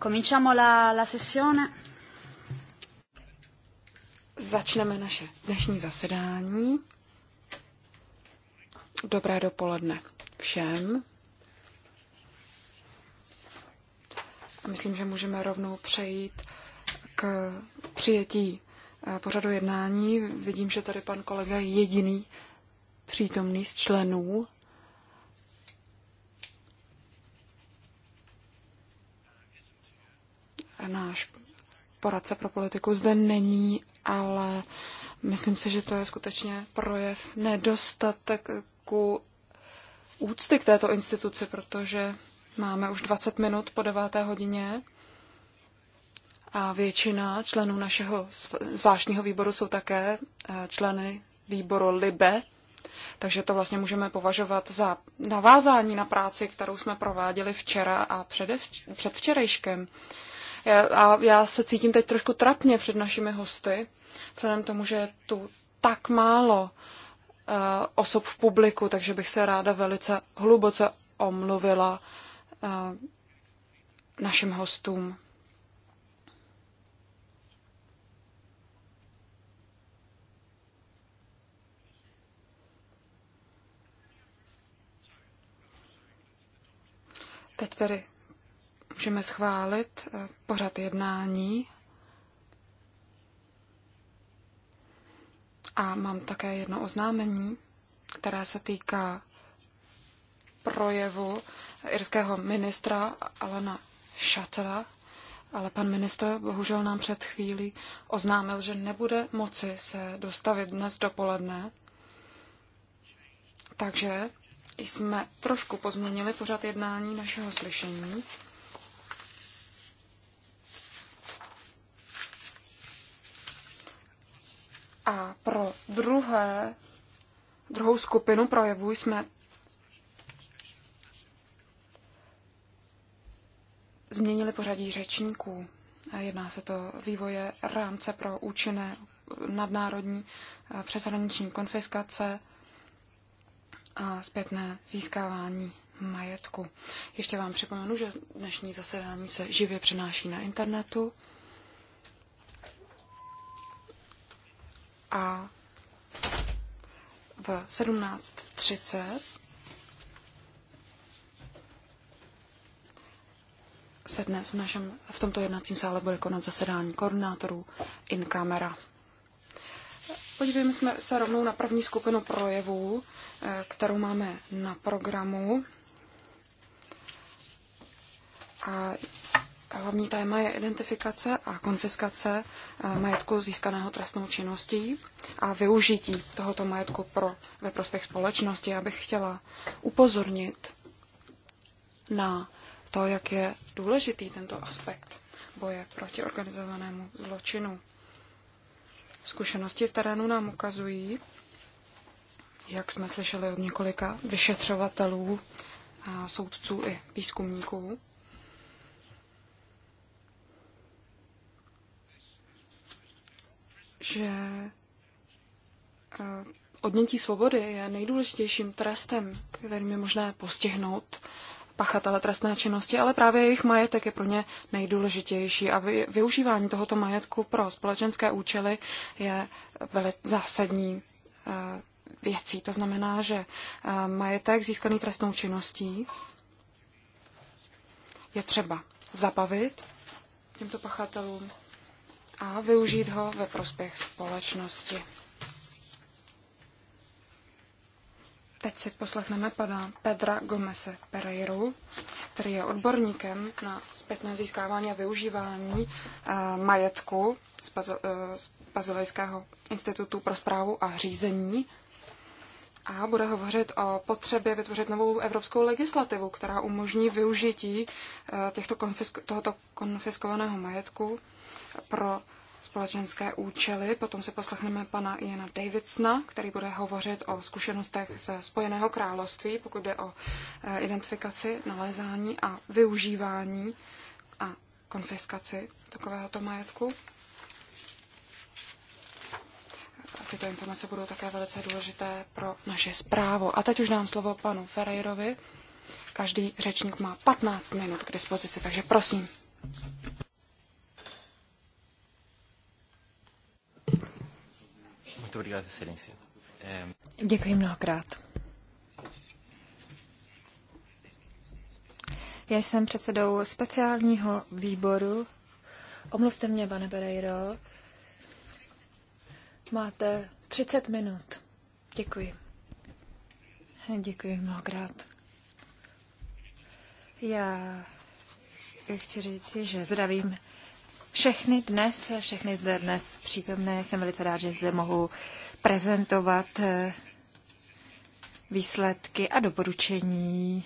Cominciamo la, la sessione. Začneme naše dnešní zasedání. Dobré dopoledne všem. A myslím, že můžeme rovnou přejít k přijetí eh, pořadu jednání. Vidím, že tady pan kolega je jediný přítomný z členů náš poradce pro politiku zde není, ale myslím si, že to je skutečně projev nedostatku úcty k této instituci, protože máme už 20 minut po 9. hodině a většina členů našeho zvláštního výboru jsou také eh, členy výboru LIBE, takže to vlastně můžeme považovat za navázání na práci, kterou jsme prováděli včera a předevč- předvčerejškem. včerejškem a já se cítím teď trošku trapně před našimi hosty, vzhledem tomu, že je tu tak málo eh, osob v publiku, takže bych se ráda velice hluboce omluvila eh, našim hostům. Teď tedy můžeme schválit eh, pořad jednání. A mám také jedno oznámení, které se týká projevu irského ministra Alana Shatera, ale pan ministr bohužel nám před chvílí oznámil, že nebude moci se dostavit dnes dopoledne. Takže jsme trošku pozměnili pořad jednání našeho slyšení. A pro druhé, druhou skupinu projevů jsme změnili pořadí řečníků. Jedná se to vývoje rámce pro účinné nadnárodní eh, přeshraniční konfiskace a zpětné získávání majetku. Ještě vám připomenu, že dnešní zasedání se živě přenáší na internetu. a v 17.30 se dnes v, našem, v tomto jednacím sále bude konat zasedání koordinátorů in camera. Podívejme jsme se rovnou na první skupinu projevů, eh, kterou máme na programu. A Hlavní téma je identifikace a konfiskace eh, majetku získaného trestnou činností a využití tohoto majetku pro, ve prospěch společnosti. Já bych chtěla upozornit na to, jak je důležitý tento aspekt boje proti organizovanému zločinu. Zkušenosti z terénu nám ukazují, jak jsme slyšeli od několika vyšetřovatelů, soudců i výzkumníků, že eh, odnětí svobody je nejdůležitějším trestem, kterým je možné postihnout pachatele trestné činnosti, ale právě jejich majetek je pro ně nejdůležitější a využívání tohoto majetku pro společenské účely je velice zásadní eh, věcí. To znamená, že eh, majetek získaný trestnou činností je třeba zabavit těmto pachatelům a využít ho ve prospěch společnosti. Teď si poslechneme pana Pedra Gomese Pereiru, který je odborníkem na zpětné získávání a využívání eh, majetku eh, z Bazilejského institutu pro zprávu a řízení a bude hovořit o potřebě vytvořit novou evropskou legislativu, která umožní využití eh, těchto konfisk- tohoto konfiskovaného majetku pro společenské účely. Potom si poslechneme pana Iana Davidsona, který bude hovořit o zkušenostech ze Spojeného království, pokud jde o eh, identifikaci, nalezání a využívání a konfiskaci takovéhoto majetku. tyto informace budou také velice důležité pro naše zprávu. A teď už dám slovo panu Ferreirovi. Každý řečník má 15 minut k dispozici, takže prosím. Děkuji mnohokrát. Já jsem předsedou speciálního výboru. Omluvte mě, pane Pereiro. Máte 30 minut. Děkuji. Děkuji mnohokrát. Já chci říct, že zdravím všechny dnes, všechny zde dnes přítomné. Jsem velice rád, že zde mohu prezentovat eh, výsledky a doporučení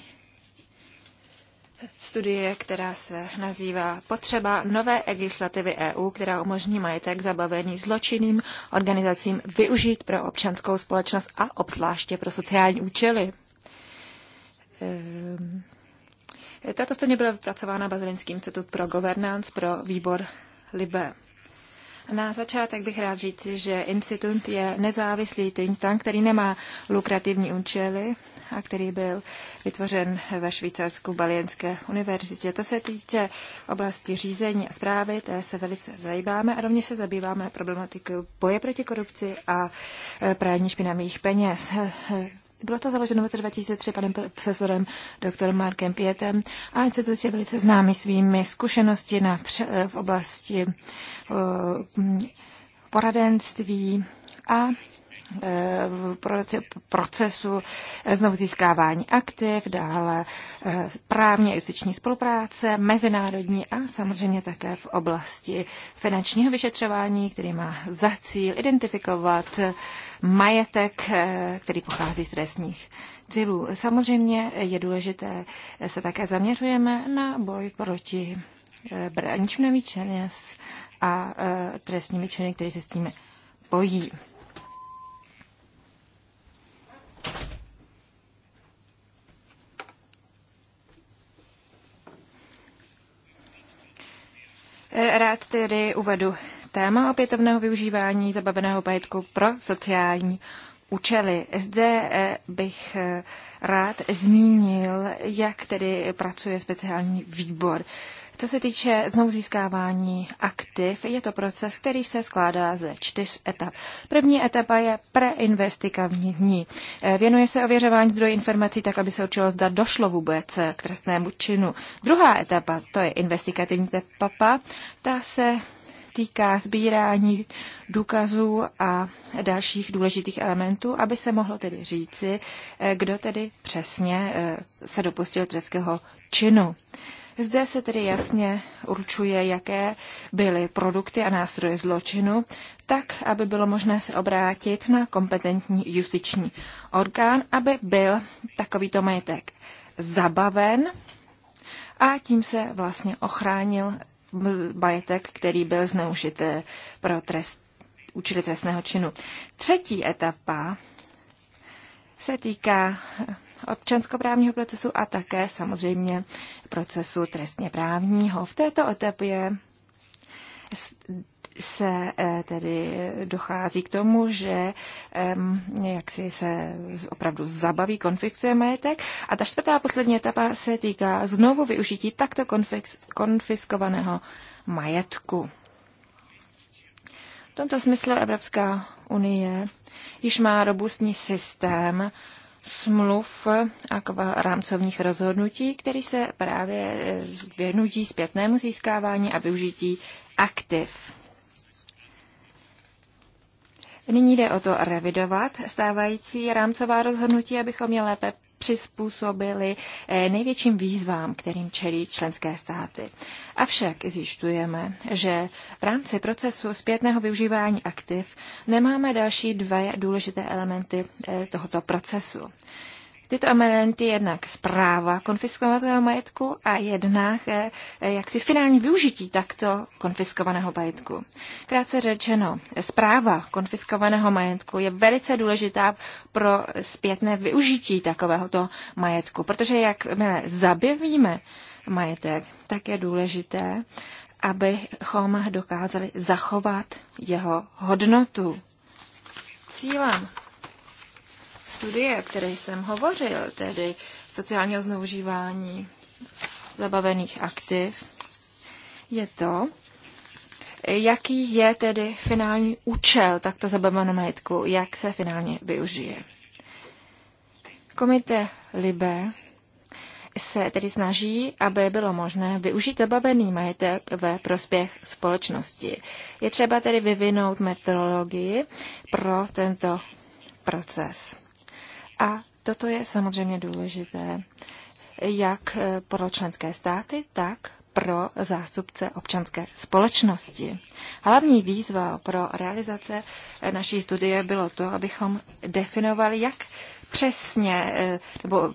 studie, která se nazývá Potřeba nové legislativy EU, která umožní majetek zabavený zločinným organizacím využít pro občanskou společnost a obzvláště pro sociální účely. Ehm, tato studie byla vypracována Bazilinským institut pro governance pro výbor LIBE. Na začátek bych rád říct, že institut je nezávislý think tank, který nemá lukrativní účely a který byl vytvořen ve Švýcarsku Balienské univerzitě. To se týče oblasti řízení a zprávy, té se velice zajímáme a rovněž se zabýváme problematikou boje proti korupci a e, prání špinavých peněz. Bylo to založeno v roce 2003 panem profesorem doktorem Markem Pietem a instituce je velice známý svými zkušenosti na, eh, v oblasti uh, poradenství a eh, procesu znovu získávání aktiv, dále právně a justiční spolupráce, mezinárodní a samozřejmě také v oblasti finančního vyšetřování, který má za cíl identifikovat majetek, eh, který pochází z trestních cílů. Samozřejmě je důležité, eh, se také zaměřujeme na boj proti eh, braničnými činy a trestními činy, které se s tím pojí. Rád tedy uvedu téma opětovného využívání zabaveného majetku pro sociální účely. Zde eh, bych eh, rád zmínil, jak tedy pracuje speciální výbor. Co se týče znovu získávání aktiv, je to proces, který se skládá ze čtyř etap. První etapa je preinvestikavní dní. Eh, věnuje se ověřování zdrojů informací tak, aby se určilo, zda došlo vůbec k trestnému činu. Druhá etapa, to je investigativní etapa, ta se týká sbírání důkazů a dalších důležitých elementů, aby se mohlo tedy říci, eh, kdo tedy přesně eh, se dopustil trestského činu. Zde se tedy jasně určuje, jaké byly produkty a nástroje zločinu, tak, aby bylo možné se obrátit na kompetentní justiční orgán, aby byl takovýto majetek zabaven a tím se vlastně ochránil majetek, který byl zneužit pro trest, účely trestného činu. Třetí etapa se týká občanskoprávního procesu a také samozřejmě procesu trestně právního. V této etapě se eh, tedy dochází k tomu, že jak si se opravdu zabaví, konfiskuje majetek. A ta čtvrtá poslední etapa se týká znovu využití takto konfiskovaného majetku. V tomto smyslu Evropská unie již má robustní systém smluv a rámcovních rozhodnutí, který se právě eh, věnují zpětnému získávání a využití aktiv. Nyní jde o to revidovat stávající rámcová rozhodnutí, abychom je lépe přizpůsobili eh, největším výzvám, kterým čelí členské státy. Avšak zjišťujeme, že v rámci procesu zpětného využívání aktiv nemáme další dva důležité elementy eh, tohoto procesu tyto amenenty jednak zpráva konfiskovaného majetku a jednak eh, jaksi finální využití takto konfiskovaného majetku. Krátce řečeno, zpráva konfiskovaného majetku je velice důležitá pro zpětné využití takovéhoto majetku, protože jakmile zabavíme majetek, tak je důležité, abychom dokázali zachovat jeho hodnotu. Cílem studie, o které jsem hovořil, tedy sociálního zneužívání zabavených aktiv, je to, jaký je tedy finální účel takto zabaveného majetku, jak se finálně využije. Komite Libe se tedy snaží, aby bylo možné využít zabavený majetek ve prospěch společnosti. Je třeba tedy vyvinout metodologii pro tento proces. A toto je samozřejmě důležité jak eh, pro členské státy, tak pro zástupce občanské společnosti. Hlavní výzva pro realizace eh, naší studie bylo to, abychom definovali, jak přesně, eh, nebo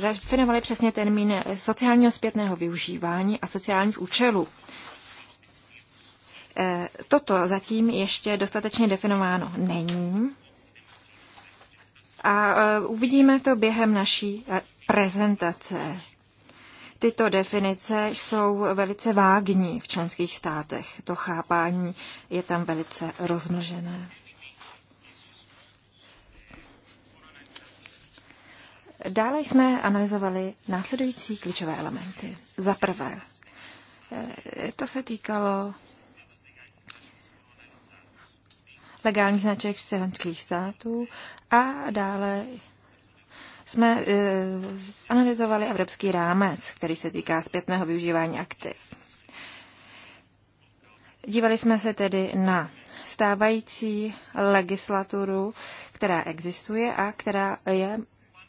definovali přesně termín sociálního zpětného využívání a sociálních účelů. Toto zatím ještě dostatečně definováno není a e, uvidíme to během naší e, prezentace. Tyto definice jsou velice vágní v členských státech. To chápání je tam velice rozmlžené. Dále jsme analyzovali následující klíčové elementy. Za prvé, e, to se týkalo legálních značek členských států a dále jsme uh, analyzovali evropský rámec, který se týká zpětného využívání aktiv. Dívali jsme se tedy na stávající legislaturu, která existuje a která je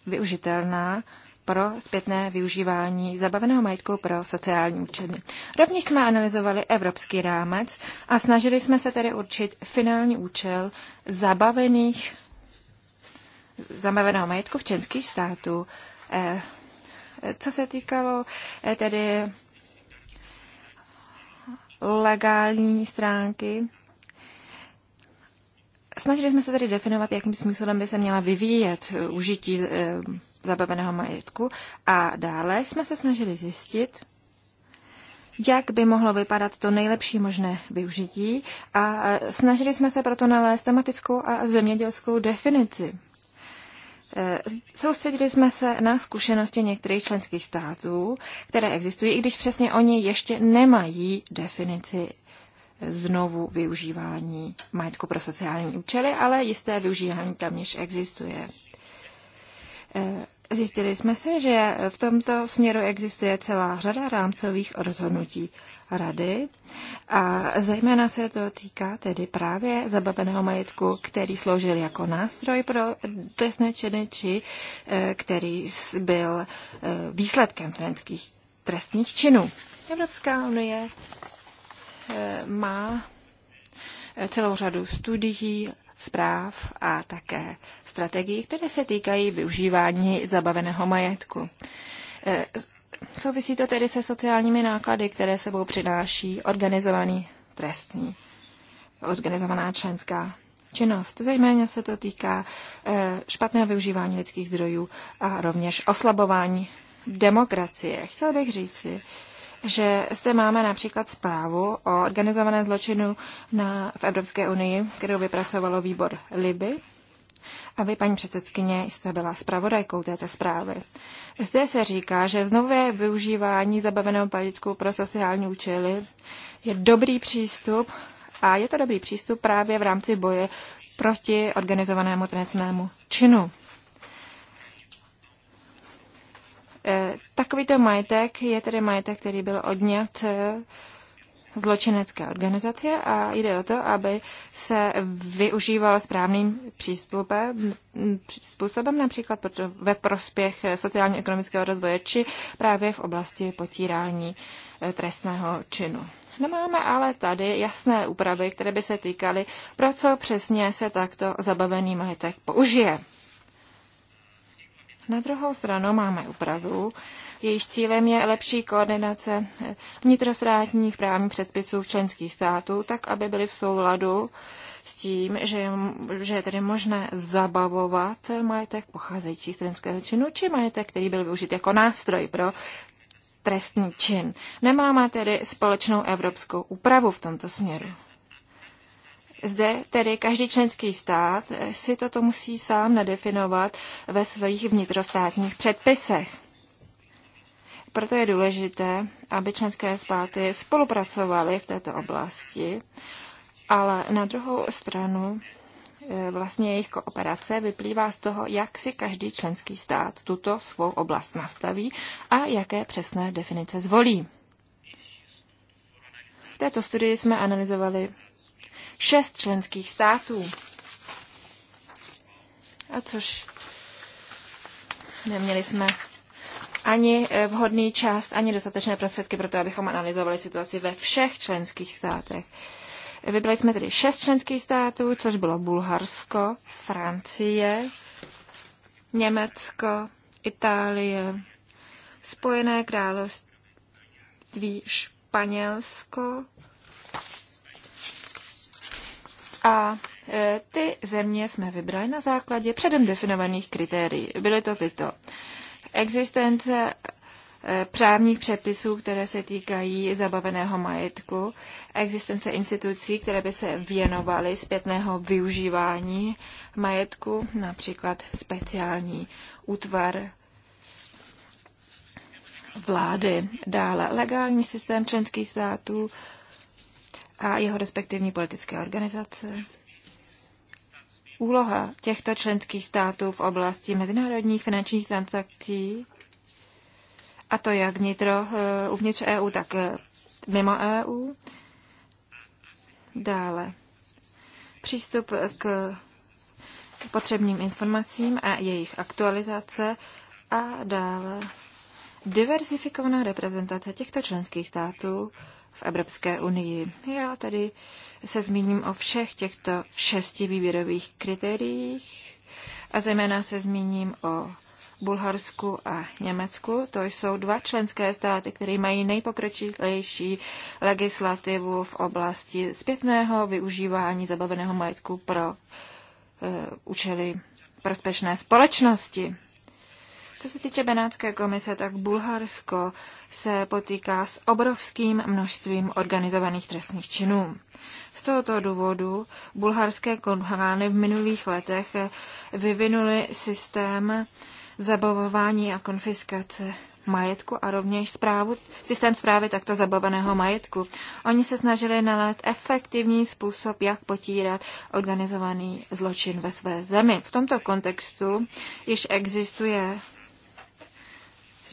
využitelná pro zpětné využívání zabaveného majetku pro sociální účely. Rovněž jsme analyzovali evropský rámec a snažili jsme se tedy určit finální účel zabavených zabaveného majetku v členských států. Eh, co se týkalo eh, tedy legální stránky, snažili jsme se tedy definovat, jakým způsobem by se měla vyvíjet eh, užití zabaveného majetku. A dále jsme se snažili zjistit, jak by mohlo vypadat to nejlepší možné využití a snažili jsme se proto nalézt tematickou a zemědělskou definici. E, soustředili jsme se na zkušenosti některých členských států, které existují, i když přesně oni ještě nemají definici znovu využívání majetku pro sociální účely, ale jisté využívání tam již existuje. Eh, zjistili jsme se, že v tomto směru existuje celá řada rámcových rozhodnutí rady a zejména se to týká tedy právě zabaveného majetku, který sloužil jako nástroj pro trestné činy, či eh, který byl eh, výsledkem trestných, trestních činů. Evropská unie má celou řadu studií zpráv a také strategií, které se týkají využívání zabaveného majetku. E, souvisí to tedy se sociálními náklady, které sebou přináší organizovaný trestní, organizovaná členská činnost. Zejména se to týká e, špatného využívání lidských zdrojů a rovněž oslabování demokracie. Chtěl bych říci, že zde máme například zprávu o organizovaném zločinu na, v Evropské unii, kterou vypracovalo výbor Liby. A vy, paní předsedkyně, jste byla zpravodajkou této zprávy. Zde se říká, že znovu využívání zabaveného palitku pro sociální účely je dobrý přístup a je to dobrý přístup právě v rámci boje proti organizovanému trestnému činu. Eh, takovýto majetek je tedy majetek, který byl odňat eh, zločinecké organizace a jde o to, aby se využíval správným způsobem například ve prospěch sociálně-ekonomického rozvoje či právě v oblasti potírání eh, trestného činu. Nemáme ale tady jasné úpravy, které by se týkaly, pro co přesně se takto zabavený majetek použije. Na druhou stranu máme úpravu, jejíž cílem je lepší koordinace vnitrostátních právních předpisů v členských států, tak aby byly v souladu s tím, že že je tedy možné zabavovat majetek pocházející z trestného činu, či majetek, který byl využit jako nástroj pro trestný čin. Nemáme tedy společnou evropskou úpravu v tomto směru. Zde tedy každý členský stát eh, si toto musí sám nadefinovat ve svých vnitrostátních předpisech. Proto je důležité, aby členské státy spolupracovaly v této oblasti, ale na druhou stranu eh, vlastně jejich kooperace vyplývá z toho, jak si každý členský stát tuto svou oblast nastaví a jaké přesné definice zvolí. V této studii jsme analyzovali šest členských států. A což neměli jsme ani eh, vhodný čas, ani dostatečné prostředky pro to, abychom analyzovali situaci ve všech členských státech. Vybrali jsme tedy šest členských států, což bylo Bulharsko, Francie, Německo, Itálie, Spojené království, Španělsko, a e, ty země jsme vybrali na základě předem definovaných kritérií. Byly to tyto. Existence e, právních předpisů, které se týkají zabaveného majetku, existence institucí, které by se věnovaly zpětného využívání majetku, například speciální útvar vlády, dále legální systém členských států, a jeho respektivní politické organizace. Úloha těchto členských států v oblasti mezinárodních finančních transakcí, a to jak vnitro, eh, uvnitř EU, tak eh, mimo EU. Dále přístup k potřebným informacím a jejich aktualizace a dále diversifikovaná reprezentace těchto členských států v Evropské unii. Já tady se zmíním o všech těchto šesti výběrových kritériích a zejména se zmíním o Bulharsku a Německu. To jsou dva členské státy, které mají nejpokročilejší legislativu v oblasti zpětného využívání zabaveného majetku pro e, účely prospečné společnosti. Co se týče Benátské komise, tak Bulharsko se potýká s obrovským množstvím organizovaných trestných činů. Z tohoto důvodu bulharské konhány v minulých letech vyvinuly systém zabavování a konfiskace majetku a rovněž zprávu, systém zprávy takto zabaveného majetku. Oni se snažili nalézt efektivní způsob, jak potírat organizovaný zločin ve své zemi. V tomto kontextu již existuje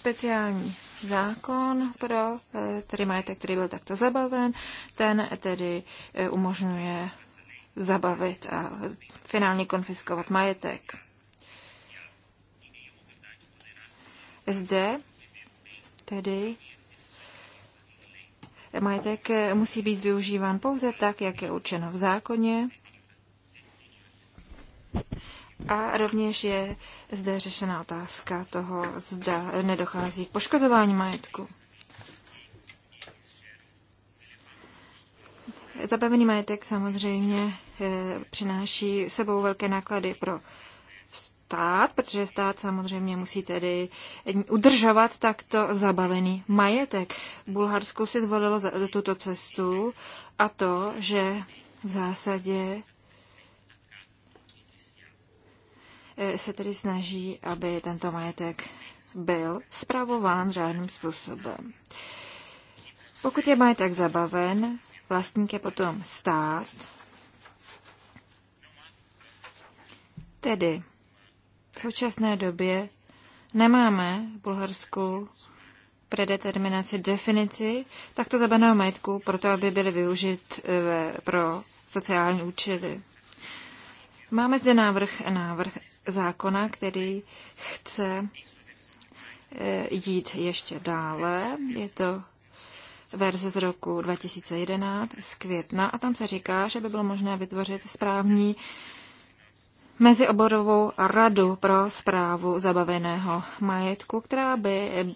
speciální zákon pro eh, tedy majetek, který byl takto zabaven. Ten tedy eh, umožňuje zabavit a finálně konfiskovat majetek. Zde tedy majetek eh, musí být využíván pouze tak, jak je určeno v zákoně a rovněž je zde řešena otázka toho, zda nedochází k poškodování majetku. Zabavený majetek samozřejmě eh, přináší sebou velké náklady pro stát, protože stát samozřejmě musí tedy udržovat takto zabavený majetek. Bulharsko si zvolilo tuto cestu a to, že v zásadě Eh, se tedy snaží, aby tento majetek byl spravován řádným způsobem. Pokud je majetek zabaven, vlastník je potom stát, Tedy v současné době nemáme v Bulharsku predeterminaci definici takto zabaného majetku, proto aby byly využit eh, pro sociální účely. Máme zde návrh, návrh zákona, který chce eh, jít ještě dále. Je to verze z roku 2011 z května a tam se říká, že by bylo možné vytvořit správní mezioborovou radu pro zprávu zabaveného majetku, která by eh,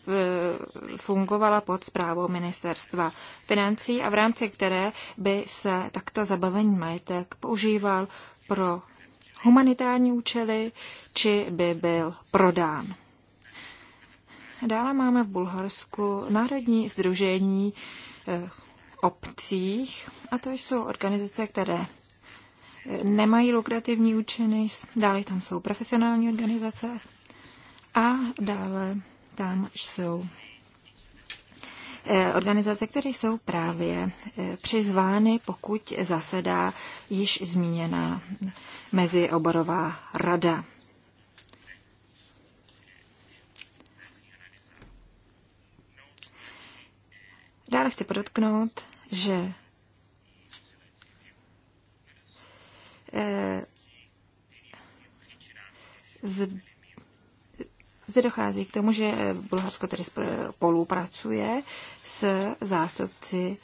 fungovala pod zprávou ministerstva financí a v rámci které by se takto zabavený majetek používal pro humanitární účely, či by byl prodán. Dále máme v Bulharsku Národní združení eh, obcích, a to jsou organizace, které eh, nemají lukrativní účiny, dále tam jsou profesionální organizace a dále tam jsou eh, organizace, které jsou právě přizvány, pokud zasedá již zmíněná mezioborová rada. Dále chci podotknout, že eh, zde dochází k tomu, že eh, Bulharsko tedy spolupracuje s zástupci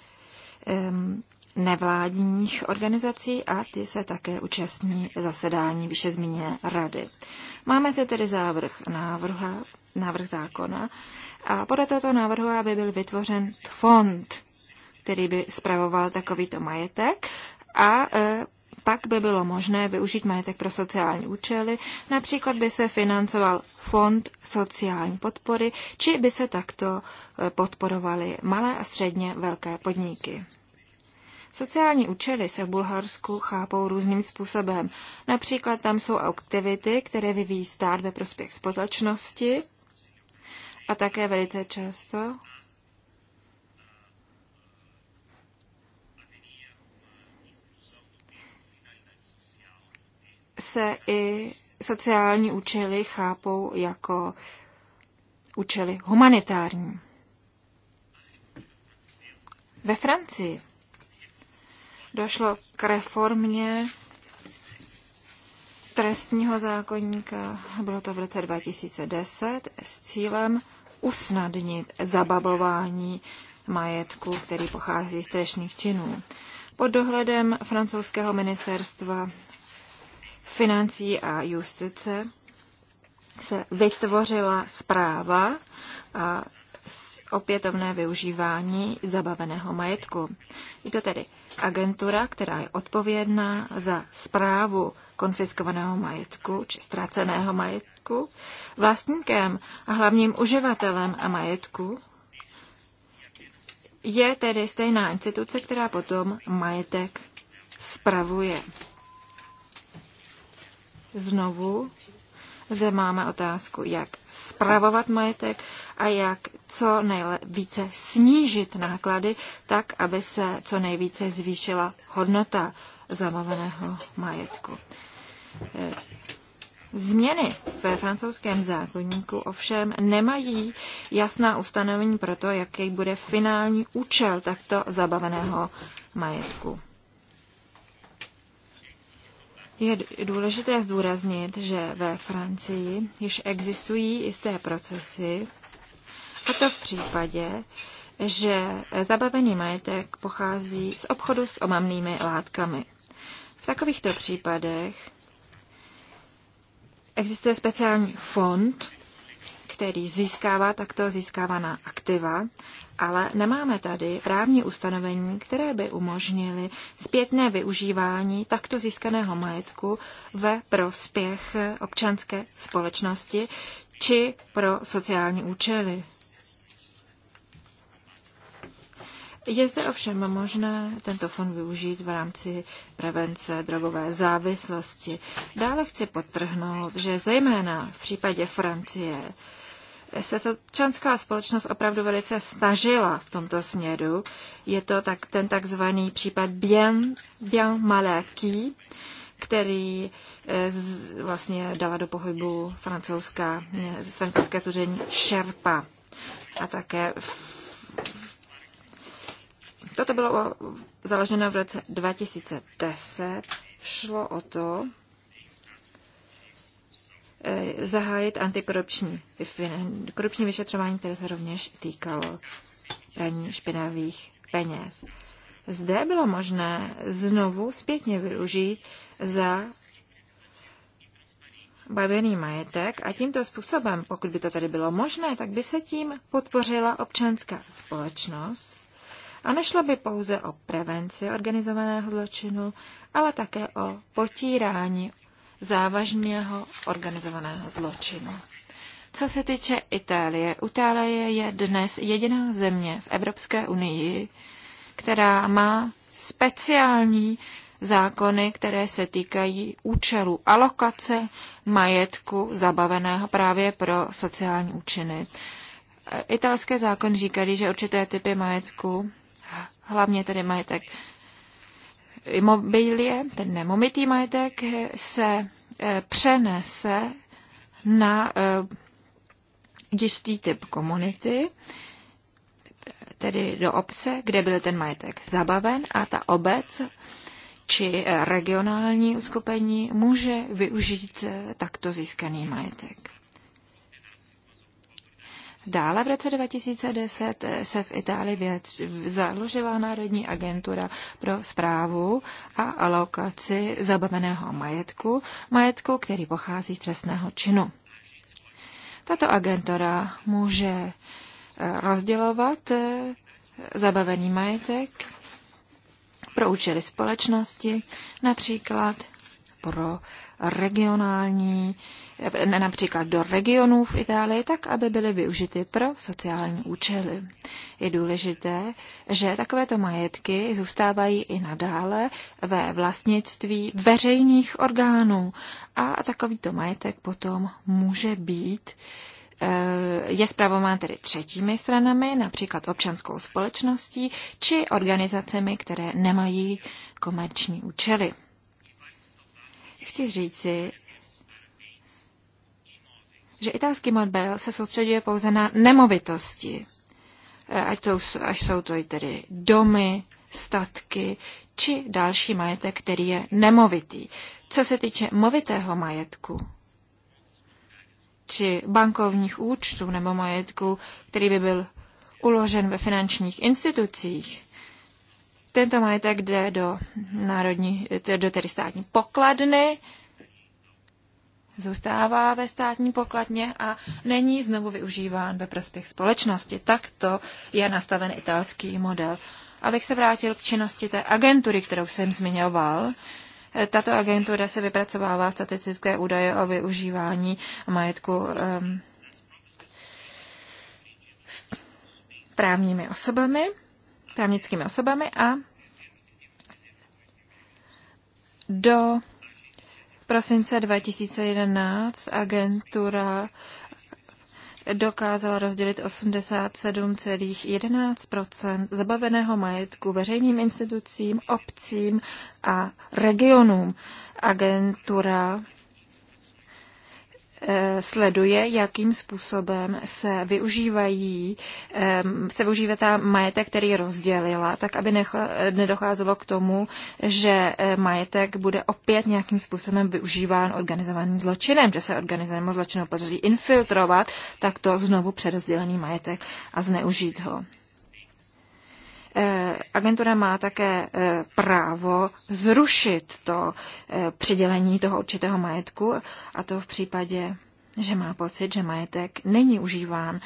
nevládních organizací a ty se také účastní zasedání vyše zmíněné rady. Máme zde tedy závrh návrha, návrh zákona a podle tohoto návrhu, aby byl vytvořen fond, který by spravoval takovýto majetek a e, pak by bylo možné využít majetek pro sociální účely, například by se financoval fond sociální podpory, či by se takto e, podporovaly malé a středně velké podniky. Sociální účely se v Bulharsku chápou různým způsobem. Například tam jsou aktivity, které vyvíjí stát ve prospěch společnosti a také velice často se i sociální účely chápou jako účely humanitární. Ve Francii došlo k reformě trestního zákonníka, bylo to v roce 2010, s cílem usnadnit zabavování majetku, který pochází z trestných činů. Pod dohledem francouzského ministerstva financí a justice se vytvořila zpráva a opětovné využívání zabaveného majetku. Je to tedy agentura, která je odpovědná za zprávu konfiskovaného majetku či ztraceného majetku. Vlastníkem a hlavním uživatelem a majetku je tedy stejná instituce, která potom majetek spravuje. Znovu zde máme otázku, jak spravovat majetek a jak co nejvíce snížit náklady, tak aby se co nejvíce zvýšila hodnota zabaveného majetku. Eh, změny ve francouzském zákonníku ovšem nemají jasná ustanovení pro to, jaký bude finální účel takto zabaveného majetku. Je důležité zdůraznit, že ve Francii již existují jisté procesy, a to v případě, že zabavený majetek pochází z obchodu s omamnými látkami. V takovýchto případech existuje speciální fond, který získává takto získávaná aktiva, ale nemáme tady právní ustanovení, které by umožnili zpětné využívání takto získaného majetku ve prospěch občanské společnosti či pro sociální účely. Je zde ovšem možné tento fond využít v rámci prevence drogové závislosti. Dále chci podtrhnout, že zejména v případě Francie se občanská společnost opravdu velice snažila v tomto směru. Je to tak, ten takzvaný případ bien, bien Maléky, který eh, z, vlastně dala do pohybu francouzská, eh, francouzské tuření Šerpa a také Toto bylo založeno v roce 2010. Šlo o to eh, zahájit antikorupční korupční vyšetřování, které se rovněž týkalo praní špinavých peněz. Zde bylo možné znovu zpětně využít za bavený majetek a tímto způsobem, pokud by to tady bylo možné, tak by se tím podpořila občanská společnost a nešlo by pouze o prevenci organizovaného zločinu, ale také o potírání závažného organizovaného zločinu. Co se týče Itálie, Itálie je dnes jediná země v Evropské unii, která má speciální zákony, které se týkají účelu alokace majetku zabaveného právě pro sociální účiny. E, italské zákon říkají, že určité typy majetku hlavně tedy majetek imobilie, ten nemovitý majetek, se eh, přenese na eh, jistý typ komunity, tedy do obce, kde byl ten majetek zabaven a ta obec či eh, regionální uskupení může využít takto získaný majetek. Dále v roce 2010 eh, se v Itálii věc, založila Národní agentura pro zprávu a alokaci zabaveného majetku, majetku, který pochází z trestného činu. Tato agentura může eh, rozdělovat eh, zabavený majetek pro účely společnosti, například pro regionální například do regionů v Itálii, tak aby byly využity pro sociální účely. Je důležité, že takovéto majetky zůstávají i nadále ve vlastnictví veřejných orgánů a takovýto majetek potom může být eh, je zpravován tedy třetími stranami, například občanskou společností či organizacemi, které nemají komerční účely. Chci říci, že italský model se soustředuje pouze na nemovitosti. E, ať, to, až jsou to tedy domy, statky či další majetek, který je nemovitý. Co se týče movitého majetku, či bankovních účtů nebo majetku, který by byl uložen ve finančních institucích, tento majetek jde do, národní, do tedy státní pokladny zůstává ve státní pokladně a není znovu využíván ve prospěch společnosti. Takto je nastaven italský model. Abych se vrátil k činnosti té agentury, kterou jsem zmiňoval, eh, tato agentura se vypracovává statistické údaje o využívání majetku um, právními osobami, právnickými osobami a do prosince 2011 agentura dokázala rozdělit 87,11 zabaveného majetku veřejným institucím, obcím a regionům. Agentura Eh, sleduje, jakým způsobem se využívají, se využívá ta majetek, který rozdělila, tak aby nedocházelo k tomu, že eh, majetek bude opět nějakým způsobem využíván organizovaným zločinem, že se organizovanému zločinu podaří infiltrovat tak to znovu přerozdělený majetek a zneužít ho. Eh, agentura má také eh, právo zrušit to eh, přidělení toho určitého majetku a to v případě, že má pocit, že majetek není užíván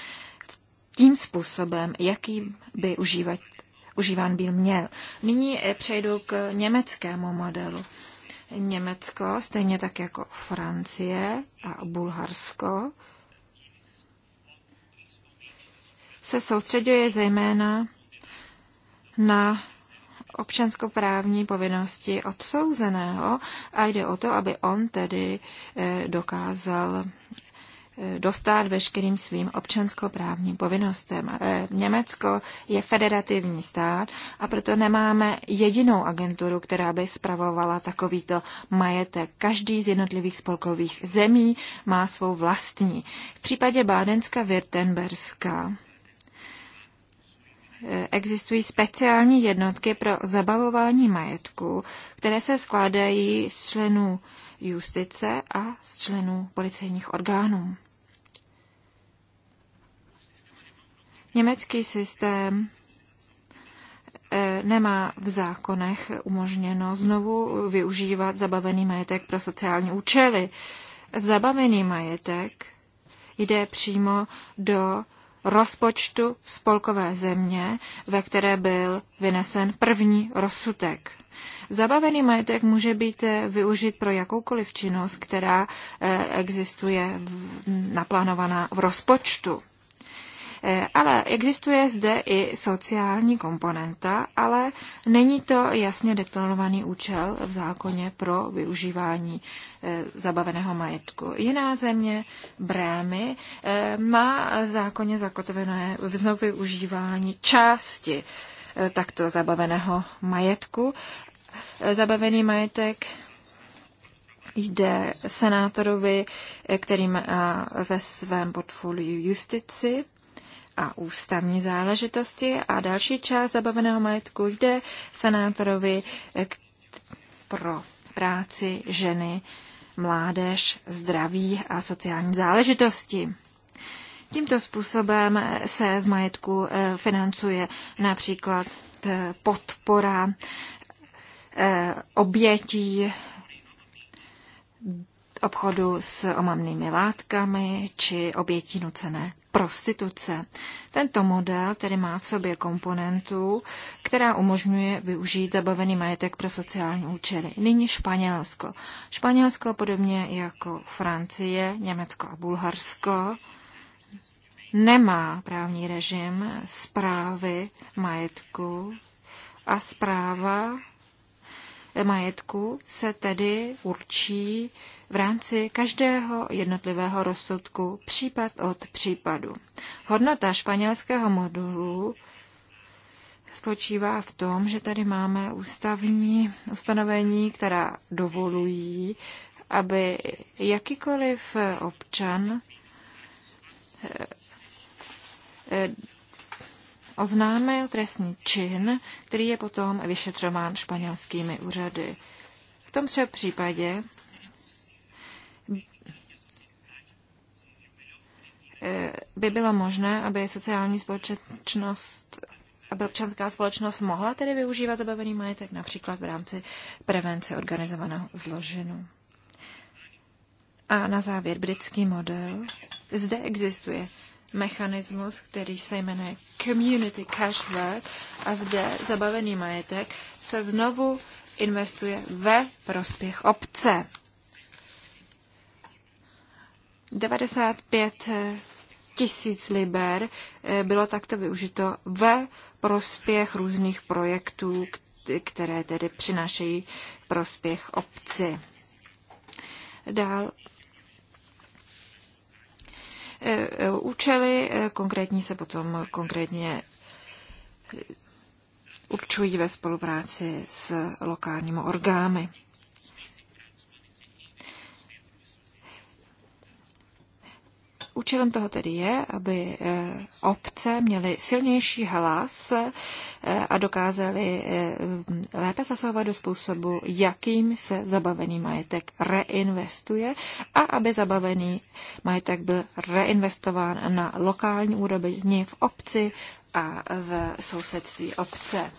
tím způsobem, jaký by užívat, užíván byl měl. Nyní přejdu k německému modelu. Německo, stejně tak jako Francie a Bulharsko, se soustředuje zejména na občanskoprávní povinnosti odsouzeného a jde o to, aby on tedy eh, dokázal eh, dostat veškerým svým občanskoprávním povinnostem. Eh, Německo je federativní stát a proto nemáme jedinou agenturu, která by spravovala takovýto majetek. Každý z jednotlivých spolkových zemí má svou vlastní. V případě Bádenska-Württemberska existují speciální jednotky pro zabavování majetku, které se skládají z členů justice a z členů policejních orgánů. Německý systém eh, nemá v zákonech umožněno znovu využívat zabavený majetek pro sociální účely. Zabavený majetek jde přímo do rozpočtu spolkové země, ve které byl vynesen první rozsudek. Zabavený majetek může být eh, využit pro jakoukoliv činnost, která eh, existuje naplánovaná v rozpočtu. Eh, ale existuje zde i sociální komponenta, ale není to jasně deklarovaný účel v zákoně pro využívání eh, zabaveného majetku. Jiná země, Brémy, eh, má zákonně zakotvené znovu využívání části takto zabaveného majetku. Zabavený majetek jde senátorovi, který má ve svém portfoliu justici a ústavní záležitosti a další část zabaveného majetku jde senátorovi pro práci ženy, mládež, zdraví a sociální záležitosti. Tímto způsobem se z majetku eh, financuje například eh, podpora eh, obětí obchodu s omamnými látkami či obětí nucené prostituce. Tento model tedy má v sobě komponentu, která umožňuje využít zabavený majetek pro sociální účely. Nyní Španělsko. Španělsko podobně jako Francie, Německo a Bulharsko nemá právní režim zprávy majetku a zpráva majetku se tedy určí v rámci každého jednotlivého rozsudku případ od případu. Hodnota španělského modulu spočívá v tom, že tady máme ústavní ustanovení, která dovolují, aby jakýkoliv občan eh, oznámil trestní čin, který je potom vyšetřován španělskými úřady. V tom případě by bylo možné, aby sociální společnost, aby občanská společnost mohla tedy využívat zabavený majetek například v rámci prevence organizovaného zloženu. A na závěr britský model. Zde existuje mechanismus, který se jmenuje Community Cash Work a zde zabavený majetek se znovu investuje ve prospěch obce. 95 tisíc liber eh, bylo takto využito ve prospěch různých projektů, které tedy přinášejí prospěch obci. Dál E, e, účely, e, konkrétní se potom konkrétně určují ve spolupráci s lokálními orgány. Účelem toho tedy je, aby eh, obce měly silnější hlas eh, a dokázaly eh, lépe zasahovat do způsobu, jakým se zabavený majetek reinvestuje a aby zabavený majetek byl reinvestován na lokální úrovni v obci a v sousedství obce.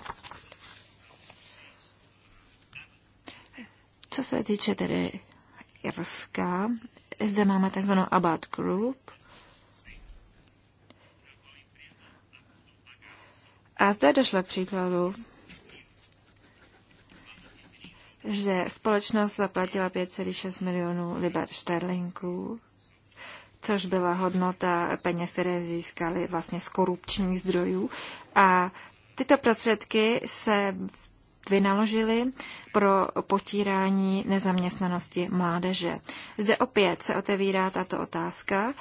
Co se týče tedy Irska zde máme takzvanou Abad Group. A zde došlo k příkladu, že společnost zaplatila 5,6 milionů liber šterlinků, což byla hodnota peněz, které získali vlastně z korupčních zdrojů. A tyto prostředky se vynaložili pro potírání nezaměstnanosti mládeže. Zde opět se otevírá tato otázka,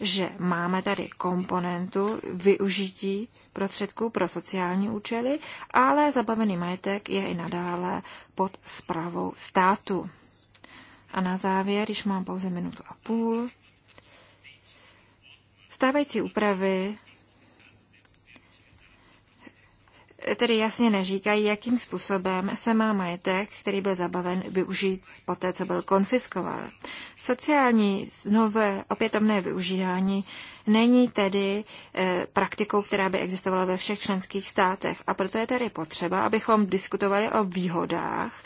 že máme tady komponentu využití prostředků pro sociální účely, ale zabavený majetek je i nadále pod zprávou státu. A na závěr, když mám pouze minutu a půl, stávající úpravy tedy jasně neříkají, jakým způsobem se má majetek, který byl zabaven, využít té, co byl konfiskoval. Sociální nové opětovné využívání není tedy e, praktikou, která by existovala ve všech členských státech. A proto je tedy potřeba, abychom diskutovali o výhodách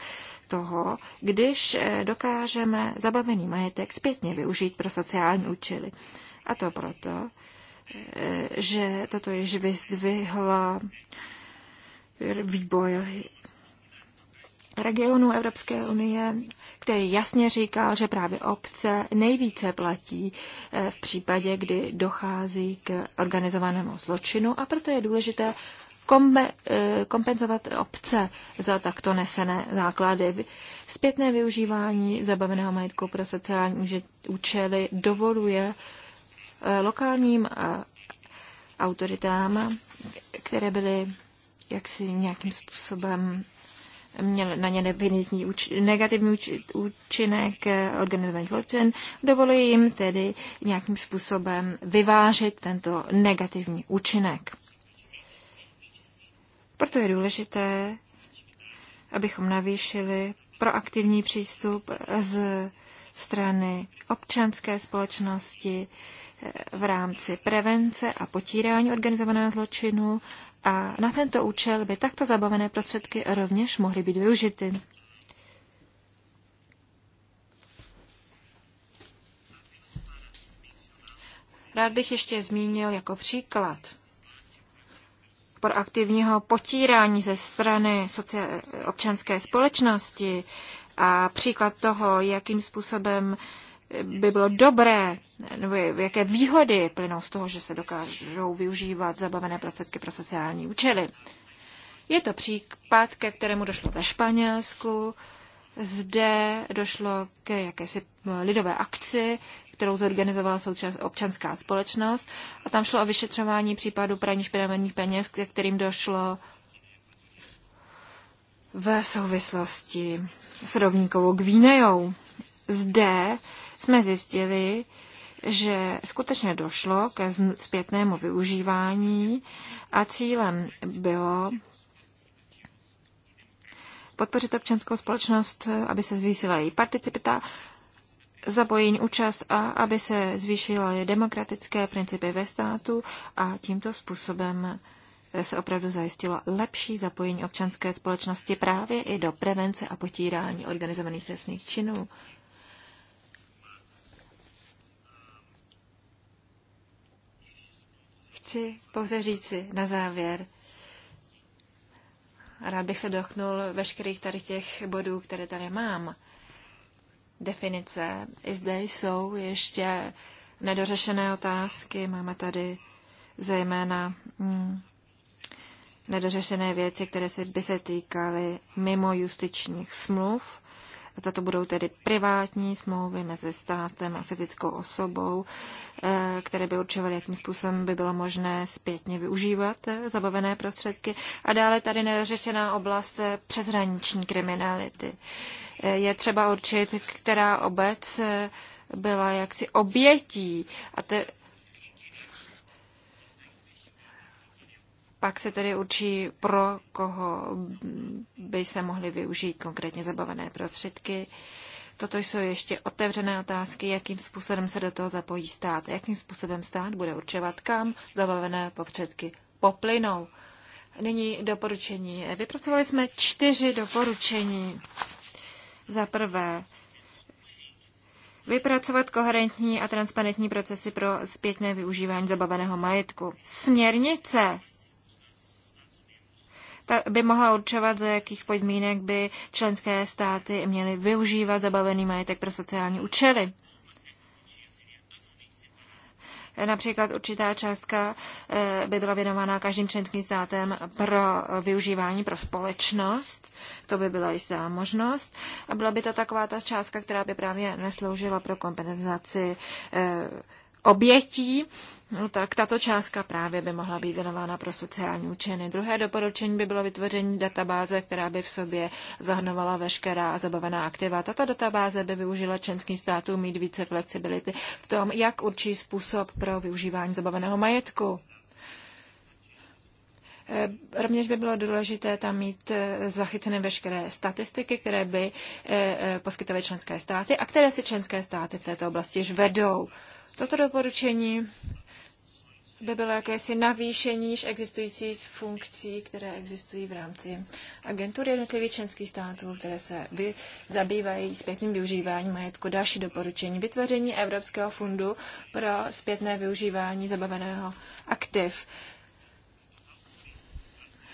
toho, když e, dokážeme zabavený majetek zpětně využít pro sociální účely. A to proto, e, že toto již vyzdvihla výboj regionu Evropské unie, který jasně říkal, že právě obce nejvíce platí eh, v případě, kdy dochází k organizovanému zločinu a proto je důležité eh, kompenzovat obce za takto nesené základy. Zpětné využívání zabaveného majetku pro sociální účely dovoluje eh, lokálním autoritám, které byly jak si nějakým způsobem měl na ně negativní účinek eh, organizovaný zločin, dovoluje jim tedy nějakým způsobem vyvážit tento negativní účinek. Proto je důležité, abychom navýšili proaktivní přístup z strany občanské společnosti eh, v rámci prevence a potírání organizovaného zločinu a na tento účel by takto zabavené prostředky rovněž mohly být využity. Rád bych ještě zmínil jako příklad proaktivního potírání ze strany občanské společnosti a příklad toho, jakým způsobem uh, by bylo dobré, nebo jaké výhody plynou z toho, že se dokážou využívat zabavené prostředky pro sociální účely. Je to případ, ke kterému došlo ve Španělsku. Zde došlo k jakési lidové akci, kterou zorganizovala součas občanská společnost. A tam šlo o vyšetřování případu praní špinavých peněz, ke kterým došlo ve souvislosti s rovníkovou Gvínejou. Zde jsme zjistili, že skutečně došlo ke zpětnému využívání a cílem bylo podpořit občanskou společnost, aby se zvýšila její participita, zapojení účast a aby se zvýšila její demokratické principy ve státu a tímto způsobem se opravdu zajistilo lepší zapojení občanské společnosti právě i do prevence a potírání organizovaných trestných činů. chci pouze říci na závěr. Rád bych se dochnul veškerých tady těch bodů, které tady mám. Definice. I zde jsou ještě nedořešené otázky. Máme tady zejména hmm, nedořešené věci, které se by se týkaly mimo justičních smluv. Za to budou tedy privátní smlouvy mezi státem a fyzickou osobou, eh, které by určovaly, jakým způsobem by bylo možné zpětně využívat eh, zabavené prostředky. A dále tady neřešená oblast eh, přeshraniční kriminality. Je třeba určit, která obec byla jaksi obětí a te, pak se tedy určí, pro koho by se mohly využít konkrétně zabavené prostředky. Toto jsou ještě otevřené otázky, jakým způsobem se do toho zapojí stát, jakým způsobem stát bude určovat, kam zabavené prostředky poplynou. Nyní doporučení. Vypracovali jsme čtyři doporučení. Za prvé, vypracovat koherentní a transparentní procesy pro zpětné využívání zabaveného majetku. Směrnice by mohla určovat, za jakých podmínek by členské státy měly využívat zabavený majetek pro sociální účely například určitá částka eh, by byla věnována každým členským státem pro využívání pro společnost, to by byla jistá možnost, a byla by to taková ta částka, která by právě nesloužila pro kompenzaci eh, obětí, No tak tato částka právě by mohla být věnována pro sociální účiny. Druhé doporučení by bylo vytvoření databáze, která by v sobě zahrnovala veškerá zabavená aktiva. Tato databáze by využila členským státům mít více flexibility v tom, jak určí způsob pro využívání zabaveného majetku. Eh, rovněž by bylo důležité tam mít eh, zachycené veškeré statistiky, které by eh, poskytovaly členské státy a které si členské státy v této oblasti již vedou. Toto doporučení by bylo jakési navýšení již z funkcí, které existují v rámci agentury jednotlivých členských států, které se by zabývají zpětným využíváním majetku. Další doporučení vytvoření Evropského fondu pro zpětné využívání zabaveného aktiv.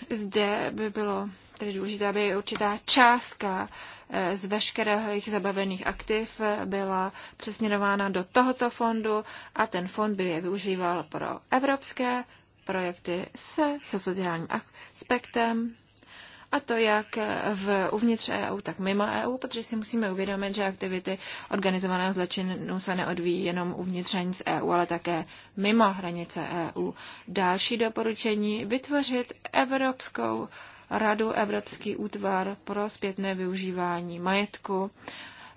Zde by bylo tedy důležité, aby určitá částka eh, z veškerých zabavených aktiv eh, byla přesměrována do tohoto fondu a ten fond by je využíval pro evropské projekty se sociálním aspektem, a to jak eh, v uvnitř EU, tak mimo EU, protože si musíme uvědomit, že aktivity organizované zločinu se neodvíjí jenom uvnitř hranic EU, ale také mimo hranice EU. Další doporučení vytvořit evropskou radu Evropský útvar pro zpětné využívání majetku.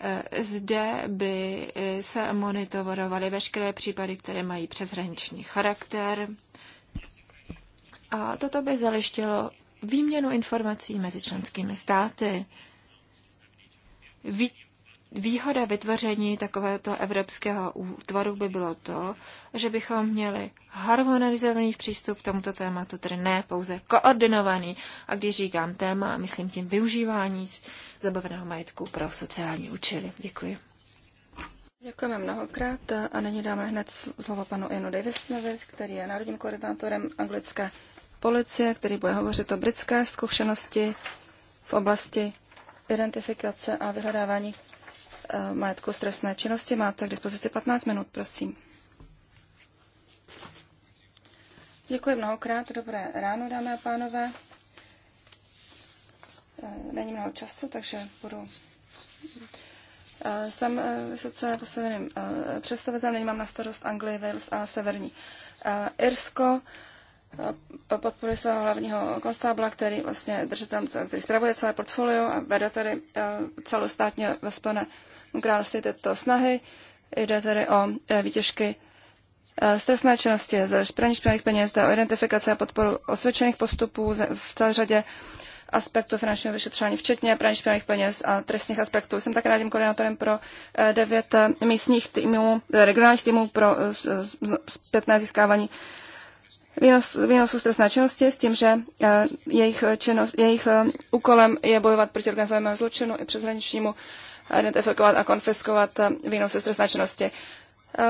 Eh, zde by eh, se monitorovaly veškeré případy, které mají přeshraniční charakter. A toto by zajištilo výměnu informací mezi členskými státy. Vít Výhoda vytvoření takovéto evropského útvaru by bylo to, že bychom měli harmonizovaný přístup k tomuto tématu, tedy ne pouze koordinovaný. A když říkám téma, myslím tím využívání zabaveného majetku pro sociální účely. Děkuji. Děkujeme mnohokrát a nyní dáme hned slovo panu Janu Davisnovi, který je národním koordinátorem anglické policie, který bude hovořit o britské zkušenosti v oblasti identifikace a vyhledávání Eh, majetku stresné činnosti. Máte k dispozici 15 minut, prosím. Děkuji mnohokrát. Dobré ráno, dámy a pánové. Eh, není mnoho času, takže budu... Eh, jsem vysoce postaveným představitelem, nyní mám na starost Anglii, Wales a Severní Irsko Podporuje svého hlavního konstábla, který vlastně držitel, který spravuje celé portfolio a vede tedy celostátně ve Spojené krásy tyto snahy. Jde tedy o eh, výtěžky z eh, trestné činnosti, ze špraní špinavých peněz, o identifikaci a podporu osvědčených postupů v celé řadě aspektů finančního vyšetřování, včetně praní špinavých peněz a trestních aspektů. Jsem také rádím koordinátorem pro eh, devět místních týmů, regionálních týmů pro zpětné získávání výnos, výnosu z trestné činnosti s tím, že jejich, činnost, jejich úkolem je bojovat proti organizovanému zločinu i přeshraničnímu identifikovat a konfiskovat výnosy z trestné činnosti.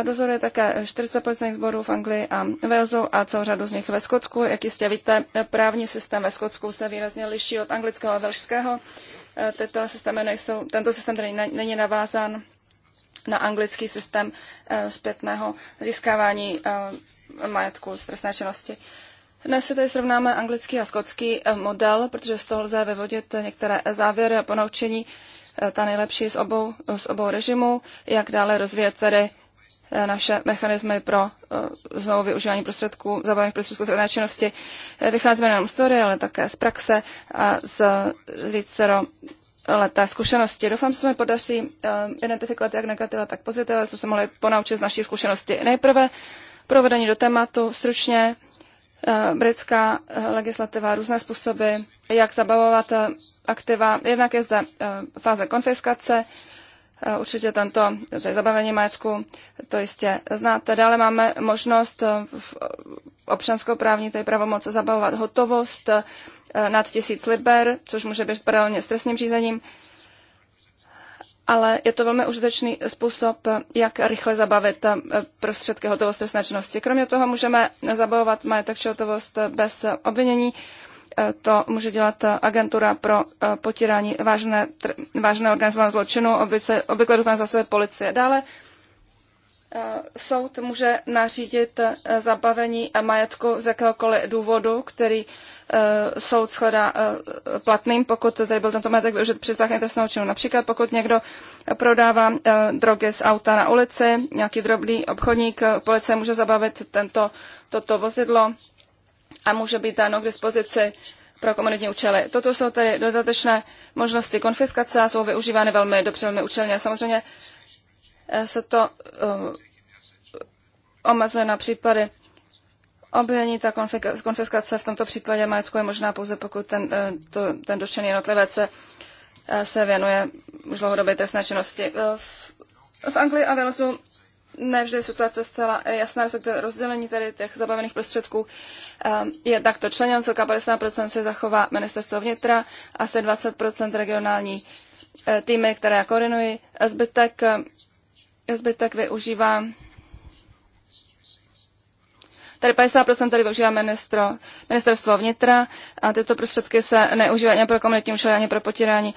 Dozoruje také 40 policejních sborů v Anglii a Walesu a celou řadu z nich ve Skotsku. Jak jistě víte, právní systém ve Skotsku se výrazně liší od anglického a velšského. E, tyto systémy nejsou, tento systém tedy není navázán na anglický systém e, zpětného získávání e, majetku z trestné činnosti. Dnes si tady srovnáme anglický a skotský model, protože z toho lze vyvodit některé závěry a ponaučení. Eh, ta nejlepší z obou, z obou režimů, jak dále rozvíjet tedy eh, naše mechanismy pro eh, znovu využívání prostředků, zabavených prostředků trestné činnosti. Vycházíme nejenom z teorie, ale také z praxe a z, z více leté zkušenosti. Doufám, že se mi podaří identifikovat jak negativa, tak pozitiva, co se mohli ponaučit z naší zkušenosti. Nejprve provedení do tématu stručně britská legislativa, různé způsoby, jak zabavovat aktiva. Jednak je zde eh, fáze konfiskace, eh, určitě tento zabavení majetku, to jistě znáte. Dále máme možnost eh, v právní té pravomoc zabavovat hotovost nad tisíc liber, což může být paralelně s trestním řízením ale je to velmi užitečný způsob, jak rychle zabavit prostředky hotovosti trestné činnosti. Kromě toho můžeme zabavovat majetek či hotovost bez obvinění. Eh, to může dělat eh, agentura pro eh, potírání vážné, vážné organizovaného zločinu, obvykle, obvykle do toho zasahuje policie. Dále soud může nařídit zabavení majetku z jakéhokoliv důvodu, který soud shledá platným, pokud tady byl tento majetek využit při spáchání trestného činu. Například pokud někdo prodává drogy z auta na ulici, nějaký drobný obchodník, policie může zabavit tento, toto vozidlo a může být dáno k dispozici pro komunitní účely. Toto jsou tedy dodatečné možnosti konfiskace a jsou využívány velmi dobře, velmi účelně. Samozřejmě eh, se to um, omezuje na případy obvinění. Ta konfiskace v tomto případě majetku je možná pouze, pokud ten, eh, to, ten dočený jednotlivec se, se věnuje už dlouhodobě trestné činnosti. V, v Anglii a Velsu ne vždy je situace zcela eh, jasná, respektive rozdělení tady těch zabavených prostředků ehm, je takto členěn. Celka 50% se zachová ministerstvo vnitra, asi 20% regionální eh, týmy, které já koordinuji. Zbytek, eh, zbytek využívá Tady 50% tady využívá ministro, ministerstvo vnitra a tyto prostředky se neužívají ani pro komunitní účely, ani pro potírání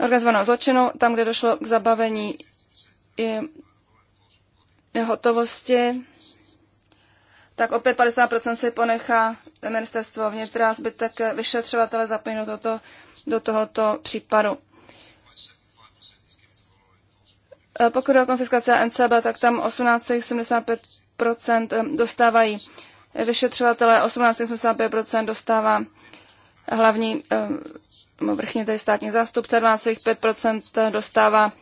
organizovaného zločinu. Tam, kde došlo k zabavení hotovosti, tak opět 50% si ponechá ministerstvo vnitra, zbytek vyšetřovatele zapojí do, toto, do tohoto případu. E, pokud je o konfiskace NCB, tak tam 18,75% e, dostávají vyšetřovatele, 18,75% dostává hlavní e, no, vrchní tedy státní zástupce, 12,5% dostává,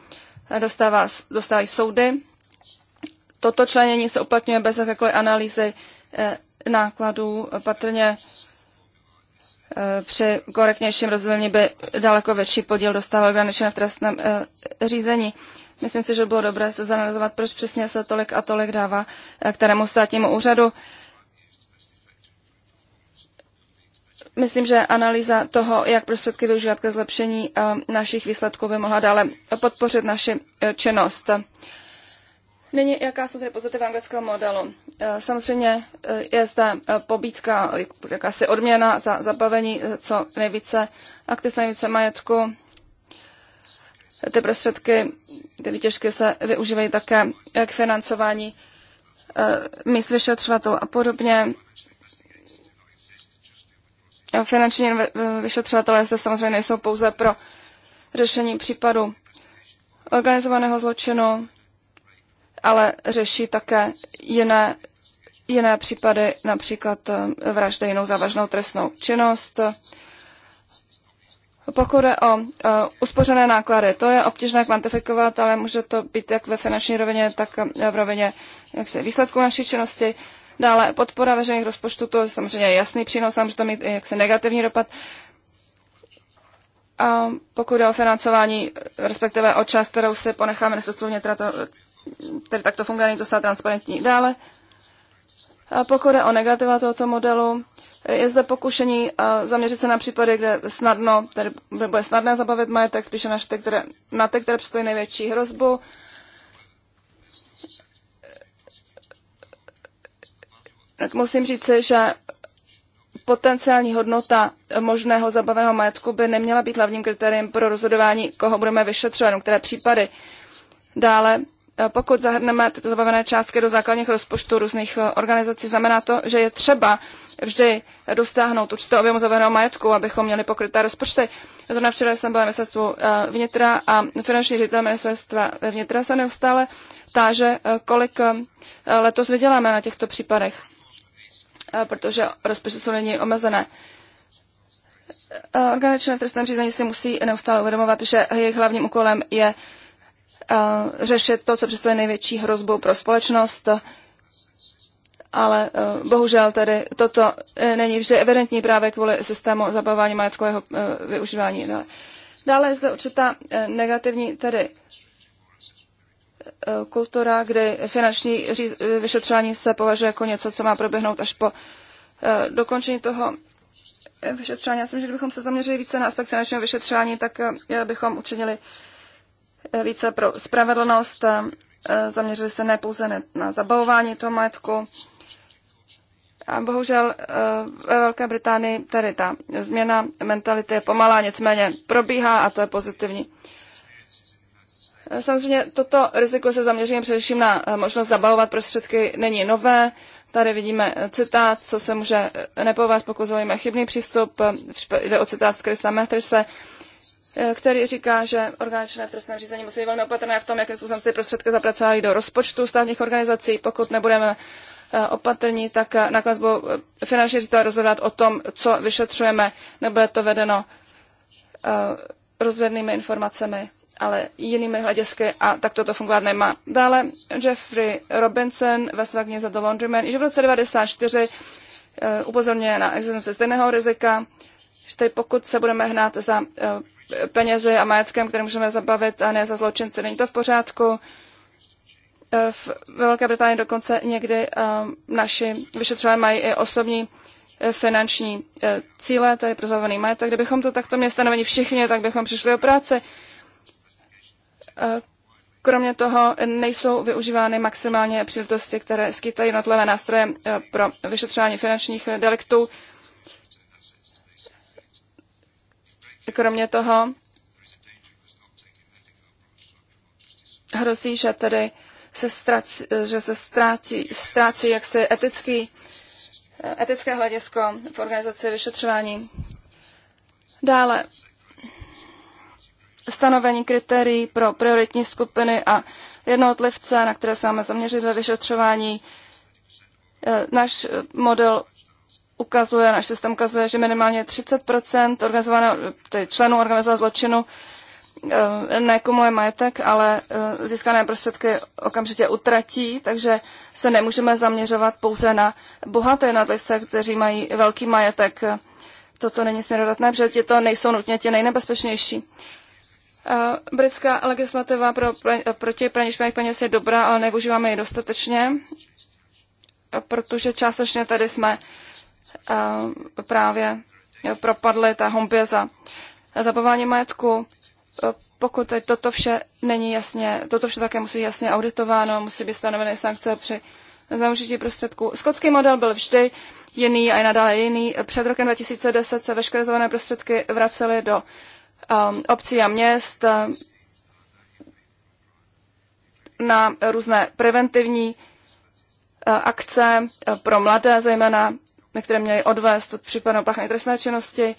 dostává, dostávají soudy toto členění se uplatňuje bez jakékoliv analýzy eh, nákladů. Patrně eh, při korektnějším rozdělení by daleko větší podíl dostával Graničina v trestném eh, řízení. Myslím si, že bylo dobré se zanalizovat, proč přesně se tolik a tolik dává kterému státnímu úřadu. Myslím, že analýza toho, jak prostředky využívat ke zlepšení našich výsledků, by mohla dále podpořit naši činnost. Nyní, jaká jsou tedy pozitiva anglického modelu? Eh, samozřejmě eh, je zde eh, pobídka, jakási odměna za zabavení co nejvíce aktiv, nejvíce majetku. Ty prostředky, ty výtěžky se využívají také k financování míst vyšetřovatelů a podobně. Finanční vyšetřovatelé zde samozřejmě nejsou pouze pro řešení případu organizovaného zločinu, ale řeší také jiné, jiné případy, například eh, vražde jinou závažnou trestnou činnost. Pokud je o uh, uspořené náklady, to je obtížné kvantifikovat, ale může to být jak ve finanční rovině, tak eh, v rovině jak se, výsledku naší činnosti. Dále podpora veřejných rozpočtů, to je samozřejmě jasný přínos, může to mít i jaksi negativní dopad. A pokud je o financování, respektive o část, kterou si ponechá ministerstvo vnitra, to, tedy takto funguje, není to stále transparentní. Dále, pokud je o negativa tohoto modelu, je zde pokušení zaměřit se na případy, kde snadno, tedy bude snadné zabavit majetek, spíše na ty, které, na ty, které přestojí největší hrozbu. Musím říci, že potenciální hodnota možného zabaveného majetku by neměla být hlavním kritériem pro rozhodování, koho budeme vyšetřovat, které případy. Dále Eh, pokud zahrneme tyto zabavené částky do základních rozpočtů různých eh, organizací, znamená to, že je třeba vždy dostáhnout určitou objemu zabaveného majetku, abychom měli pokryté rozpočty. Zrovna včera jsem byla ministerstvu eh, vnitra a finanční ředitel ministerstva vnitra se neustále táže, kolik letos vyděláme na těchto případech, protože rozpočty jsou není omezené. Orgány na trestném řízení si musí neustále uvědomovat, že jejich hlavním úkolem je řešit to, co představuje největší hrozbu pro společnost, ale e, bohužel tedy toto e, není vždy evidentní právě kvůli systému zabavování majetkového e, využívání. Dále je zde určitá negativní tedy kultura, kdy finanční vyšetřování se považuje jako něco, co má proběhnout až po dokončení toho vyšetřování. Já si myslím, že kdybychom se zaměřili více na aspekt finančního vyšetřování, tak bychom učinili více pro spravedlnost, eh, zaměřili se ne pouze na zabavování toho majetku. A bohužel eh, ve Velké Británii tady ta změna mentality je pomalá, nicméně probíhá a to je pozitivní. Samozřejmě toto riziko se zaměřím především na eh, možnost zabavovat prostředky není nové. Tady vidíme citát, co se může nepovést, pokud zvolíme chybný přístup. Jde o citát z Krisa Metrise. Eh, který říká, že orgány činné v trestném řízení musí být velmi opatrné v tom, jakým způsobem se ty prostředky zapracovávají do rozpočtu státních organizací. Pokud nebudeme eh, opatrní, tak eh, nakonec budou finanční ředitel rozhodovat o tom, co vyšetřujeme. Nebude to vedeno rozvednými informacemi, ale jinými hledisky a tak toto fungovat nemá. Dále Jeffrey Robinson ve své knize The Laundryman, již v roce 1994 upozorňuje na existenci stejného rizika, že tady pokud se budeme hnát za penězi a majetkem, které můžeme zabavit a ne za zločince. Není to v pořádku. ve Velké Británii dokonce někdy um, naši vyšetřovatelé mají i osobní e, finanční e, cíle, to je prozavovaný majetek. Kdybychom to takto měli stanovení všichni, tak bychom přišli o práci. Kromě toho nejsou využívány maximálně příležitosti, které skýtají jednotlivé nástroje pro vyšetřování finančních deliktů. Kromě toho hrozí, že tedy se ztrácí, že se ztrácí, ztrácí jaksi etický, etické hledisko v organizaci vyšetřování. Dále stanovení kritérií pro prioritní skupiny a jednotlivce, na které se máme zaměřit ve vyšetřování. E, náš model ukazuje, náš systém ukazuje, že minimálně 30 členů organizovaného zločinu eh, neakumuluje majetek, ale eh, získané prostředky okamžitě utratí, takže se nemůžeme zaměřovat pouze na bohaté jednotlivce, kteří mají velký majetek. Toto není směrodatné, protože ti to nejsou nutně ti nejnebezpečnější. Eh, britská legislativa pro, proti praní špinavých peněz je dobrá, ale nevyužíváme ji dostatečně, protože částečně tady jsme právě propadly té hombě za zabavání majetku. Pokud toto vše není jasně, toto vše také musí jasně auditováno, musí být stanoveny sankce při zneužití prostředků. Skotský model byl vždy jiný a i nadále jiný. Před rokem 2010 se veškeré zelené prostředky vracely do um, obcí a měst um, na různé preventivní uh, akce uh, pro mladé zejména na které měli odvést od případného páchání trestné činnosti.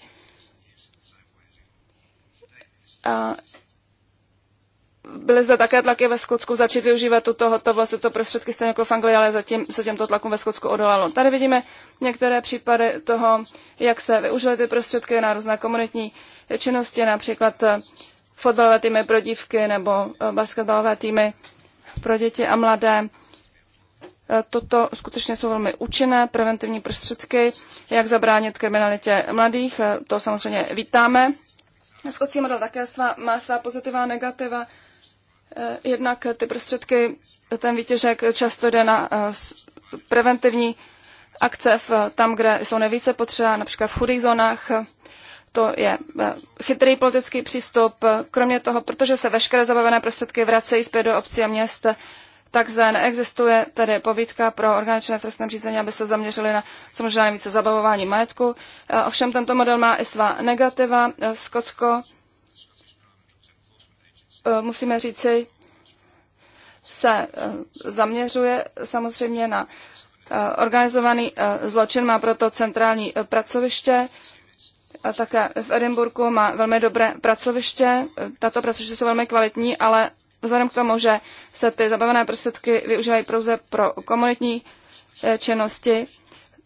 A byly zde také tlaky ve Skotsku začít využívat tuto hotovost, tyto prostředky stejně jako v Anglii, ale zatím se těmto tlakům ve Skotsku odolalo. Tady vidíme některé případy toho, jak se využily ty prostředky na různé komunitní činnosti, například eh, fotbalové týmy pro dívky nebo eh, basketbalové týmy pro děti a mladé. Eh, toto skutečně jsou velmi účinné preventivní prostředky, jak zabránit kriminalitě mladých, eh, to samozřejmě vítáme. Skocí model také svá, má svá pozitiva a negativa. Eh, jednak ty prostředky, ten výtěžek často jde na preventivní akce v, tam, kde jsou nejvíce potřeba, například v chudých zónách. To je chytrý politický přístup. Kromě toho, protože se veškeré zabavené prostředky vracejí zpět do obcí a měst, tak zde neexistuje tedy povídka pro organičné činné v řízení, aby se zaměřili na samozřejmě nejvíce zabavování majetku. Eh, ovšem tento model má i svá negativa. Eh, Skotsko, eh, musíme říci, se zaměřuje samozřejmě na organizovaný zločin, má proto centrální pracoviště, a také v Edinburgu má velmi dobré pracoviště. Tato pracoviště jsou velmi kvalitní, ale vzhledem k tomu, že se ty zabavené prostředky využívají pouze pro komunitní eh, činnosti,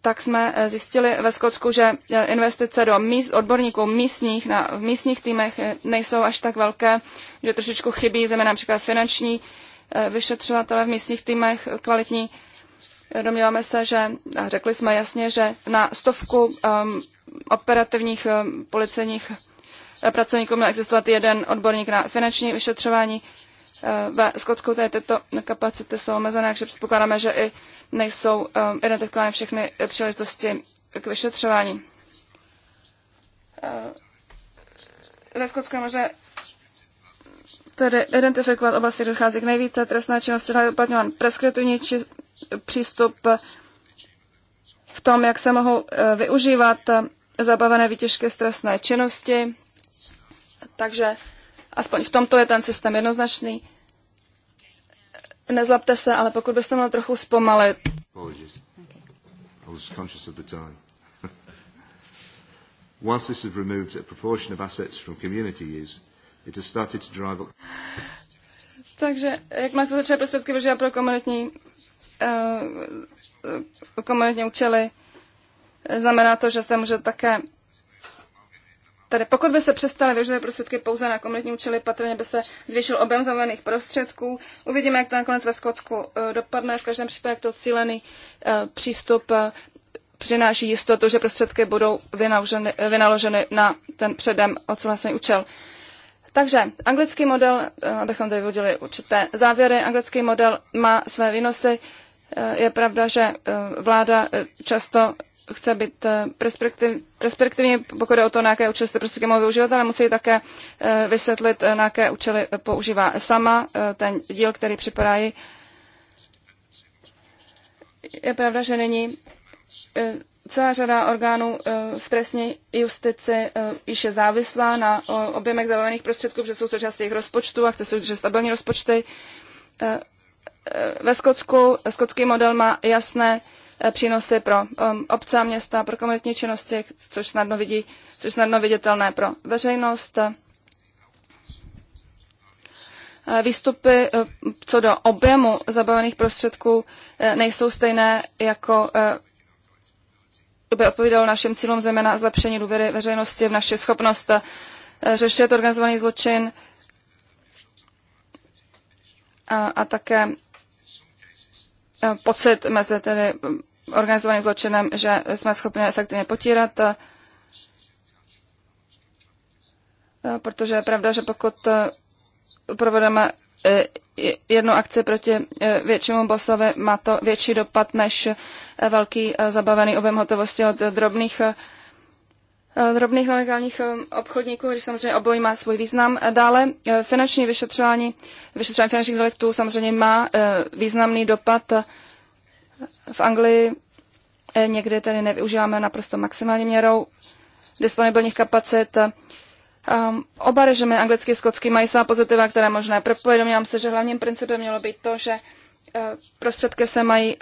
tak jsme eh, zjistili ve Skotsku, že eh, investice do míst, odborníků místních na, v místních týmech nejsou až tak velké, že trošičku chybí zejména například finanční vyšetřovatele v místních týmech kvalitní. Domníváme se, že a řekli jsme jasně, že na stovku um, operativních um, policejních pracovníků měl existovat jeden odborník na finanční vyšetřování. Eh, ve Skotsku tady tyto kapacity jsou omezené, takže předpokládáme, že i nejsou eh, identifikovány všechny příležitosti k vyšetřování. Eh, ve Skotsku je možné tedy identifikovat oblasti, kde dochází k nejvíce trestné činnosti, ale uplatňován preskriptivní či, přístup v tom, jak se mohou využívat zabavené výtěžky z trestné činnosti. Takže Aspoň v tomto je ten systém jednoznačný. Nezlapte se, ale pokud byste měl trochu zpomalit. Takže jak má Takže se začaly prostředky využívat pro komunitní, uh, komunitní účely, znamená to, že se může také Tady pokud by se přestaly věžové prostředky pouze na komunitní účely, patrně by se zvýšil objem zavolených prostředků. Uvidíme, jak to nakonec ve Skotsku eh, dopadne. V každém případě, jak to cílený eh, přístup eh, přináší jistotu, že prostředky budou vynaloženy, vynaloženy na ten předem odsouhlasený účel. Takže anglický model, abychom tady vyvodili určité závěry, anglický model má své výnosy. Je pravda, že vláda často chce být eh, perspektiv, perspektivní, pokud jde o to, na jaké účely se prostředky mohou využívat, ale musí také eh, vysvětlit, eh, na jaké účely používá sama ten díl, který připadá jí. Je pravda, že není celá řada orgánů v trestní justici již je závislá na objemech zabavených prostředků, že jsou součástí jejich rozpočtu a chce se udržet stabilní rozpočty. Ve Skotsku skotský model má jasné Eh, přínosy pro obce a města, pro komunitní činnosti, což snadno, vidí, což snadno viditelné pro veřejnost. Eh, výstupy eh, co do objemu zabavených prostředků nejsou stejné jako by odpovídalo našim cílům, zejména zlepšení důvěry veřejnosti v naši schopnost řešit organizovaný zločin a, a také Eh, pocit mezi tedy mm, organizovaným zločinem, že jsme schopni efektivně potírat, eh, protože je pravda, že pokud eh, provedeme jednu akci proti většímu bosovi, má to větší dopad než velký zabavený objem hotovosti od drobných Eh, drobných nelegálních eh, obchodníků, když samozřejmě obojí má svůj význam. Eh, dále finanční vyšetřování, vyšetřování finančních deliktů samozřejmě má významný dopad v Anglii. Někdy tedy nevyužíváme naprosto maximální měrou disponibilních kapacit. Um, oba režimy, anglický a skotský, mají svá pozitiva, které možné propojit. Domnívám se, že hlavním principem mělo být to, že prostředky se mají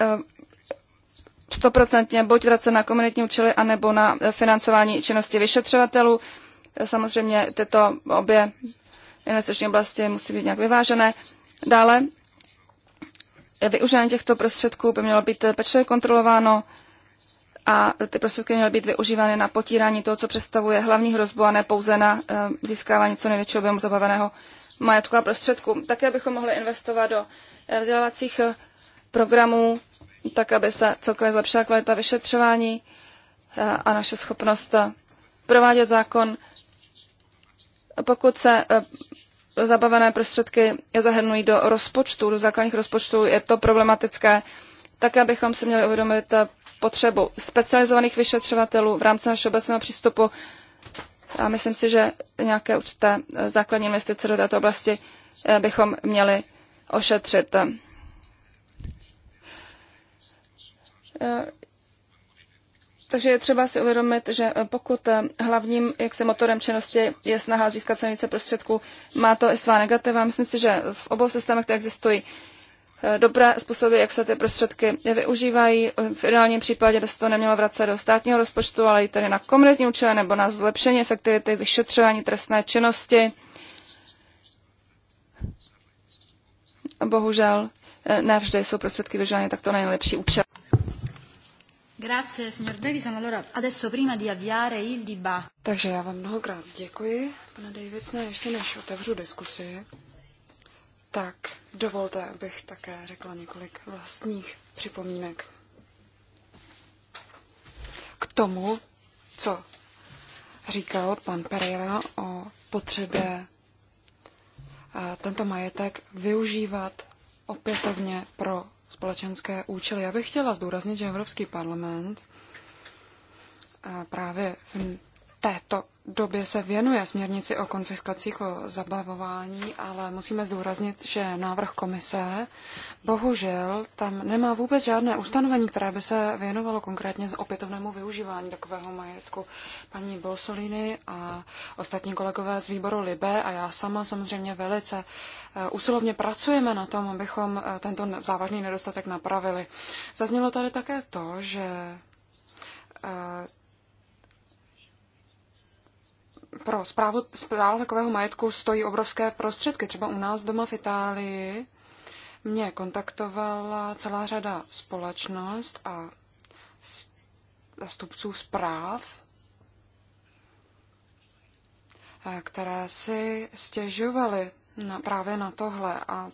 stoprocentně buď dotace na komunitní účely, anebo na eh, financování činnosti vyšetřovatelů. Eh, samozřejmě tyto obě investiční oblasti musí být nějak vyvážené. Dále eh, využívání těchto prostředků by mělo být pečlivě kontrolováno a ty prostředky měly být využívány na potírání toho, co představuje hlavní hrozbu a ne pouze na získávání co největšího objemu zabaveného majetku a prostředků. Také bychom mohli investovat do vzdělávacích programů tak aby se celkově zlepšila kvalita vyšetřování eh, a naše schopnost eh, provádět zákon. Pokud se eh, zabavené prostředky zahrnují do rozpočtu, do základních rozpočtů, je to problematické. tak bychom si měli uvědomit potřebu specializovaných vyšetřovatelů v rámci našeho obecného přístupu a myslím si, že nějaké určité základní investice do této oblasti bychom měli ošetřit. Eh, takže je třeba si uvědomit, že eh, pokud eh, hlavním jak se motorem činnosti je snaha získat co nejvíce prostředků, má to i svá negativa. Myslím si, že v obou systémech, které existují, dobré způsoby, jak se ty prostředky využívají. V ideálním případě by se to nemělo vracet do státního rozpočtu, ale i tedy na komunitní účely nebo na zlepšení efektivity vyšetřování trestné činnosti. Bohužel ne vždy jsou prostředky využívány takto na nejlepší účel. Grazie, signor Davison. Allora, adesso prima di avviare il dibattito. Takže já vám mnohokrát děkuji, pane Davidsne, ještě než otevřu diskusi, tak dovolte, abych také řekla několik vlastních připomínek k tomu, co říkal pan Pereira o potřebě eh, tento majetek využívat opětovně pro společenské účely. Já bych chtěla zdůraznit, že Evropský parlament eh, právě v této době se věnuje směrnici o konfiskacích, o zabavování, ale musíme zdůraznit, že návrh komise bohužel tam nemá vůbec žádné ustanovení, které by se věnovalo konkrétně z opětovnému využívání takového majetku. Paní Bolsolini a ostatní kolegové z výboru Libe a já sama samozřejmě velice eh, usilovně pracujeme na tom, abychom eh, tento závažný nedostatek napravili. Zaznělo tady také to, že eh, pro zprávu, zprávu takového majetku stojí obrovské prostředky. Třeba u nás doma v Itálii mě kontaktovala celá řada společnost a zastupců zpráv, eh, které si stěžovaly na, právě na tohle a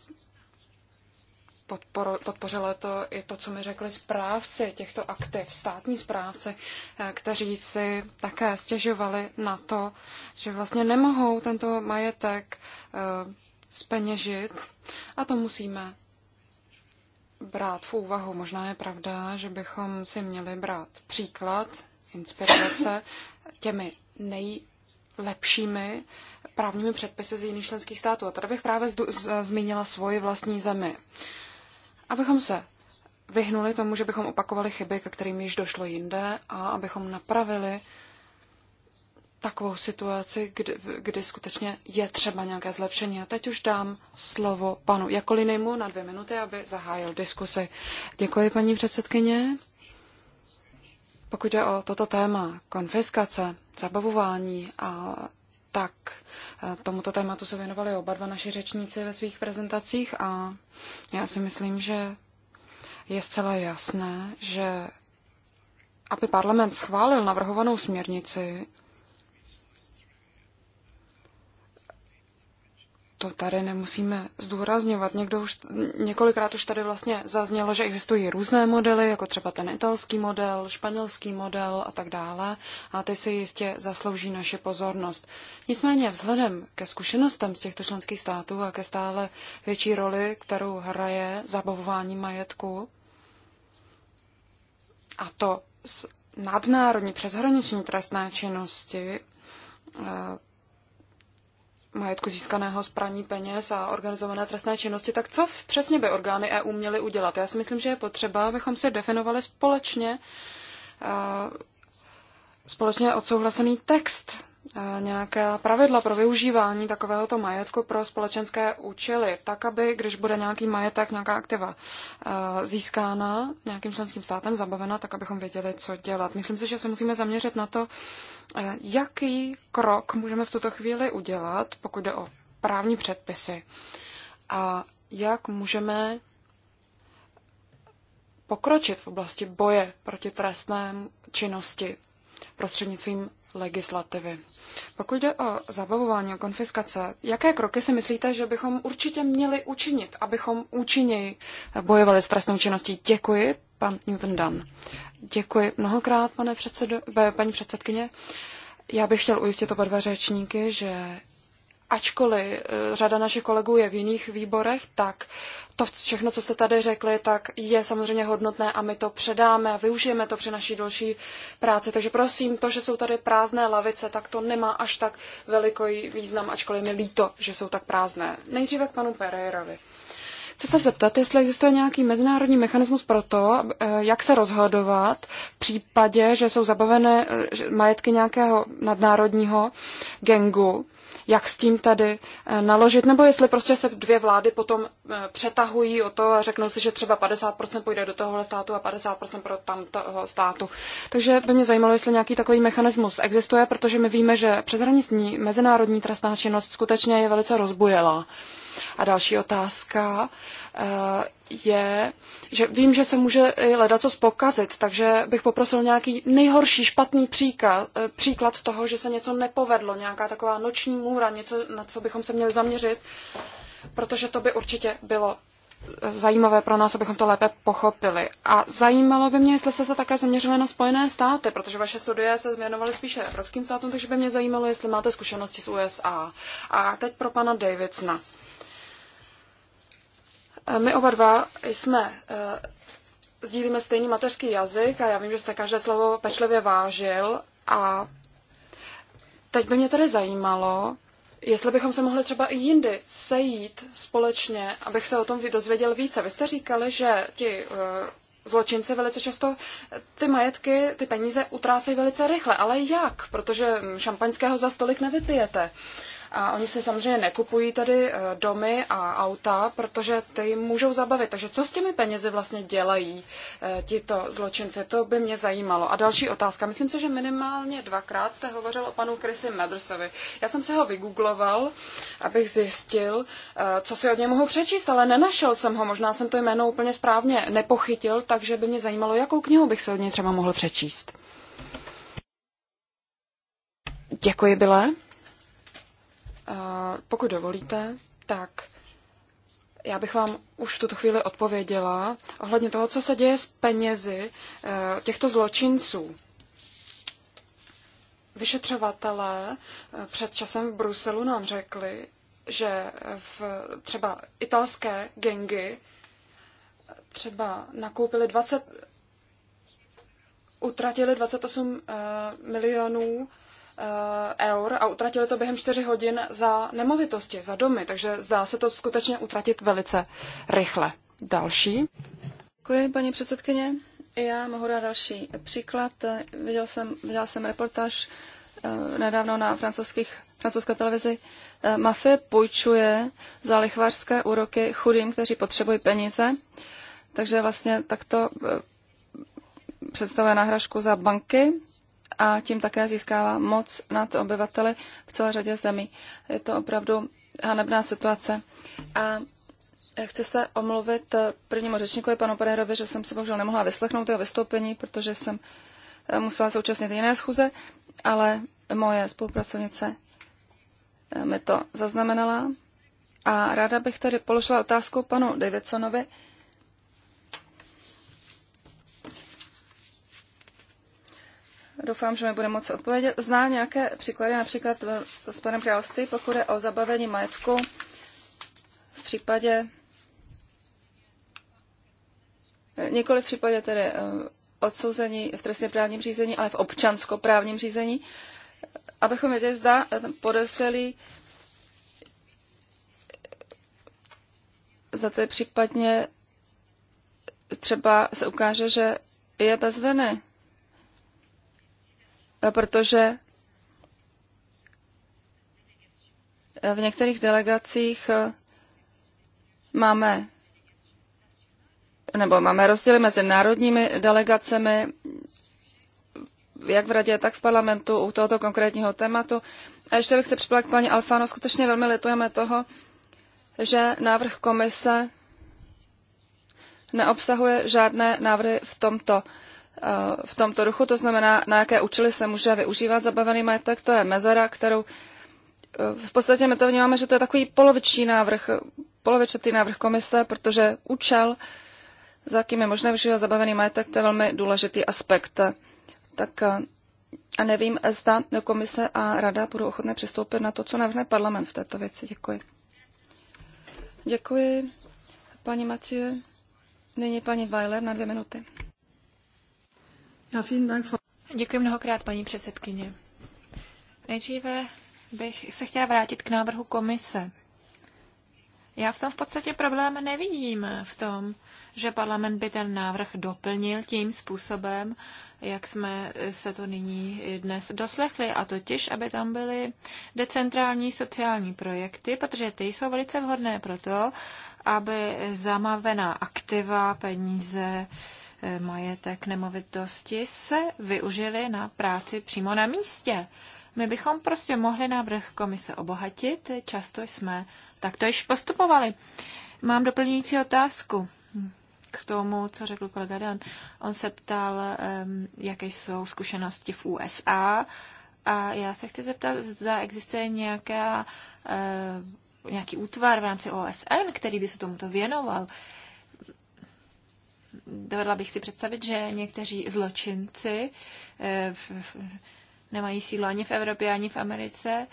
podporo, podpořilo to i to, co mi řekli správci těchto aktiv, státní správci, eh, kteří si také stěžovali na to, že vlastně nemohou tento majetek speněžit eh, a to musíme brát v úvahu. Možná je pravda, že bychom si měli brát příklad, inspirace těmi nejlepšími právními předpisy z jiných členských států. A tady bych právě zmínila svoji vlastní zemi abychom se vyhnuli tomu, že bychom opakovali chyby, ke kterým již došlo jinde a abychom napravili takovou situaci, kdy, kdy skutečně je třeba nějaké zlepšení. A teď už dám slovo panu Jakolinemu na dvě minuty, aby zahájil diskusi. Děkuji, paní předsedkyně. Pokud jde o toto téma konfiskace, zabavování a tak. Eh, tomuto tématu se věnovali oba dva naši řečníci ve svých prezentacích a já si myslím, že je zcela jasné, že aby parlament schválil navrhovanou směrnici, to tady nemusíme zdůrazňovat. Někdo už, několikrát už tady vlastně zaznělo, že existují různé modely, jako třeba ten italský model, španělský model a tak dále, a ty si jistě zaslouží naše pozornost. Nicméně vzhledem ke zkušenostem z těchto členských států a ke stále větší roli, kterou hraje zabavování majetku, a to z nadnárodní přeshraniční trestné činnosti, eh, majetku získaného z praní peněz a organizované trestné činnosti, tak co přesně by orgány EU měly udělat? Já si myslím, že je potřeba, abychom si definovali společně eh, společně odsouhlasený text nějaká pravidla pro využívání takovéhoto majetku pro společenské účely, tak aby, když bude nějaký majetek, nějaká aktiva e, získána nějakým členským státem, zabavena, tak abychom věděli, co dělat. Myslím si, že se musíme zaměřit na to, e, jaký krok můžeme v tuto chvíli udělat, pokud jde o právní předpisy a jak můžeme pokročit v oblasti boje proti trestné činnosti prostřednictvím legislativy. Pokud jde o zabavování, o konfiskace, jaké kroky si myslíte, že bychom určitě měli učinit, abychom účinněji bojovali s trestnou činností? Děkuji, pan Newton Dunn. Děkuji mnohokrát, pane předsedo, eh, paní předsedkyně. Já bych chtěl ujistit oba dva řečníky, že ačkoliv eh, řada našich kolegů je v jiných výborech, tak to všechno, co jste tady řekli, tak je samozřejmě hodnotné a my to předáme a využijeme to při naší další práci. Takže prosím, to, že jsou tady prázdné lavice, tak to nemá až tak veliký význam, ačkoliv mi líto, že jsou tak prázdné. Nejdříve k panu Pereirovi. Chci se zeptat, jestli existuje nějaký mezinárodní mechanismus pro to, eh, jak se rozhodovat v případě, že jsou zabavené eh, majetky nějakého nadnárodního gengu, jak s tím tady eh, naložit, nebo jestli prostě se dvě vlády potom přetahují o to a řeknou si, že třeba 50% půjde do tohohle státu a 50% pro tamtoho státu. Takže by mě zajímalo, jestli nějaký takový mechanismus existuje, protože my víme, že přeshraniční mezinárodní trestná činnost skutečně je velice rozbujelá. A další otázka eh, je, že vím, že se může leda co spokazit, takže bych poprosil nějaký nejhorší špatný příklad, eh, příklad toho, že se něco nepovedlo, nějaká taková noční můra, něco, na co bychom se měli zaměřit, protože to by určitě bylo eh, zajímavé pro nás, abychom to lépe pochopili. A zajímalo by mě, jestli jste se také zaměřili na Spojené státy, protože vaše studie se věnovaly spíše evropským státům, takže by mě zajímalo, jestli máte zkušenosti z USA. A teď pro pana Davidsna. My oba dva jsme eh, sdílíme stejný mateřský jazyk a já vím, že jste každé slovo pečlivě vážil a teď by mě tady zajímalo, jestli bychom se mohli třeba i jindy sejít společně, abych se o tom dozvěděl více. Vy jste říkali, že ti eh, zločinci velice často ty majetky, ty peníze utrácejí velice rychle. Ale jak? Protože šampaňského za stolik nevypijete. Uh, a oni si samozřejmě nekupují tady eh, domy a auta, protože ty jim můžou zabavit. Takže co s těmi penězi vlastně dělají eh, tito zločinci? To by mě zajímalo. A další otázka. Myslím si, že minimálně dvakrát jste hovořil o panu Chrisi Medrsovi. Já jsem si ho vygoogloval, abych zjistil, eh, co si od něj mohu přečíst, ale nenašel jsem ho. Možná jsem to jméno úplně správně nepochytil, takže by mě zajímalo, jakou knihu bych si od něj třeba mohl přečíst. Děkuji, Bile. Pokud dovolíte, tak já bych vám už v tuto chvíli odpověděla ohledně toho, co se děje s penězi eh, těchto zločinců. Vyšetřovatelé eh, před časem v Bruselu nám řekli, že v třeba italské gengy eh, třeba nakoupili 20, utratili 28 milionů Eh, eur a utratili to během 4 hodin za nemovitosti, za domy, takže zdá se to skutečně utratit velice rychle. Další. Děkuji, paní předsedkyně. Já mohu dát další příklad. Viděl jsem, viděl jsem reportáž eh, nedávno na francouzských, francouzské televizi. Eh, mafie půjčuje za lichvářské úroky chudým, kteří potřebují peníze. Takže vlastně takto představuje náhražku za banky a tím také získává moc nad obyvateli v celé řadě zemí. Je to opravdu hanebná situace. A chci se omluvit prvnímu řečníkovi, panu Pereirovi, že jsem se bohužel nemohla vyslechnout jeho vystoupení, protože jsem eh, musela současnit jiné schůze, ale moje spolupracovnice eh, mi to zaznamenala. A ráda bych tady položila otázku panu Davidsonovi, Doufám, že mi bude moci odpovědět. Zná nějaké příklady, například eh, s panem království, pokud je o zabavení majetku v případě eh, nikoli v případě tedy eh, odsouzení v trestně právním řízení, ale v občanskoprávním řízení, abychom věděli, zda podezřelý za to případně třeba se ukáže, že je bez viny. Eh, protože eh, v některých delegacích eh, máme nebo máme rozdíly mezi národními delegacemi, jak v radě, tak v parlamentu u tohoto konkrétního tématu. A ještě bych se připala k paní Alfano, skutečně velmi litujeme toho, že návrh komise neobsahuje žádné návrhy v tomto Eh, v tomto ruchu to znamená, na jaké účely se může využívat zabavený majetek, to je mezera, kterou eh, v podstatě my to vnímáme, že to je takový poloviční návrh, polovičetý návrh komise, protože účel, za jakým je možné využívat zabavený majetek, to je velmi důležitý aspekt. Tak eh, a nevím, zda komise a rada budou ochotné přistoupit na to, co navrhne parlament v této věci. Děkuji. Děkuji, paní Matěje. Nyní paní Weiler na dvě minuty. Děkuji mnohokrát, paní předsedkyně. Nejdříve bych se chtěla vrátit k návrhu komise. Já v tom v podstatě problém nevidím v tom, že parlament by ten návrh doplnil tím způsobem, jak jsme se to nyní dnes doslechli, a totiž, aby tam byly decentrální sociální projekty, protože ty jsou velice vhodné pro to, aby zamavená aktiva, peníze, Eh, majetek nemovitosti, se využili na práci přímo na místě. My bychom prostě mohli návrh komise obohatit, často jsme takto již postupovali. Mám doplňující otázku k tomu, co řekl kolega Dan. On se ptal, jaké jsou zkušenosti v USA a já se chci zeptat, zda existuje nějaká, eh, nějaký útvar v rámci OSN, který by se tomuto věnoval dovedla bych si představit, že někteří zločinci eh, nemají sílu ani v Evropě, ani v Americe,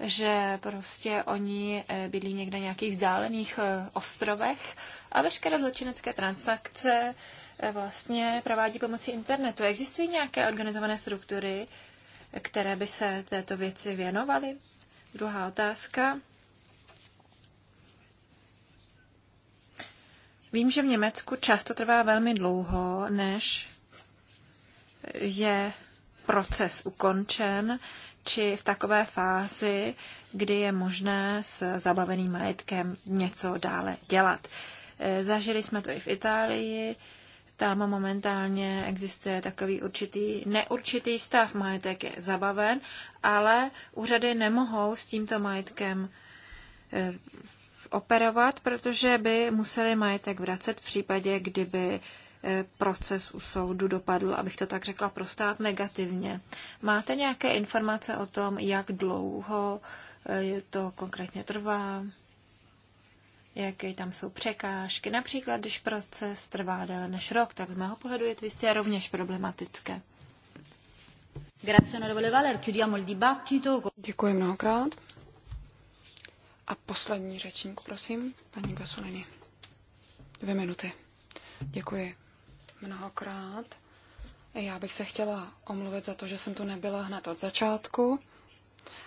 že prostě oni eh, bydlí někde na nějakých vzdálených eh, ostrovech a veškeré zločinecké transakce vlastně provádí pomocí internetu. Existují nějaké organizované struktury, které by se této věci věnovaly? Druhá otázka. Vím, že v Německu často trvá velmi dlouho, než je proces ukončen, či v takové fázi, kdy je možné s zabaveným majetkem něco dále dělat. E, zažili jsme to i v Itálii, tam momentálně existuje takový určitý neurčitý stav, majetek je zabaven, ale úřady nemohou s tímto majetkem e, operovat, protože by museli majetek vracet v případě, kdyby e, proces u soudu dopadl, abych to tak řekla, pro stát negativně. Máte nějaké informace o tom, jak dlouho e, to konkrétně trvá? Jaké tam jsou překážky? Například, když proces trvá déle než rok, tak z mého pohledu je to jistě rovněž problematické. Děkuji mnohokrát. A poslední řečník, prosím, paní Gasolini. Dvě minuty. Děkuji mnohokrát. Já bych se chtěla omluvit za to, že jsem tu nebyla hned od začátku,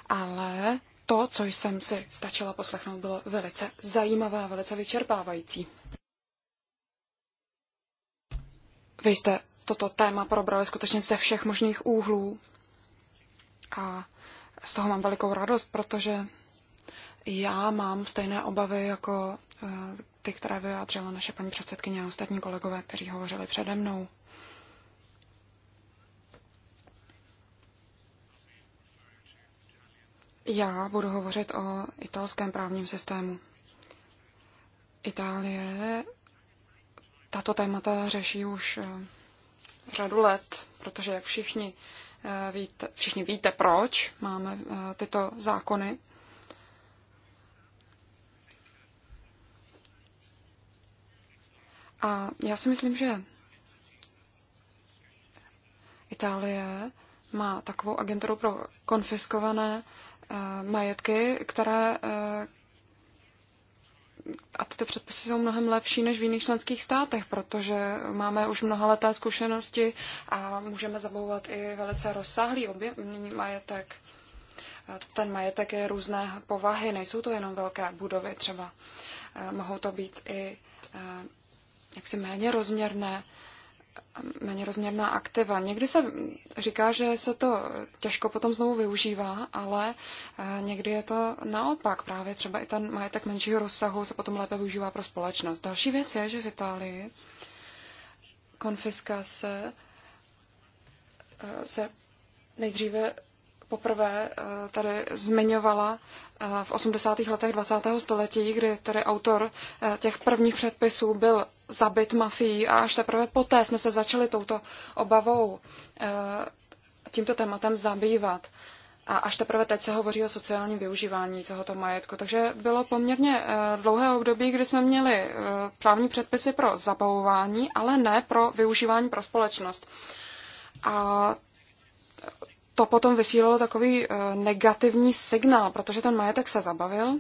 ale to, co jsem si stačila poslechnout, bylo velice zajímavé a velice vyčerpávající. Vy jste toto téma probrali skutečně ze všech možných úhlů a z toho mám velikou radost, protože já mám stejné obavy jako eh, ty, které vyjádřila naše paní předsedkyně a ostatní kolegové, kteří hovořili přede mnou. Já budu hovořit o italském právním systému. Itálie tato témata řeší už eh, řadu let, protože jak všichni eh, víte, všichni víte proč máme tyto zákony, A já si myslím, že Itálie má takovou agenturu pro konfiskované eh, majetky, které eh, a tyto předpisy jsou mnohem lepší než v jiných členských státech, protože máme už mnoha leté zkušenosti a můžeme zabouvat i velice rozsáhlý objemný majetek. Eh, ten majetek je různé povahy, nejsou to jenom velké budovy třeba. Mohou to být i jaksi méně rozměrné, méně rozměrná aktiva. Někdy se říká, že se to těžko potom znovu využívá, ale eh, někdy je to naopak. Právě třeba i ten majetek menšího rozsahu se potom lépe využívá pro společnost. Další věc je, že v Itálii konfiskace eh, se nejdříve poprvé eh, tady zmiňovala Eh, v 80. letech 20. století, kdy tedy autor eh, těch prvních předpisů byl zabit mafií a až teprve poté jsme se začali touto obavou, eh, tímto tématem zabývat. A až teprve teď se hovoří o sociálním využívání tohoto majetku. Takže bylo poměrně dlouhé období, kdy jsme měli právní předpisy pro zabavování, ale ne pro využívání pro společnost. A to potom vysílalo takový eh, negativní signál, protože ten majetek se zabavil,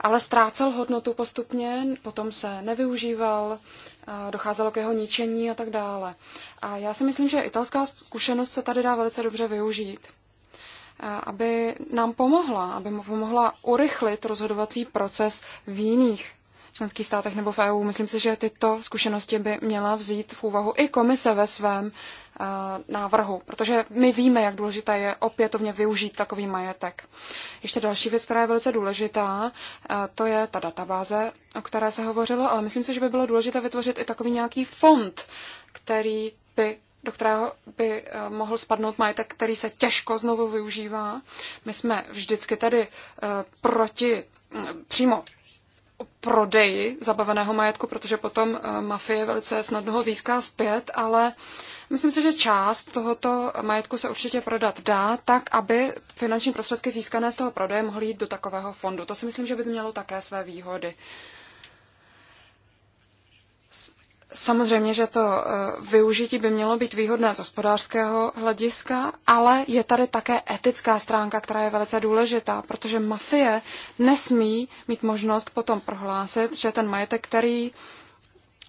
ale ztrácel hodnotu postupně, potom se nevyužíval, eh, docházelo k jeho ničení a tak dále. A já si myslím, že italská zkušenost se tady dá velice dobře využít, eh, aby nám pomohla, aby mu pomohla urychlit rozhodovací proces v jiných členských státech nebo v EU. Myslím si, že tyto zkušenosti by měla vzít v úvahu i komise ve svém eh, návrhu, protože my víme, jak důležité je opětovně využít takový majetek. Ještě další věc, která je velice důležitá, eh, to je ta databáze, o které se hovořilo, ale myslím si, že by bylo důležité vytvořit i takový nějaký fond, který by do kterého by eh, mohl spadnout majetek, který se těžko znovu využívá. My jsme vždycky tady proti mm, přímo prodeji zabaveného majetku, protože potom eh, mafie velice snadno ho získá zpět, ale myslím si, že část tohoto majetku se určitě prodat dá, tak aby finanční prostředky získané z toho prodeje mohly jít do takového fondu. To si myslím, že by mělo také své výhody. Samozřejmě, že to eh, využití by mělo být výhodné z hospodářského hlediska, ale je tady také etická stránka, která je velice důležitá, protože mafie nesmí mít možnost potom prohlásit, že ten majetek, který,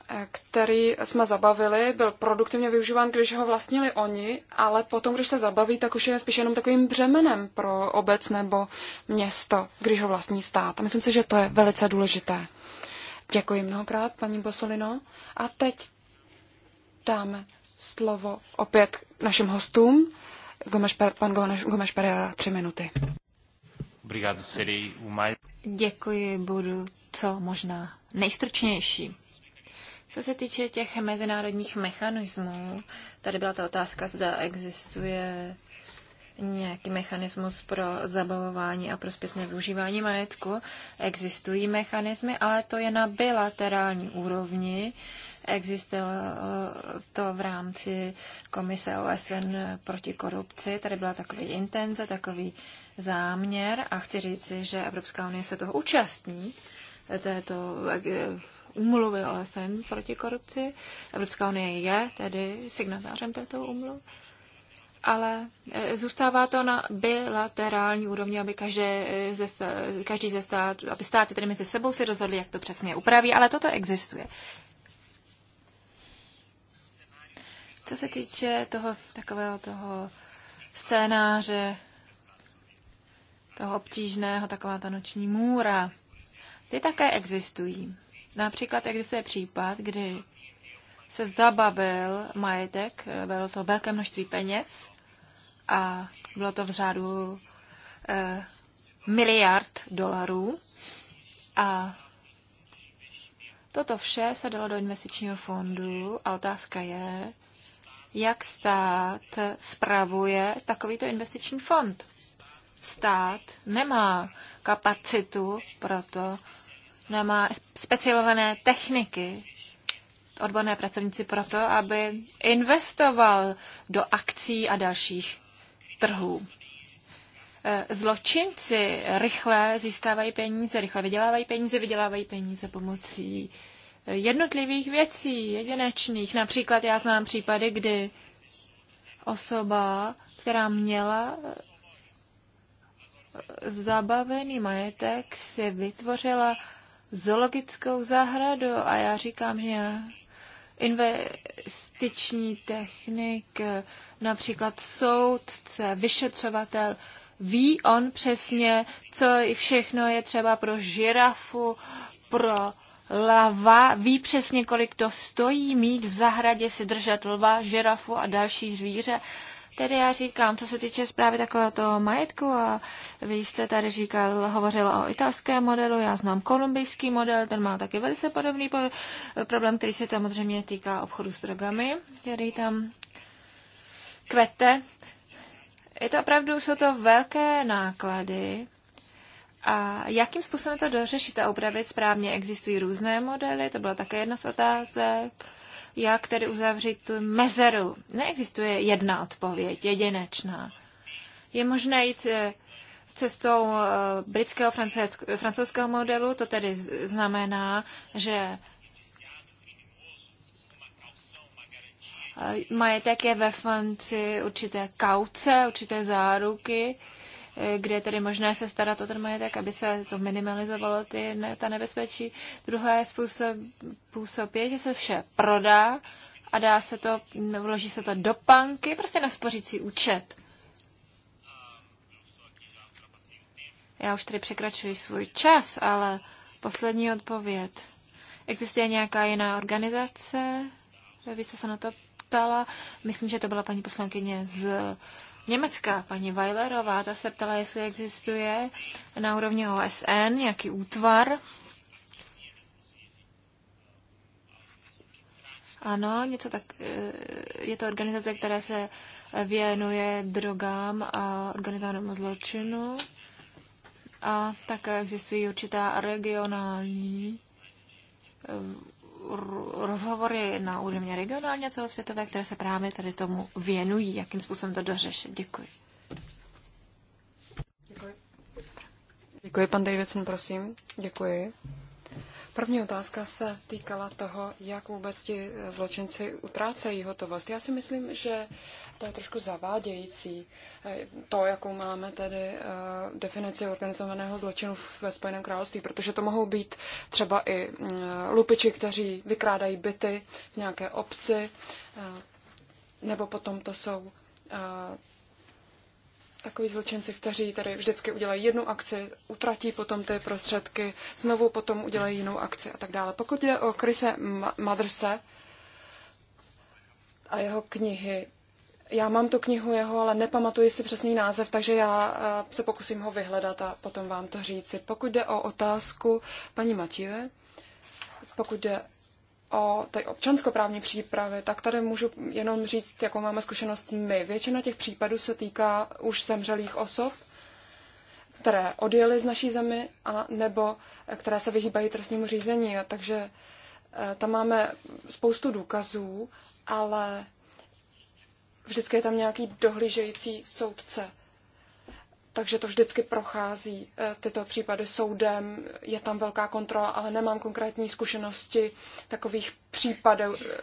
eh, který jsme zabavili, byl produktivně využíván, když ho vlastnili oni, ale potom, když se zabaví, tak už je spíš jenom takovým břemenem pro obec nebo město, když ho vlastní stát. A myslím si, že to je velice důležité. Děkuji mnohokrát, paní Bosolino. A teď dáme slovo opět našim hostům. Gomes, pan Gomes Pereira, tři minuty. Děkuji, budu co možná nejstručnější. Co se týče těch mezinárodních mechanismů, tady byla ta otázka, zda existuje nějaký mechanismus pro zabavování a pro zpětné využívání majetku. Existují mechanismy, ale to je na bilaterální úrovni. Existovalo to v rámci komise OSN proti korupci. Tady byla takový intenze, takový záměr a chci říci, že Evropská unie se toho účastní, to umluvy eh, OSN proti korupci. Evropská unie je tedy signatářem této umluvy ale e, zůstává to na bilaterální úrovni, aby každé e, ze, každý ze států, aby státy tedy mezi sebou si rozhodli, jak to přesně upraví, ale toto existuje. Co se týče toho takového toho scénáře, toho obtížného, taková ta noční můra, ty také existují. Například existuje případ, kdy se zabavil majetek, bylo to velké množství peněz a bylo to v řádu e, miliard dolarů. A toto vše se dalo do investičního fondu a otázka je, jak stát spravuje takovýto investiční fond. Stát nemá kapacitu pro to, nemá specializované techniky, odborné pracovníci pro to, aby investoval do akcí a dalších trhů. E, zločinci rychle získávají peníze, rychle vydělávají peníze, vydělávají peníze pomocí e, jednotlivých věcí, jedinečných. Například já znám případy, kdy osoba, která měla e, zabavený majetek, si vytvořila zoologickou zahradu a já říkám, že investiční technik, například soudce, vyšetřovatel, ví on přesně, co všechno je třeba pro žirafu, pro lava, ví přesně, kolik to stojí mít v zahradě si držet lva, žirafu a další zvíře Tedy já říkám, co se týče zprávy takového toho majetku, a vy jste tady říkal, hovořila o italském modelu, já znám kolumbijský model, ten má taky velice podobný problém, který se samozřejmě týká obchodu s drogami, který tam kvete. Je to opravdu, jsou to velké náklady, a jakým způsobem to dořešit a upravit správně? Existují různé modely, to byla také jedna z otázek jak tedy uzavřít tu mezeru. Neexistuje jedna odpověď, jedinečná. Je možné jít eh, cestou eh, britského francouzského modelu, to tedy znamená, že eh, majetek je ve Francii určité kauce, určité záruky, kde je tedy možné se starat o ten majetek, aby se to minimalizovalo, ty, ne, ta nebezpečí. Druhé způsob, způsob je, že se vše prodá a dá se to, vloží se to do banky, prostě na spořící účet. Já už tady překračuji svůj čas, ale poslední odpověď. Existuje nějaká jiná organizace? Vy jste se na to ptala. Myslím, že to byla paní poslankyně z Německá, Paní Weilerová ta se ptala, jestli existuje na úrovni OSN nějaký útvar. Ano, něco tak, eh, je to organizace, která se věnuje drogám a organizovanému zločinu. A také existují určitá regionální rozhovory na úrovni regionálně celosvětové, které se právě tady tomu věnují, jakým způsobem to dořešit. Děkuji. Děkuji. Děkuji, pan Davidson, prosím. Děkuji. První otázka se týkala toho, jak vůbec ti eh, zločinci utrácejí hotovost. Já si myslím, že to je trošku zavádějící, eh, to, jakou máme tedy eh, definici organizovaného zločinu ve Spojeném království, protože to mohou být třeba i lupiči, kteří vykrádají byty v nějaké obci, nebo potom to jsou takový zločinci, kteří tady vždycky udělají jednu akci, utratí potom ty prostředky, znovu potom udělají jinou akci a tak dále. Pokud je o Krise Madrse a jeho knihy, já mám tu knihu jeho, ale nepamatuji si přesný název, takže já eh, se pokusím ho vyhledat a potom vám to říci. Pokud jde o otázku paní Matíve, pokud jde o té občanskoprávní přípravy, tak tady můžu jenom říct, jakou máme zkušenost my. Většina těch případů se týká už zemřelých osob, které odjeli z naší zemi a nebo eh, které se vyhýbají trestnímu řízení. Takže eh, tam máme spoustu důkazů, ale vždycky je tam nějaký dohlížející soudce takže to vždycky prochází eh, tyto případy soudem, je tam velká kontrola, ale nemám konkrétní zkušenosti takových případů, eh,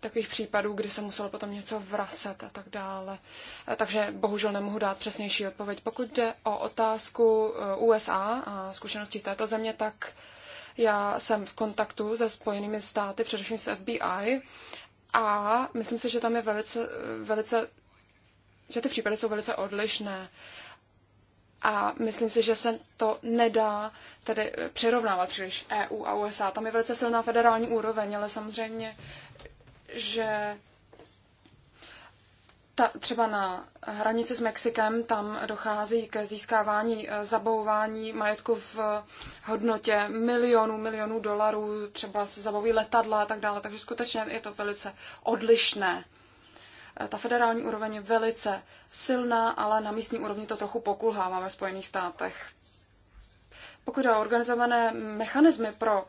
takových případů, kdy se muselo potom něco vracet a tak dále. Eh, takže bohužel nemohu dát přesnější odpověď. Pokud jde o otázku USA a zkušenosti z této země, tak já jsem v kontaktu se Spojenými státy, především s FBI, a myslím si, že tam je velice, velice že ty případy jsou velice odlišné. A myslím si, že se to nedá tedy přirovnávat příliš EU a USA. Tam je velice silná federální úroveň, ale samozřejmě, že ta, třeba na hranici s Mexikem tam dochází k získávání, e, zabavování majetku v hodnotě milionů, milionů dolarů, třeba se zabaví letadla a tak dále, takže skutečně je to velice odlišné. Eh, ta federální úroveň je velice silná, ale na místní úrovni to trochu pokulhává ve Spojených státech. Pokud je o organizované mechanismy pro uh,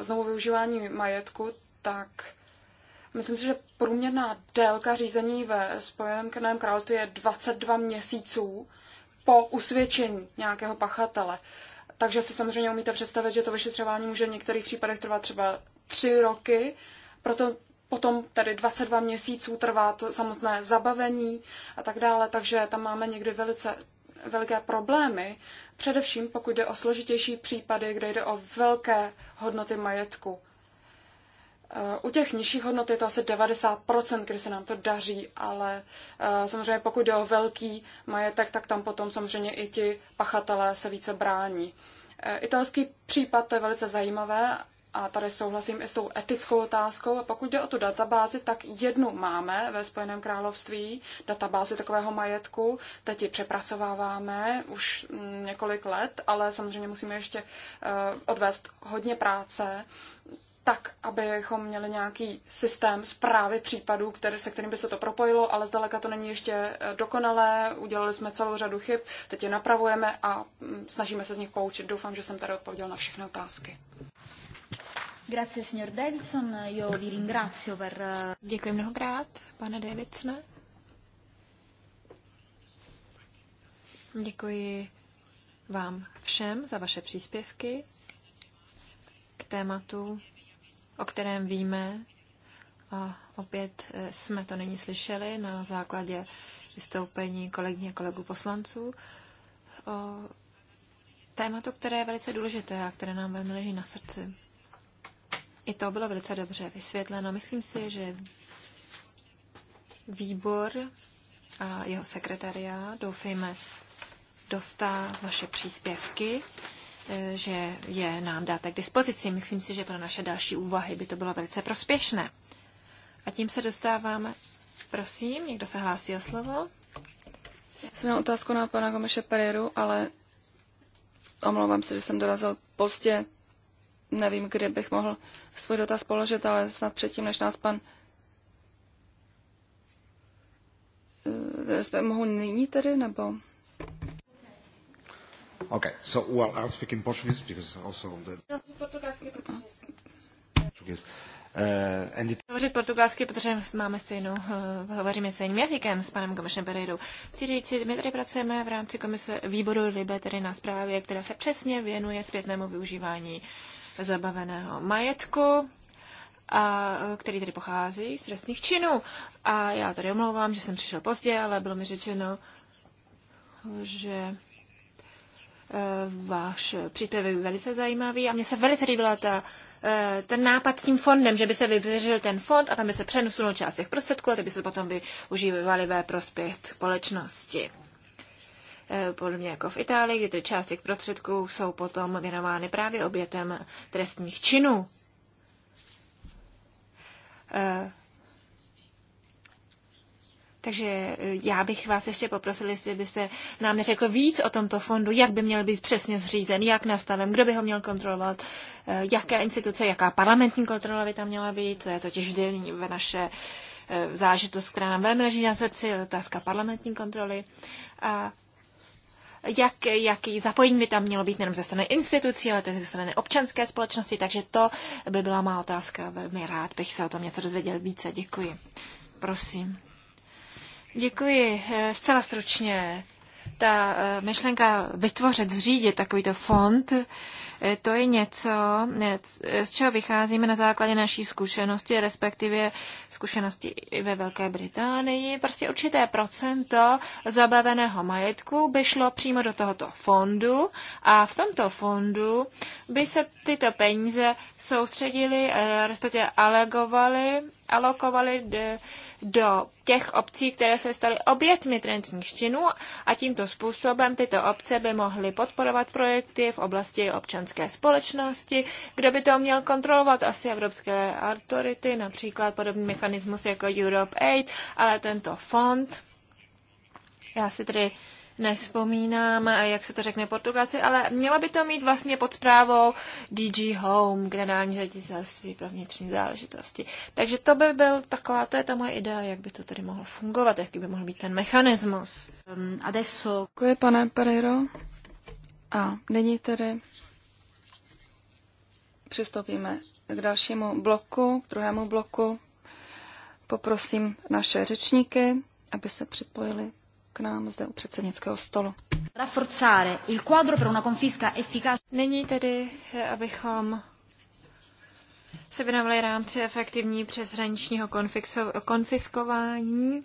znovu využívání majetku, tak myslím si, že průměrná délka řízení ve Spojeném království je 22 měsíců po usvědčení nějakého pachatele. Takže si samozřejmě umíte představit, že to vyšetřování může v některých případech trvat třeba tři roky, proto Potom tady 22 měsíců trvá to samotné zabavení a tak dále, takže tam máme někdy velice velké problémy, především pokud jde o složitější případy, kde jde o velké hodnoty majetku. Eh, u těch nižších hodnot je to asi 90%, kdy se nám to daří, ale eh, samozřejmě pokud jde o velký majetek, tak tam potom samozřejmě i ti pachatelé se více brání. Eh, italský případ to je velice zajímavé a tady souhlasím i s tou etickou otázkou. A pokud jde o tu databázi, tak jednu máme ve Spojeném království, databázi takového majetku. Teď ji přepracováváme už mm, několik let, ale samozřejmě musíme ještě eh, odvést hodně práce tak, abychom měli nějaký systém zprávy případů, který, se kterým by se to propojilo, ale zdaleka to není ještě eh, dokonalé. Udělali jsme celou řadu chyb, teď je napravujeme a mm, snažíme se z nich poučit. Doufám, že jsem tady odpověděl na všechny otázky. Grazie, signor Davidson. Io vi ringrazio per... Eh, Děkuji mnohokrát, pane Davidsone. Děkuji vám všem za vaše příspěvky k tématu, o kterém víme, a opět eh, jsme to nyní slyšeli na základě vystoupení kolegyně a kolegů poslanců. O tématu, které je velice důležité a které nám velmi leží na srdci. I to bylo velice dobře vysvětleno. Myslím si, že výbor a jeho sekretariát, doufejme, dostá vaše příspěvky, e, že je nám dáte k dispozici. Myslím si, že pro naše další úvahy by to bylo velice prospěšné. A tím se dostáváme. Prosím, někdo se hlásí o slovo? Já jsem měl otázku na pana Gomeše Pereiru, ale omlouvám se, že jsem dorazil pozdě nevím, kde bych mohl svůj dotaz položit, ale snad předtím, než nás pan eh, mohu nyní tedy, nebo? Okay, so well, I'll speak in Portuguese because also the... No, Portuguese. Uh, it... Hovořit portugalsky, protože máme stejnou, uh, hovoříme stejným jazykem s panem Gomešem Pereirou. Chci říct, my tady pracujeme v rámci komise výboru LIBE, tedy na zprávě, která se přesně věnuje zpětnému využívání uh, zabaveného majetku, a, který tedy pochází z trestných činů. A já tady omlouvám, že jsem přišel pozdě, ale bylo mi řečeno, že e, váš příspěvek je velice zajímavý a mně se velice líbila ta, e, ten nápad s tím fondem, že by se vyvěřil ten fond a tam by se přenusunul část těch prostředků a ty by se potom využívaly ve prospěch společnosti. Eh, podobně jako v Itálii, kde ty části prostředků jsou potom věnovány právě obětem trestních činů. Eh, takže já bych vás ještě poprosil, jestli byste nám neřekl víc o tomto fondu, jak by měl být přesně zřízen, jak nastaven, kdo by ho měl kontrolovat, eh, jaké instituce, jaká parlamentní kontrola by tam měla být, to je totiž vždy ve naše zážitost, která nám velmi leží na srdci, otázka parlamentní kontroly. A jak, jaký zapojení by tam mělo být nejenom ze strany institucí, ale ze strany občanské společnosti, takže to by byla má otázka. Velmi rád bych se o tom něco dozvěděl více. Děkuji. Prosím. Děkuji. Eh, zcela stručně. Ta eh, myšlenka vytvořit, zřídit takovýto fond, Eh, to je něco, z čeho vycházíme na základě naší zkušenosti, respektive zkušenosti i ve Velké Británii. Prostě určité procento zabaveného majetku by šlo přímo do tohoto fondu a v tomto fondu by se tyto peníze soustředily, eh, respektive alegovaly, alokovaly do těch obcí, které se staly obětmi trestních činů a tímto způsobem tyto obce by mohly podporovat projekty v oblasti občanské občanské společnosti. Kdo by to měl kontrolovat? Asi evropské autority, například podobný mechanismus jako Europe Aid, ale tento fond. Já si tedy nevzpomínám, jak se to řekne portugalci, ale měla by to mít vlastně pod zprávou DG Home, generální ředitelství pro vnitřní záležitosti. Takže to by byl taková, to je ta moje idea, jak by to tedy mohlo fungovat, jaký by mohl být ten mechanismus. Um, adesso. Děkuji, pane Pereiro. A nyní tedy přistoupíme k dalšímu bloku, k druhému bloku. Poprosím naše řečníky, aby se připojili k nám zde u předsednického stolu. Rafforzare Nyní tedy, abychom se věnovali rámci efektivní přeshraničního konfiskování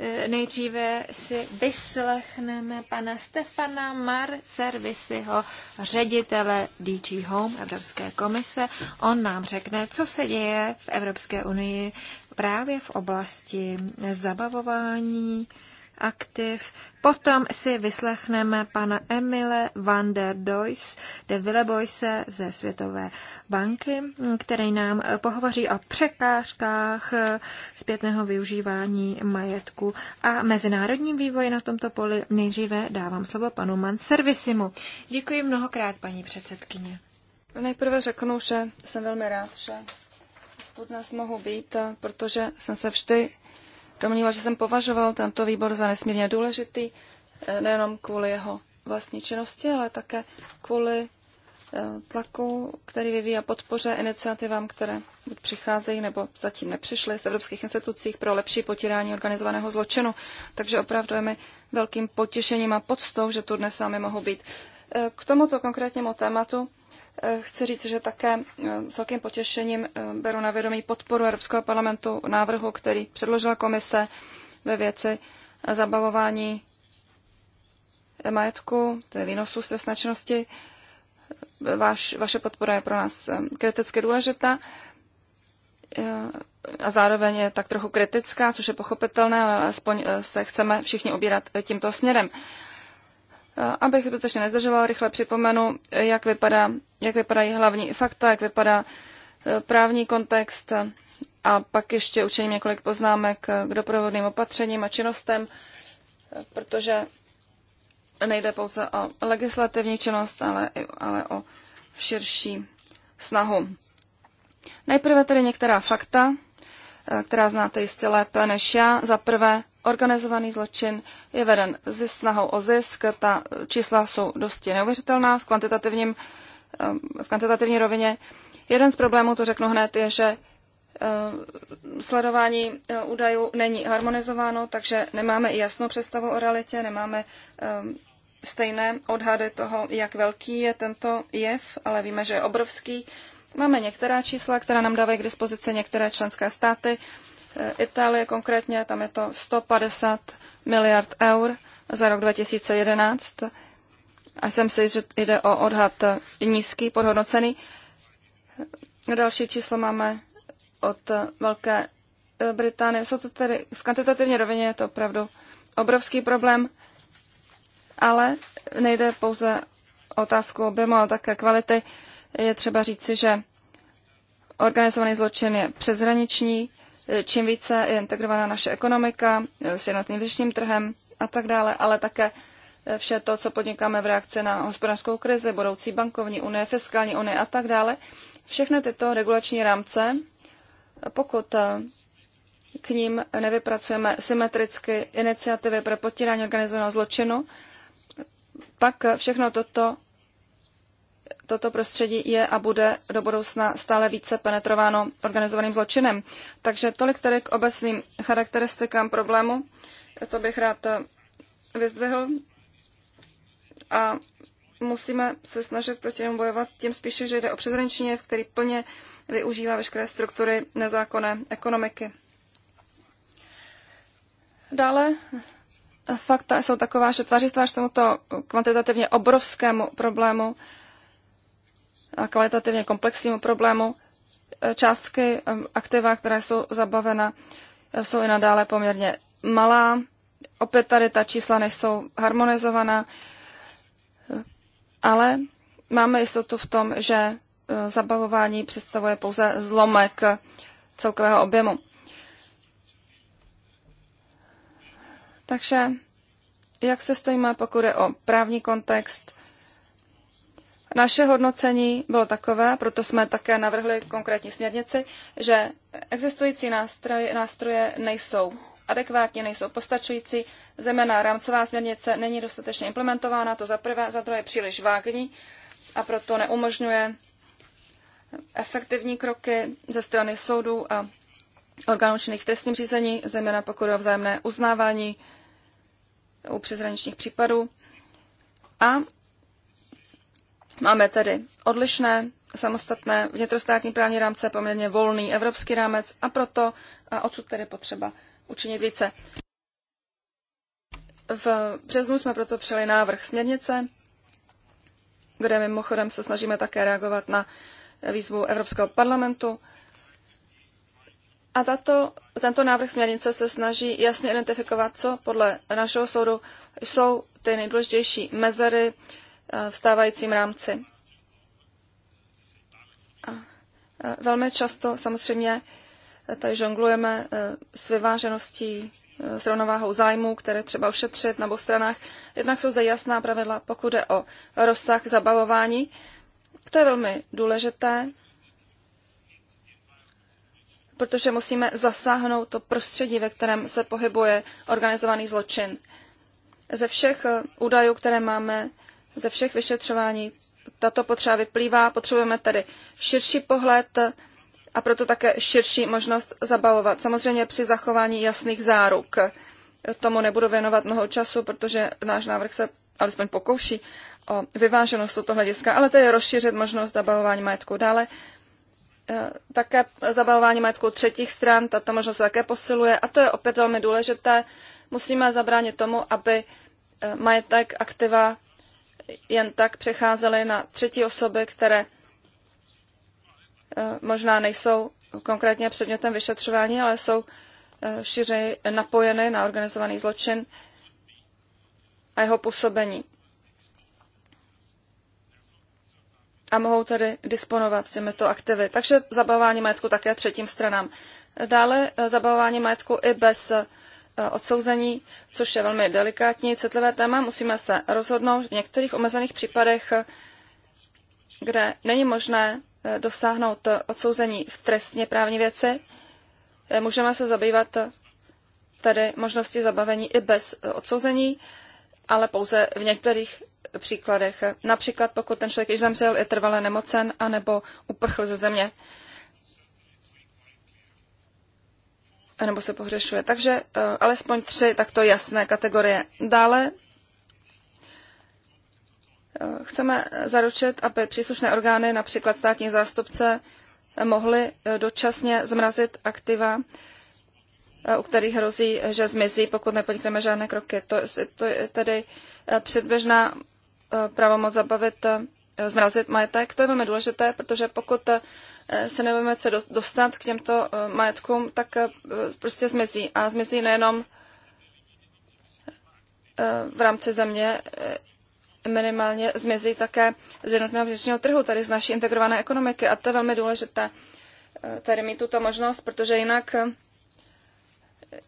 Eh, nejdříve si vyslechneme pana Stefana Mar Servisiho, ředitele DG Home Evropské komise. On nám řekne, co se děje v Evropské unii právě v oblasti zabavování aktiv. Potom si vyslechneme pana Emile van der Dois de Villeboise ze Světové banky, který nám eh, pohovoří o překážkách eh, zpětného využívání majetku a mezinárodním vývoji na tomto poli. Nejdříve dávám slovo panu Manservisimu. Děkuji mnohokrát, paní předsedkyně. Nejprve řeknu, že jsem velmi rád, že tu dnes mohu být, eh, protože jsem se vždy domníval, že jsem považoval tento výbor za nesmírně důležitý, eh, nejenom kvůli jeho vlastní činnosti, ale také kvůli eh, tlaku, který vyvíjí a podpoře iniciativám, které buď přicházejí nebo zatím nepřišly z evropských institucích pro lepší potírání organizovaného zločinu. Takže opravdu je mi velkým potěšením a poctou, že tu dnes s vámi mohu být. Eh, k tomuto konkrétnímu tématu Eh, chci říct, že také eh, s velkým potěšením eh, beru na vědomí podporu Evropského parlamentu návrhu, který předložila komise ve věci zabavování majetku, tedy výnosů z trestné činnosti. Váš, vaše podpora je pro nás kriticky důležitá a zároveň je tak trochu kritická, což je pochopitelné, ale alespoň se chceme všichni ubírat tímto směrem. Abych zbytečně nezdržoval, rychle připomenu, jak vypadá jak vypadají hlavní fakta, jak vypadá e, právní kontext a pak ještě učením několik poznámek k doprovodným opatřením a činnostem, e, protože nejde pouze o legislativní činnost, ale, ale o širší snahu. Nejprve tedy některá fakta, e, která znáte jistě lépe než já. Za prvé, organizovaný zločin je veden s snahou o zisk. Ta čísla jsou dosti neuvěřitelná v kvantitativním uh, v kvantitativní rovině. Jeden z problémů, to řeknu hned, je, že eh, sledování eh, údajů není harmonizováno, takže nemáme jasnou představu o realitě, nemáme eh, stejné odhady toho, jak velký je tento jev, ale víme, že je obrovský. Máme některá čísla, která nám dávají k dispozici některé členské státy. Itálie konkrétně, tam je to 150 miliard eur za rok 2011 a jsem si, že jde o odhad nízký, podhodnocený. Další číslo máme od Velké Británie. Jsou to tedy v kvantitativní rovině je to opravdu obrovský problém, ale nejde pouze o otázku objemu, ale také kvality. Je třeba říci, že organizovaný zločin je přeshraniční, čím více je integrovaná naše ekonomika s jednotným vyšším trhem a tak dále, ale také vše to, co podnikáme v reakci na hospodářskou krizi, budoucí bankovní unie, fiskální unie a tak dále, všechny tyto regulační rámce, pokud eh, k ním nevypracujeme symetricky iniciativy pro potírání organizovaného zločinu, pak všechno toto, toto prostředí je a bude do budoucna stále více penetrováno organizovaným zločinem. Takže tolik tedy k obecným charakteristikám problému. To bych rád eh, vyzdvihl a musíme se snažit proti němu bojovat, tím spíše, že jde o přezranční jev, který plně využívá veškeré struktury nezákonné ekonomiky. Dále fakta jsou taková, že tváří tvář tomuto kvantitativně obrovskému problému a kvalitativně komplexnímu problému částky aktiva, které jsou zabavena, eh, jsou i nadále poměrně malá. Opět tady ta čísla nejsou harmonizovaná ale máme jistotu v tom, že e, zabavování představuje pouze zlomek celkového objemu. Takže jak se stojíme, pokud je o právní kontext? Naše hodnocení bylo takové, proto jsme také navrhli konkrétní směrnici, že existující nástroje, nástroje nejsou adekvátní, nejsou postačující, zejména rámcová směrnice není dostatečně implementována, to za prvé, za druhé příliš vágní a proto neumožňuje efektivní kroky ze strany soudů a orgánů činných v trestním řízení, zejména pokud o vzájemné uznávání u přeshraničních případů. A máme tedy odlišné samostatné vnitrostátní právní rámce, poměrně volný evropský rámec a proto a odsud tedy potřeba učinit více. V březnu jsme proto přijeli návrh směrnice, kde mimochodem se snažíme také reagovat na výzvu Evropského parlamentu. A tato, tento návrh směrnice se snaží jasně identifikovat, co podle našeho soudu jsou ty nejdůležitější mezery eh, v stávajícím rámci. A eh, velmi často samozřejmě tady žonglujeme eh, s vyvážeností, eh, s rovnováhou zájmů, které třeba ušetřit na obou stranách. Jednak jsou zde jasná pravidla, pokud je o rozsah zabavování. To je velmi důležité, protože musíme zasáhnout to prostředí, ve kterém se pohybuje organizovaný zločin. Ze všech eh, údajů, které máme, ze všech vyšetřování, tato potřeba vyplývá. Potřebujeme tedy širší pohled, a proto také širší možnost zabavovat. Samozřejmě při zachování jasných záruk. Tomu nebudu věnovat mnoho času, protože náš návrh se alespoň pokouší o vyváženost toto hlediska, ale to je rozšířit možnost zabavování majetku dále. E, také zabavování majetku třetích stran, tato možnost se také posiluje a to je opět velmi důležité. Musíme zabránit tomu, aby e, majetek aktiva jen tak přecházely na třetí osoby, které Eh, možná nejsou konkrétně předmětem vyšetřování, ale jsou eh, šířeji napojeny na organizovaný zločin a jeho působení. A mohou tedy disponovat těmito aktivy. Takže zabavování majetku také třetím stranám. Dále eh, zabavování majetku i bez odsouzení, což je velmi delikátní, citlivé téma. Musíme se rozhodnout v některých omezených případech, kde není možné Eh, dosáhnout odsouzení v trestně právní věci, eh, můžeme se zabývat tedy možnosti zabavení i bez odsouzení, ale pouze v některých příkladech. Například pokud ten člověk již zemřel, je trvale nemocen, anebo uprchl ze země. nebo se pohřešuje. Takže eh, alespoň tři takto jasné kategorie. Dále Chceme zaručit, aby příslušné orgány, například státní zástupce, mohly eh, dočasně zmrazit aktiva, eh, u kterých hrozí, že zmizí, pokud nepodnikneme žádné kroky. To, to je tedy eh, předběžná pravomoc zabavit, zmrazit majetek. To je velmi důležité, protože pokud se nebudeme se dostat k těmto majetkům, tak prostě zmizí. A zmizí nejenom v rámci země, minimálně zmizí také z jednotného vnitřního trhu, tady z naší integrované ekonomiky. A to je velmi důležité eh, tady mít tuto možnost, protože jinak eh,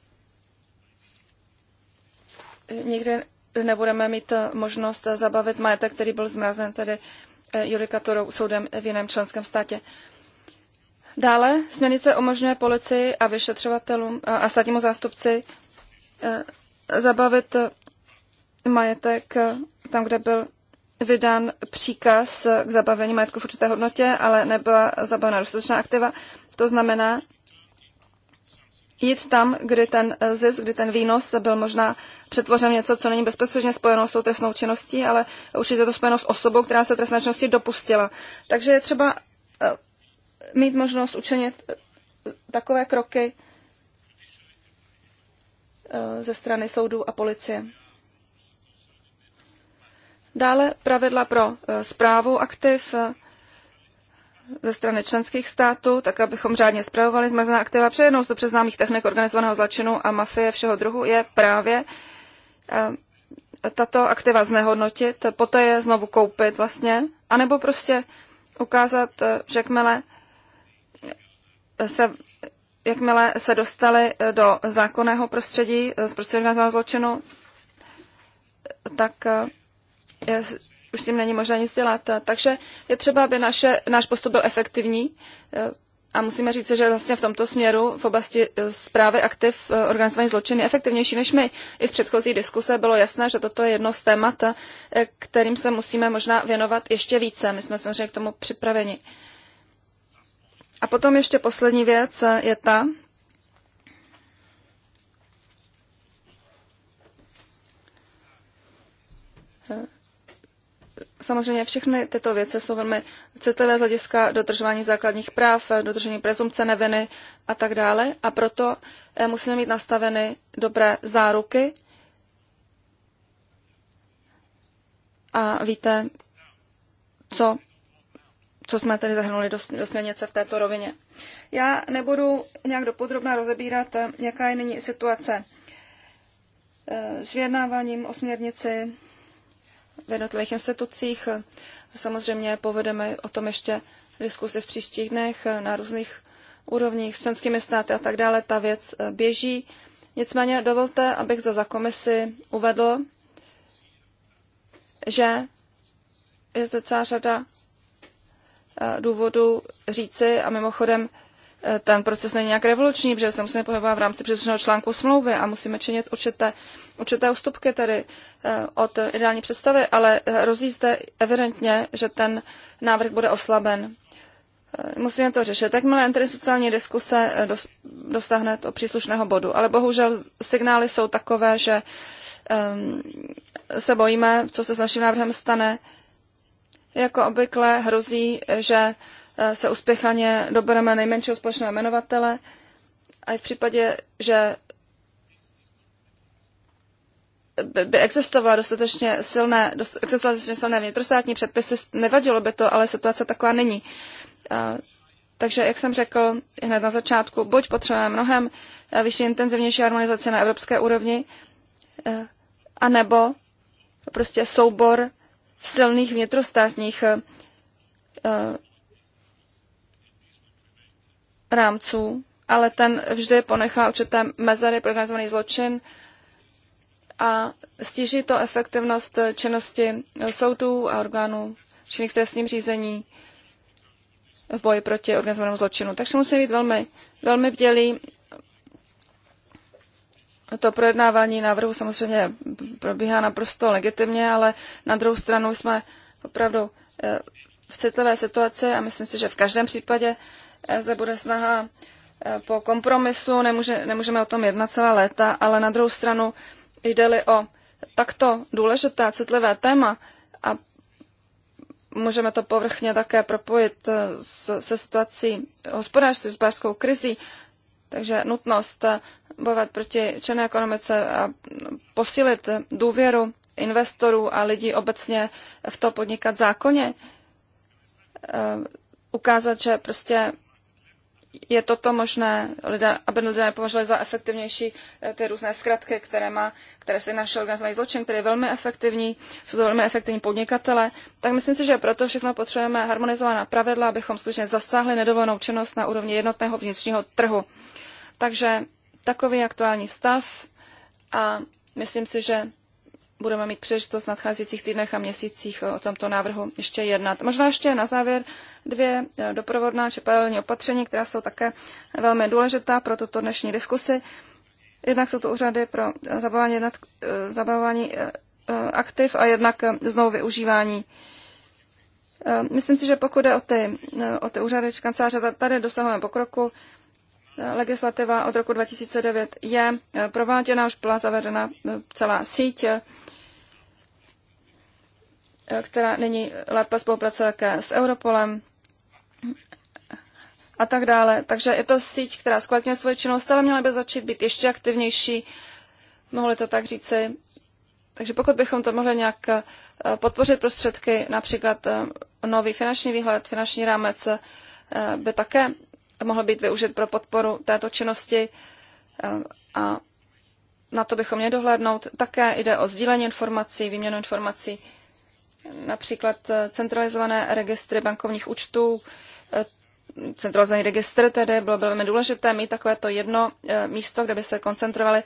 nikdy nebudeme mít eh, možnost zabavit majetek, který byl zmrazen tedy judikatorou soudem v jiném členském státě. Dále směrnice umožňuje policii a vyšetřovatelům a státnímu zástupci zabavit majetek eh, tam, kde byl vydán příkaz eh, k zabavení majetku v určité hodnotě, ale nebyla zabavena dostatečná aktiva. To znamená jít tam, kdy ten eh, zisk, kdy ten výnos byl možná přetvořen něco, co není bezprostředně spojeno s tou trestnou činností, ale určitě to spojeno s osobou, která se trestné činnosti dopustila. Takže je třeba mít možnost učinit takové kroky ze strany soudů a policie. Dále pravidla pro zprávu eh, aktiv eh, ze strany členských států, tak abychom řádně zpravovali zmrazená aktiva. Přejednou to přeznámých technik organizovaného zločinu a mafie všeho druhu je právě eh, tato aktiva znehodnotit, poté je znovu koupit vlastně, anebo prostě ukázat, že jakmile se, jakmile se dostali do zákonného prostředí z prostředí zločinu, tak už s tím není možné nic dělat. Takže je třeba, aby naše, náš postup byl efektivní eh, a musíme říct, že vlastně v tomto směru v oblasti eh, zprávy aktiv eh, organizovaný zločin je efektivnější než my. I z předchozí diskuse bylo jasné, že toto je jedno z témat, kterým se musíme možná věnovat ještě více. My jsme samozřejmě k tomu připraveni. A potom ještě poslední věc je ta, Samozřejmě všechny tyto věci jsou velmi citlivé z hlediska dodržování základních práv, dodržení prezumce neviny a tak dále. A proto eh, musíme mít nastaveny dobré záruky. A víte, co, co jsme tedy zahrnuli do, do směrnice v této rovině. Já nebudu nějak dopodrobná rozebírat, eh, jaká je nyní situace eh, s vyjednáváním o směrnici v jednotlivých institucích. Samozřejmě povedeme o tom ještě diskusy v příštích dnech na různých úrovních s členskými státy a tak dále. Ta věc eh, běží. Nicméně dovolte, abych za komisi uvedl, že je zde celá řada eh, důvodů říci a mimochodem Eh, ten proces není nějak revoluční, protože se musíme pohybovat v rámci příslušného článku smlouvy a musíme činit určité, určité ústupky tady eh, od ideální představy, ale eh, hrozí zde evidentně, že ten návrh bude oslaben. Musíme to řešit. Jakmile sociální diskuse dosáhne to příslušného bodu. Ale bohužel signály jsou takové, že ehm, se bojíme, co se s naším návrhem stane. Jako obvykle hrozí, že Eh, se uspěchaně dobereme nejmenšího společného jmenovatele a i v případě, že by existovala dostatečně silné, existovala dostatečně silné vnitrostátní předpisy, nevadilo by to, ale situace taková není. Eh, takže, jak jsem řekl hned na začátku, buď potřebujeme mnohem eh, vyšší intenzivnější harmonizace na evropské úrovni, anebo prostě soubor silných vnitrostátních rámců, ale ten vždy ponechá určité mezery pro organizovaný zločin a stíží to efektivnost činnosti soudů a orgánů činných trestním řízení v boji proti organizovanému zločinu. Takže musí být velmi, velmi bdělý. To projednávání návrhu samozřejmě probíhá naprosto legitimně, ale na druhou stranu jsme opravdu eh, v citlivé situaci a myslím si, že v každém případě zde bude snaha eh, po kompromisu, nemůže, nemůžeme o tom jednat celá léta, ale na druhou stranu jde-li o takto důležité citlivé téma a můžeme to povrchně také propojit eh, se situací hospodářství, hospodářskou krizí, takže nutnost eh, bojovat proti černé ekonomice a posílit důvěru investorů a lidí obecně v to podnikat zákonně, ukázat, že prostě je toto možné, lidé, aby lidé nepovažovali za efektivnější eh, ty různé zkratky, které, má, které si naše organizovaný zločin, který je velmi efektivní, jsou to velmi efektivní podnikatele, tak myslím si, že proto všechno potřebujeme harmonizovaná pravidla, abychom skutečně zasáhli nedovolenou činnost na úrovni jednotného vnitřního trhu. Takže takový aktuální stav a myslím si, že budeme mít příležitost v nadcházejících týdnech a měsících o tomto návrhu ještě jednat. Možná ještě na závěr dvě eh, doprovodná či paralelní opatření, která jsou také velmi důležitá pro tuto dnešní diskusi. Jednak jsou to úřady pro eh, zabavování, jednat, eh, zabavování aktiv a jednak znovu využívání. Myslím si, že pokud jde o ty, o ty úřady či kanceláře, tady dosahujeme pokroku. Legislativa od roku 2009 je eh, prováděna, už byla zavedena eh, celá síť, eh, která nyní lépe spolupracuje také s Europolem a tak dále. Takže je to síť, která zkvalitňuje svoji činnost, ale měla by začít být ještě aktivnější, mohli to tak říci. Takže pokud bychom to mohli nějak podpořit prostředky, například nový finanční výhled, finanční rámec, by také mohl být využit pro podporu této činnosti eh, a na to bychom měli dohlédnout. Také jde o sdílení informací, výměnu informací, například eh, centralizované registry bankovních účtů, eh, centralizovaný registr, tedy bylo by velmi důležité mít takovéto jedno místo, kde by se koncentrovaly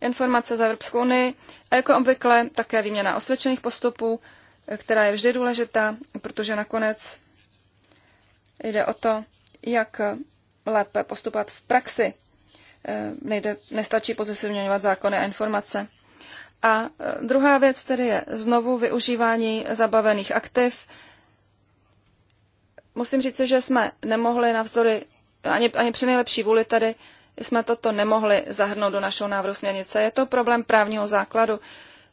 informace za Evropskou unii a jako obvykle také výměna osvědčených postupů, která je vždy důležitá, protože nakonec jde o to, jak lépe postupovat v praxi. Eh, nejde, nestačí pouze si vyměňovat zákony a informace. A eh, druhá věc tedy je znovu využívání zabavených aktiv. Musím říct, že jsme nemohli navzdory, ani, ani při nejlepší vůli tady, jsme toto nemohli zahrnout do našeho návrhu směrnice. Je to problém právního základu.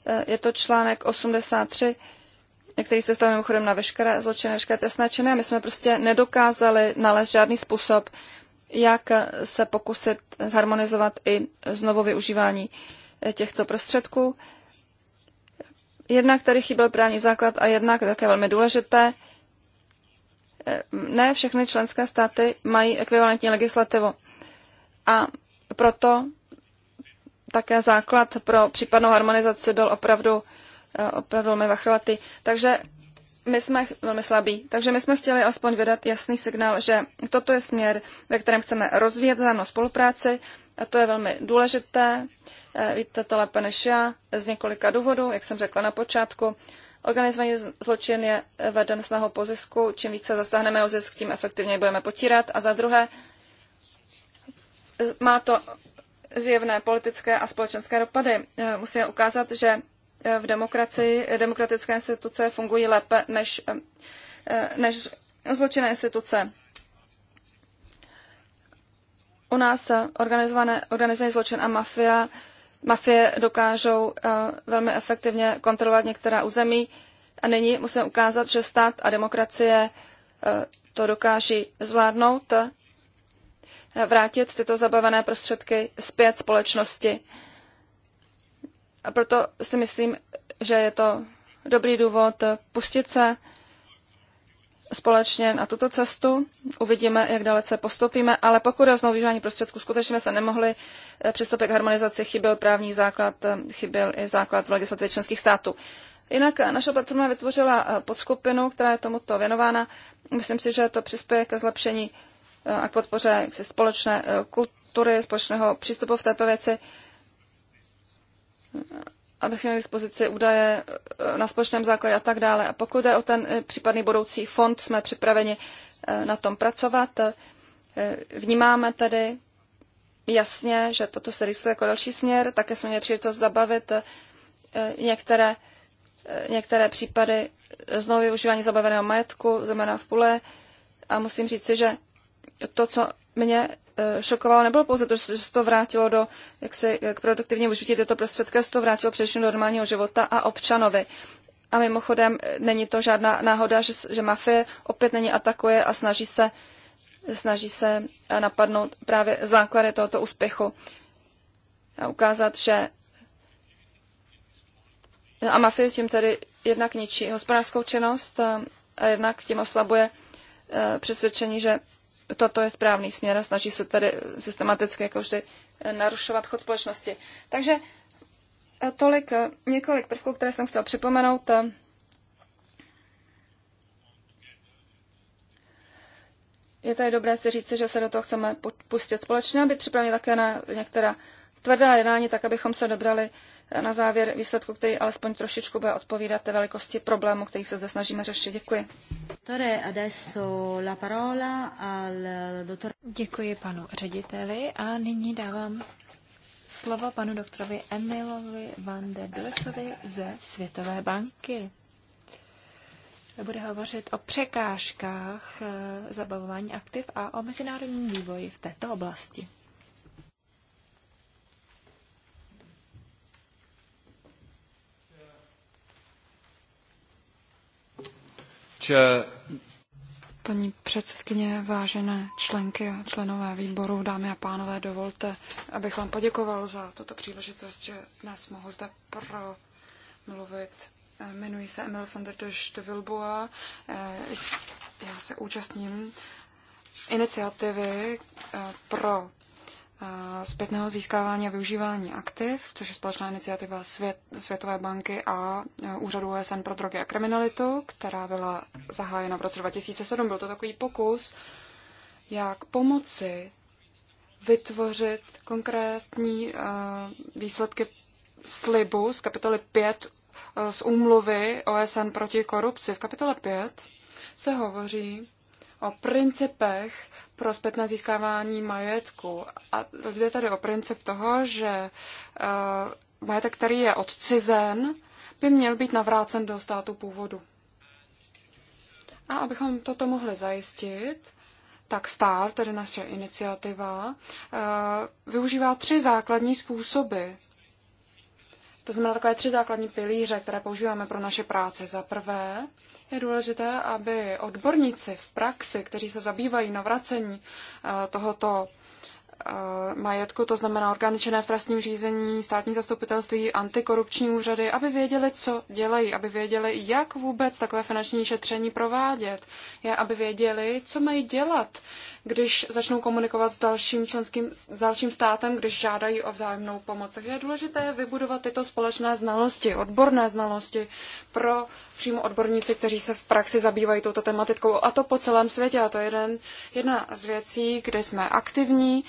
Eh, je to článek 83, který se stavil mimochodem na veškeré zločiny, veškeré trestné činy a my jsme prostě nedokázali nalézt žádný způsob, jak se pokusit zharmonizovat i znovu využívání eh, těchto prostředků. Jednak tady chyběl právní základ a jednak také velmi důležité, eh, ne všechny členské státy mají ekvivalentní legislativu. A proto také základ pro případnou harmonizaci byl opravdu, eh, opravdu velmi vachrolatý. Takže my jsme velmi slabí, takže my jsme chtěli alespoň vydat jasný signál, že toto je směr, ve kterém chceme rozvíjet vzájemnou spolupráci a to je velmi důležité. Eh, víte to lépe než já z několika důvodů, jak jsem řekla na počátku. Organizovaný zločin je eh, veden snahou po zisku. Čím více zastáhneme o zisk, tím efektivněji budeme potírat. A za druhé, eh, má to zjevné politické a společenské dopady. Musíme ukázat, že v demokracii, demokratické instituce fungují lépe než, eh, než zločinné instituce. U nás organizované, organizovaný zločin a mafia, mafie dokážou eh, velmi efektivně kontrolovat některá území a nyní musíme ukázat, že stát a demokracie eh, to dokáží zvládnout, vrátit tyto zabavené prostředky zpět společnosti a proto si myslím, že je to dobrý důvod pustit se společně na tuto cestu. Uvidíme, jak dalece postupíme, ale pokud o znovu prostředků skutečně se nemohli eh, přistoupit k harmonizaci, chyběl právní základ, eh, chyběl i základ v legislativě členských států. Jinak eh, naše platforma vytvořila podskupinu, která je tomuto věnována. Myslím si, že to přispěje ke zlepšení a k podpoře společné kultury, společného přístupu v této věci abych měl dispozici údaje eh, na společném základě a tak dále. A pokud jde o ten eh, případný budoucí fond, jsme připraveni eh, na tom pracovat. Vnímáme tedy jasně, že toto se rysuje jako další směr. Také jsme měli příležitost zabavit některé, některé případy znovu využívání zabaveného majetku, zejména v půle. A musím říci, že to, co mě Eh, šokovalo nebylo pouze to, že se to vrátilo do, jak se k produktivnímu užití tyto prostředky, se to vrátilo především do normálního života a občanovi. A mimochodem eh, není to žádná náhoda, že, že mafie opět není atakuje a snaží se, snaží se eh, napadnout právě základy tohoto úspěchu a ukázat, že a mafie tím tedy jednak ničí hospodářskou činnost a jednak tím oslabuje přesvědčení, že toto je správný směr a snaží se tady systematicky jako vždy eh, narušovat chod společnosti. Takže eh, tolik eh, několik prvků, které jsem chtěl připomenout. Je tady dobré si říct, že se do toho chceme pustit společně aby být připraveni také na některá tvrdá jednání, tak abychom se dobrali eh, na závěr výsledku, který alespoň trošičku bude odpovídat té velikosti problému, který se zde snažíme řešit. Děkuji. Eh, Děkuji panu řediteli a nyní dávám slovo panu doktorovi Emilovi van der Dulesovi ze Světové banky. Bude hovořit o překážkách eh, zabavování aktiv a o mezinárodním vývoji v této oblasti. Paní předsedkyně, vážené členky a členové výboru, dámy a pánové, dovolte, abych vám poděkoval za tuto příležitost, že nás mohu zde promluvit. Eh, Jmenuji se Emil van der Doš de Vilboa. Eh, já se účastním iniciativy eh, pro zpětného získávání a využívání aktiv, což je společná iniciativa Svět, Světové banky a Úřadu OSN pro drogy a kriminalitu, která byla zahájena v roce 2007. Byl to takový pokus, jak pomoci vytvořit konkrétní výsledky slibu z kapitoly 5 z úmluvy OSN proti korupci. V kapitole 5 se hovoří o principech pro zpětné získávání majetku. A jde tady o princip toho, že eh, majetek, který je odcizen, by měl být navrácen do státu původu. A abychom toto mohli zajistit, tak STAR, tedy naše iniciativa, eh, využívá tři základní způsoby to znamená takové tři základní pilíře, které používáme pro naše práce. Za prvé je důležité, aby odborníci v praxi, kteří se zabývají navracení eh, tohoto Eh, majetku, to znamená orgány činné v trestním řízení, státní zastupitelství, antikorupční úřady, aby věděli, co dělají, aby věděli, jak vůbec takové finanční šetření provádět, je, aby věděli, co mají dělat, když začnou komunikovat s dalším členským, s dalším státem, když žádají o vzájemnou pomoc. Takže je důležité vybudovat tyto společné znalosti, odborné znalosti pro přímo odborníci, kteří se v praxi zabývají touto tematikou a to po celém světě. A to je jeden, jedna z věcí, kde jsme aktivní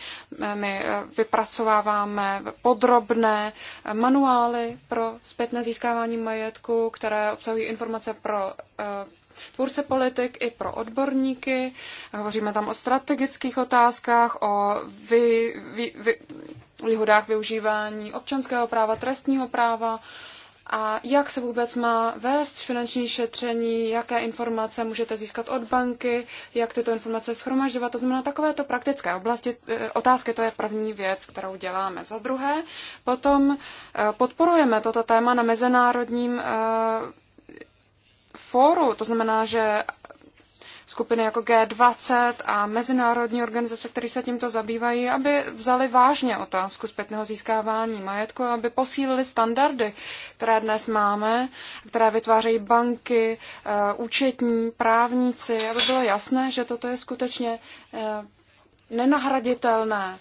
my vypracováváme podrobné manuály pro zpětné získávání majetku, které obsahují informace pro eh, tvůrce politik i pro odborníky. Hovoříme tam o strategických otázkách, o vy, vy, vy, výhodách využívání občanského práva, trestního práva, a jak se vůbec má vést finanční šetření, jaké informace můžete získat od banky, jak tyto informace schromažďovat. To znamená takovéto praktické oblasti, e, otázky, to je první věc, kterou děláme. Za druhé, potom e, podporujeme toto téma na mezinárodním e, fóru, to znamená, že skupiny jako G20 a mezinárodní organizace, které se tímto zabývají, aby vzali vážně otázku zpětného získávání majetku, aby posílili standardy, které dnes máme, které vytvářejí banky, eh, účetní, právníci, aby bylo jasné, že toto je skutečně eh, nenahraditelné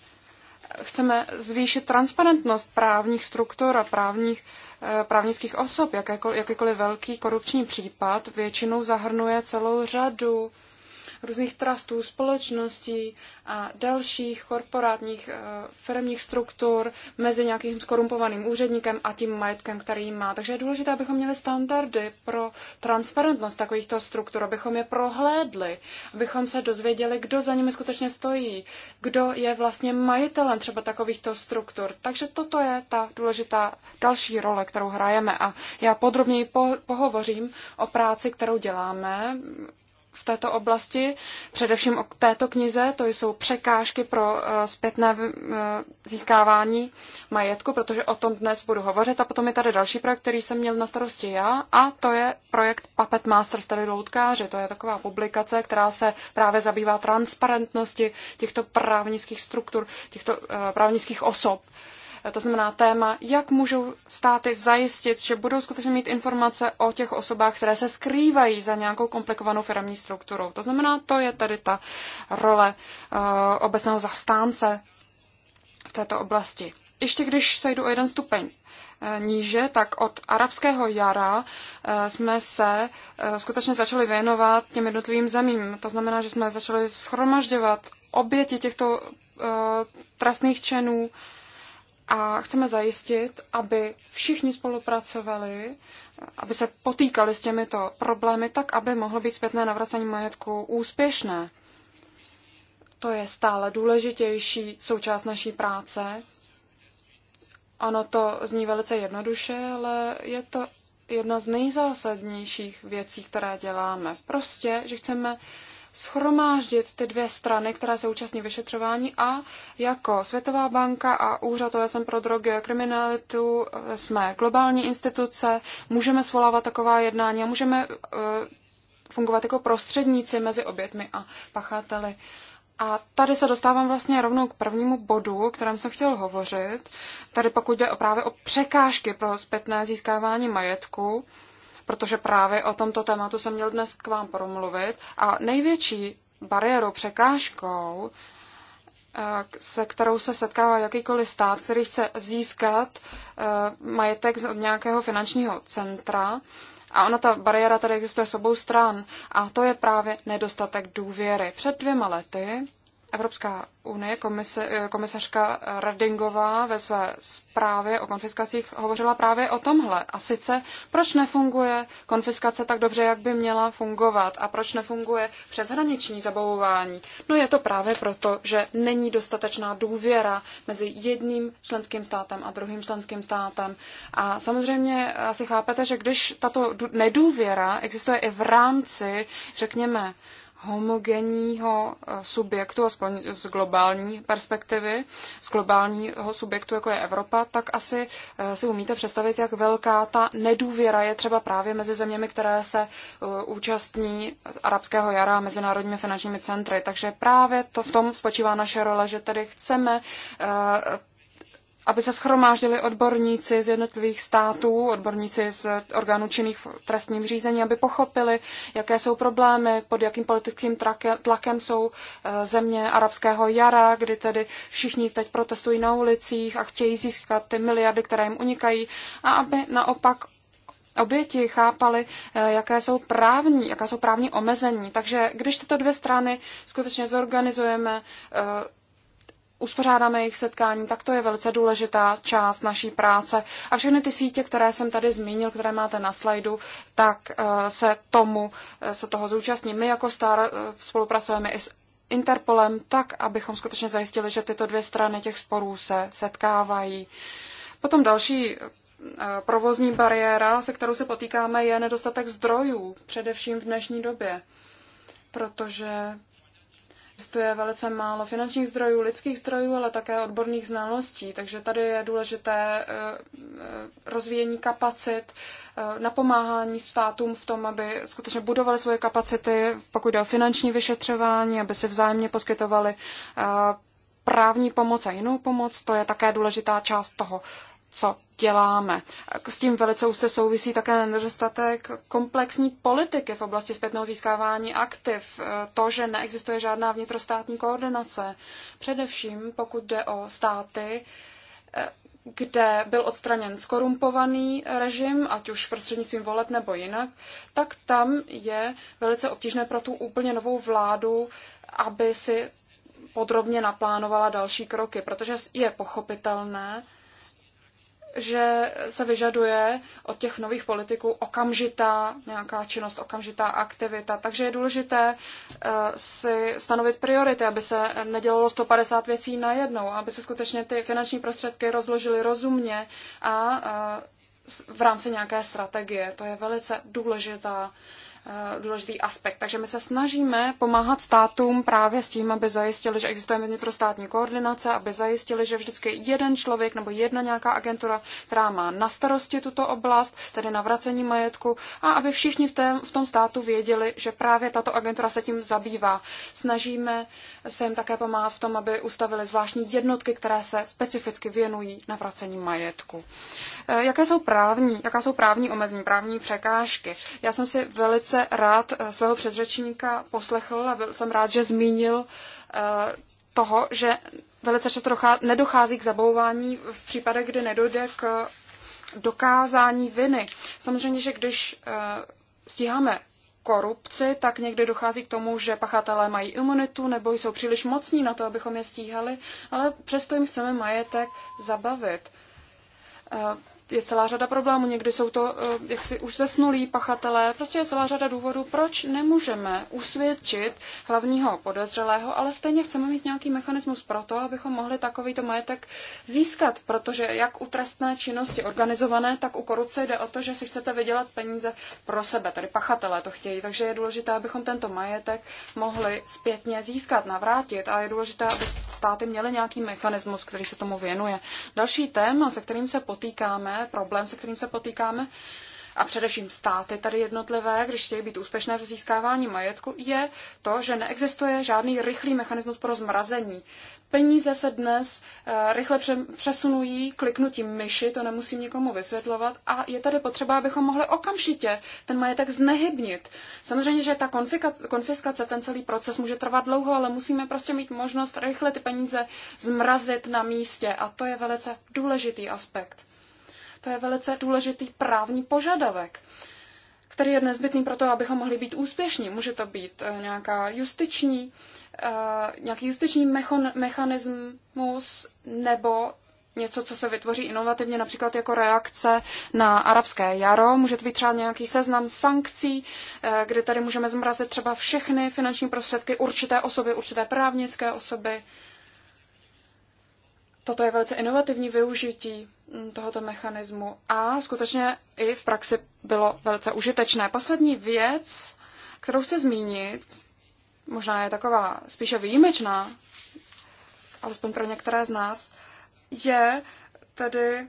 chceme zvýšit transparentnost právních struktur a právních Eh, právnických osob. Jakékoliv, jakýkoliv velký korupční případ většinou zahrnuje celou řadu různých trustů, společností a dalších korporátních eh, firmních struktur mezi nějakým skorumpovaným úředníkem a tím majetkem, který má. Takže je důležité, abychom měli standardy pro transparentnost takovýchto struktur, abychom je prohlédli, abychom se dozvěděli, kdo za nimi skutečně stojí, kdo je vlastně majitelem třeba takovýchto struktur. Takže toto je ta důležitá další role, kterou hrajeme a já podrobněji po- pohovořím o práci, kterou děláme v této oblasti, především o této knize, to jsou překážky pro eh, zpětné eh, získávání majetku, protože o tom dnes budu hovořit. A potom je tady další projekt, který jsem měl na starosti já, a to je projekt Puppet Masters, tedy loutkáři. To je taková publikace, která se právě zabývá transparentnosti těchto právnických struktur, těchto eh, právnických osob. To znamená téma, jak můžou státy zajistit, že budou skutečně mít informace o těch osobách, které se skrývají za nějakou komplikovanou firmní strukturou. To znamená, to je tady ta role uh, obecného zastánce v této oblasti. Ještě když jdu o jeden stupeň eh, níže, tak od arabského jara eh, jsme se skutečně začali věnovat těm jednotlivým zemím. To znamená, že jsme začali schromažďovat oběti těchto trestných činů a chceme zajistit, aby všichni spolupracovali, aby se potýkali s těmito problémy tak, aby mohlo být zpětné navracení majetku úspěšné. To je stále důležitější součást naší práce. Ono to zní velice jednoduše, ale je to jedna z nejzásadnějších věcí, které děláme. Prostě, že chceme schromáždit ty dvě strany, které se účastní vyšetřování a jako Světová banka a Úřad OSN pro drogy a kriminalitu jsme globální instituce, můžeme svolávat taková jednání a můžeme eh, fungovat jako prostředníci mezi obětmi a pachateli. A tady se dostávám vlastně rovnou k prvnímu bodu, o kterém jsem chtěl hovořit. Tady pokud jde právě o překážky pro zpětné získávání majetku, protože právě o tomto tématu jsem měl dnes k vám promluvit. A největší bariérou, překážkou, eh, se kterou se setkává jakýkoliv stát, který chce získat eh, majetek od nějakého finančního centra, a ona ta bariéra tady existuje s obou stran. A to je právě nedostatek důvěry. Před dvěma lety Evropská unie, komise, eh, komisařka Radingová ve své zprávě o konfiskacích hovořila právě o tomhle. A sice, proč nefunguje konfiskace tak dobře, jak by měla fungovat a proč nefunguje přeshraniční zabavování? No je to právě proto, že není dostatečná důvěra mezi jedním členským státem a druhým členským státem. A samozřejmě asi chápete, že když tato nedůvěra existuje i v rámci, řekněme, homogenního eh, subjektu, aspoň z globální perspektivy, z globálního subjektu, jako je Evropa, tak asi eh, si umíte představit, jak velká ta nedůvěra je třeba právě mezi zeměmi, které se eh, účastní arabského jara a mezinárodními finančními centry. Takže právě to v tom spočívá naše role, že tedy chceme aby se schromáždili odborníci z jednotlivých států, odborníci z orgánů činných v trestním řízení, aby pochopili, jaké jsou problémy, pod jakým politickým tlakem jsou eh, země arabského jara, kdy tedy všichni teď protestují na ulicích a chtějí získat ty miliardy, které jim unikají, a aby naopak oběti chápali, eh, jaké jsou právní, jaká jsou právní omezení. Takže když tyto dvě strany skutečně zorganizujeme, eh, uspořádáme jejich setkání, tak to je velice důležitá část naší práce. A všechny ty sítě, které jsem tady zmínil, které máte na slajdu, tak eh, se tomu, eh, se toho zúčastní. My jako STAR eh, spolupracujeme i s Interpolem tak, abychom skutečně zajistili, že tyto dvě strany těch sporů se setkávají. Potom další provozní bariéra, se kterou se potýkáme, je nedostatek zdrojů, především v dnešní době, protože Stoje velice málo finančních zdrojů, lidských zdrojů, ale také odborných znalostí. Takže tady je důležité eh, eh, rozvíjení kapacit, eh, napomáhání státům v tom, aby skutečně budovali svoje kapacity, pokud jde o finanční vyšetřování, aby se vzájemně poskytovali právní pomoc a jinou pomoc. To je také důležitá část toho, co děláme. S tím velice už se souvisí také nedostatek komplexní politiky v oblasti zpětného získávání aktiv, to, že neexistuje žádná vnitrostátní koordinace. Především pokud jde o státy, kde byl odstraněn skorumpovaný režim, ať už prostřednictvím voleb nebo jinak, tak tam je velice obtížné pro tu úplně novou vládu, aby si podrobně naplánovala další kroky, protože je pochopitelné, že se vyžaduje od těch nových politiků okamžitá nějaká činnost, okamžitá aktivita. Takže je důležité eh, si stanovit priority, aby se nedělalo 150 věcí najednou, aby se skutečně ty finanční prostředky rozložily rozumně a eh, v rámci nějaké strategie. To je velice důležitá Eh, důležitý aspekt. Takže my se snažíme pomáhat státům právě s tím, aby zajistili, že existuje vnitrostátní koordinace, aby zajistili, že vždycky jeden člověk nebo jedna nějaká agentura, která má na starosti tuto oblast, tedy navracení majetku, a aby všichni v, tém, v tom státu věděli, že právě tato agentura se tím zabývá. Snažíme se jim také pomáhat v tom, aby ustavili zvláštní jednotky, které se specificky věnují navracení majetku. Eh, jaké jsou právní, jaká jsou právní omezení, právní překážky? Já jsem si velice se rád eh, svého předřečníka poslechl a byl jsem rád, že zmínil eh, toho, že velice často nedochází k zabouvání v případech, kdy nedojde k dokázání viny. Samozřejmě, že když eh, stíháme korupci, tak někdy dochází k tomu, že pachatelé mají imunitu nebo jsou příliš mocní na to, abychom je stíhali, ale přesto jim chceme majetek zabavit je celá řada problémů. Někdy jsou to eh, jaksi už zesnulí pachatelé. Prostě je celá řada důvodů, proč nemůžeme usvědčit hlavního podezřelého, ale stejně chceme mít nějaký mechanismus pro to, abychom mohli takovýto majetek získat. Protože jak u trestné činnosti organizované, tak u korupce jde o to, že si chcete vydělat peníze pro sebe. Tady pachatelé to chtějí, takže je důležité, abychom tento majetek mohli zpětně získat, navrátit. A je důležité, aby státy měly nějaký mechanismus, který se tomu věnuje. Další téma, se kterým se potýkáme, problém, se kterým se potýkáme, a především státy tady jednotlivé, když chtějí být úspěšné v získávání majetku, je to, že neexistuje žádný rychlý mechanismus pro zmrazení. Peníze se dnes eh, rychle přesunují kliknutím myši, to nemusím nikomu vysvětlovat, a je tady potřeba, abychom mohli okamžitě ten majetek znehybnit. Samozřejmě, že ta konfiskace, ten celý proces může trvat dlouho, ale musíme prostě mít možnost rychle ty peníze zmrazit na místě a to je velice důležitý aspekt. To je velice důležitý právní požadavek, který je nezbytný pro to, abychom mohli být úspěšní. Může to být eh, nějaká justiční, eh, nějaký justiční mechanismus nebo něco, co se vytvoří inovativně, například jako reakce na arabské jaro. Může to být třeba nějaký seznam sankcí, eh, kde tady můžeme zmrazit třeba všechny finanční prostředky určité osoby, určité právnické osoby toto je velice inovativní využití mm, tohoto mechanismu a skutečně i v praxi bylo velice užitečné. Poslední věc, kterou chci zmínit, možná je taková spíše výjimečná, alespoň pro některé z nás, je tedy eh,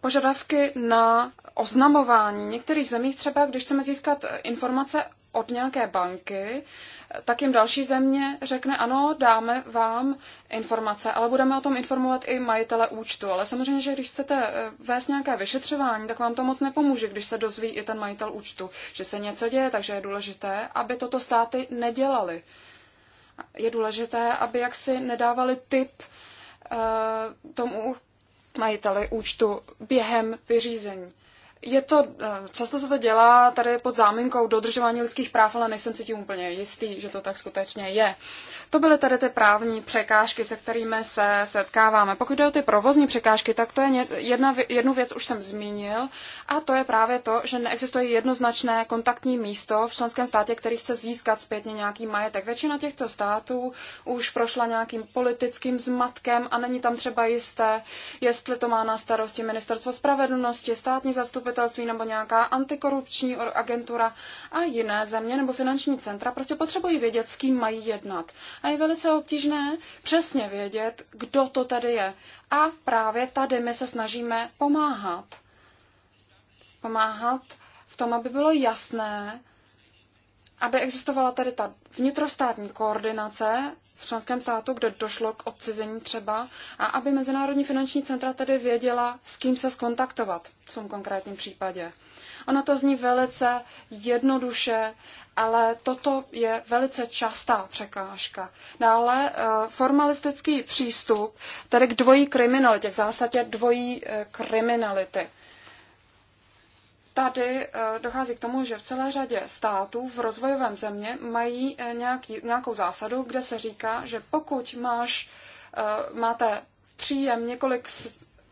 požadavky na oznamování. některých zemích třeba, když chceme získat informace od nějaké banky, tak jim další země řekne, ano, dáme vám informace, ale budeme o tom informovat i majitele účtu. Ale samozřejmě, že když chcete eh, vést nějaké vyšetřování, tak vám to moc nepomůže, když se dozví i ten majitel účtu, že se něco děje, takže je důležité, aby toto státy nedělali. Je důležité, aby jaksi nedávali tip eh, tomu majiteli účtu během vyřízení je to, eh, často se to dělá tady pod záminkou dodržování lidských práv, ale nejsem si tím úplně jistý, že to tak skutečně je. To byly tady ty právní překážky, se kterými se setkáváme. Pokud jde o ty provozní překážky, tak to je jedna, jednu věc už jsem zmínil a to je právě to, že neexistuje jednoznačné kontaktní místo v členském státě, který chce získat zpětně nějaký majetek. Většina těchto států už prošla nějakým politickým zmatkem a není tam třeba jisté, jestli to má na starosti ministerstvo spravedlnosti, státní zastupitelství nebo nějaká antikorupční agentura a jiné země nebo finanční centra prostě potřebují vědět, s kým mají jednat a je velice obtížné přesně vědět, kdo to tady je. A právě tady my se snažíme pomáhat. Pomáhat v tom, aby bylo jasné, aby existovala tady ta vnitrostátní koordinace v členském státu, kde došlo k odcizení třeba, a aby Mezinárodní finanční centra tedy věděla, s kým se skontaktovat v tom konkrétním případě. Ono to zní velice jednoduše, ale toto je velice častá překážka. Dále no eh, formalistický přístup, tedy k dvojí kriminalitě, v zásadě dvojí eh, kriminality. Tady eh, dochází k tomu, že v celé řadě států v rozvojovém země mají nějaký, nějakou zásadu, kde se říká, že pokud máš, máte příjem několik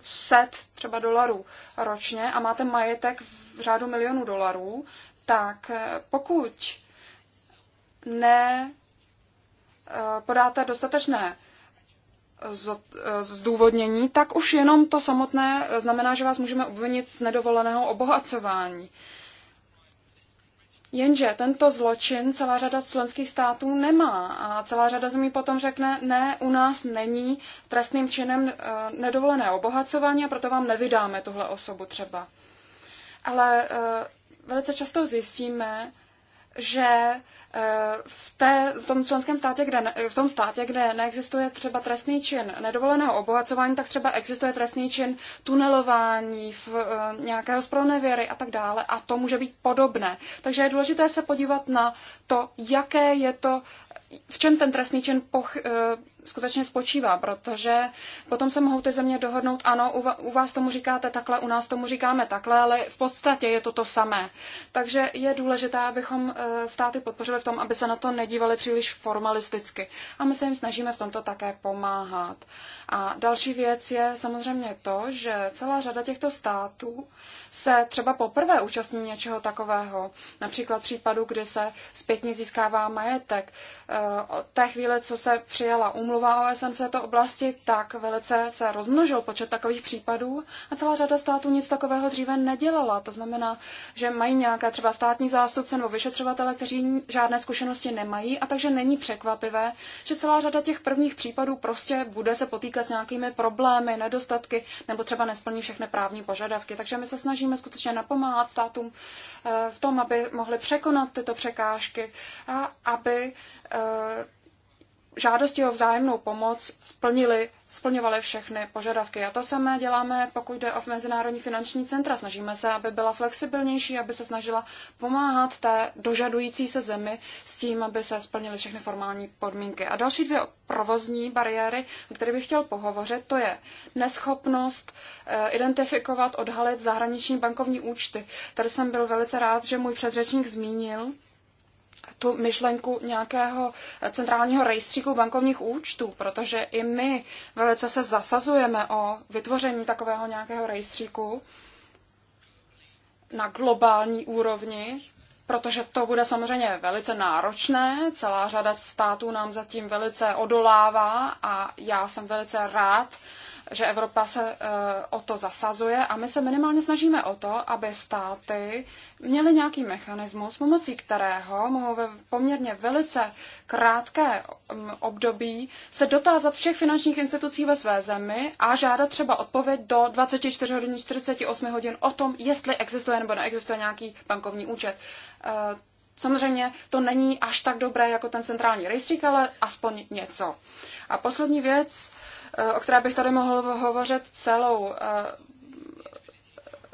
set třeba dolarů ročně a máte majetek v řádu milionů dolarů, tak eh, pokud ne eh, podáte dostatečné eh, zdůvodnění, tak už jenom to samotné znamená, že vás můžeme obvinit z nedovoleného obohacování. Jenže tento zločin celá řada členských států nemá a celá řada zemí potom řekne, ne, u nás není trestným činem nedovolené obohacování a proto vám nevydáme tuhle osobu třeba. Ale velice často zjistíme, že eh, v, té, v tom členském státě, kde ne, v tom státě, kde neexistuje třeba trestný čin nedovoleného obohacování, tak třeba existuje trestný čin tunelování, v, eh, nějakého věry a tak dále. A to může být podobné. Takže je důležité se podívat na to, jaké je to, v čem ten trestný čin poch, eh, skutečně spočívá, protože potom se mohou ty země dohodnout, ano, u vás tomu říkáte takhle, u nás tomu říkáme takhle, ale v podstatě je to to samé. Takže je důležité, abychom eh, státy podpořili v tom, aby se na to nedívali příliš formalisticky. A my se jim snažíme v tomto také pomáhat. A další věc je samozřejmě to, že celá řada těchto států se třeba poprvé účastní něčeho takového. Například případu, kdy se zpětně získává majetek. Eh, od té chvíle, co se přijala umluva, smlouva OSN v této oblasti, tak velice se rozmnožil počet takových případů a celá řada států nic takového dříve nedělala. To znamená, že mají nějaké třeba státní zástupce nebo vyšetřovatele, kteří žádné zkušenosti nemají a takže není překvapivé, že celá řada těch prvních případů prostě bude se potýkat s nějakými problémy, nedostatky nebo třeba nesplní všechny právní požadavky. Takže my se snažíme skutečně napomáhat státům eh, v tom, aby mohli překonat tyto překážky a aby eh, žádosti o vzájemnou pomoc splnili, splňovaly všechny požadavky. A to samé děláme, pokud jde o Mezinárodní finanční centra. Snažíme se, aby byla flexibilnější, aby se snažila pomáhat té dožadující se zemi s tím, aby se splnily všechny formální podmínky. A další dvě provozní bariéry, o které bych chtěl pohovořit, to je neschopnost eh, identifikovat, odhalit zahraniční bankovní účty. Tady jsem byl velice rád, že můj předřečník zmínil, tu myšlenku nějakého centrálního rejstříku bankovních účtů, protože i my velice se zasazujeme o vytvoření takového nějakého rejstříku na globální úrovni, protože to bude samozřejmě velice náročné. Celá řada států nám zatím velice odolává a já jsem velice rád, že Evropa se eh, o to zasazuje a my se minimálně snažíme o to, aby státy měly nějaký mechanismus, pomocí kterého mohou ve poměrně velice krátké mm, období se dotázat všech finančních institucí ve své zemi a žádat třeba odpověď do 24 hodin, 48 hodin o tom, jestli existuje nebo neexistuje nějaký bankovní účet. Eh, samozřejmě to není až tak dobré jako ten centrální rejstřík, ale aspoň něco. A poslední věc, Eh, o které bych tady mohl hovořit celou eh,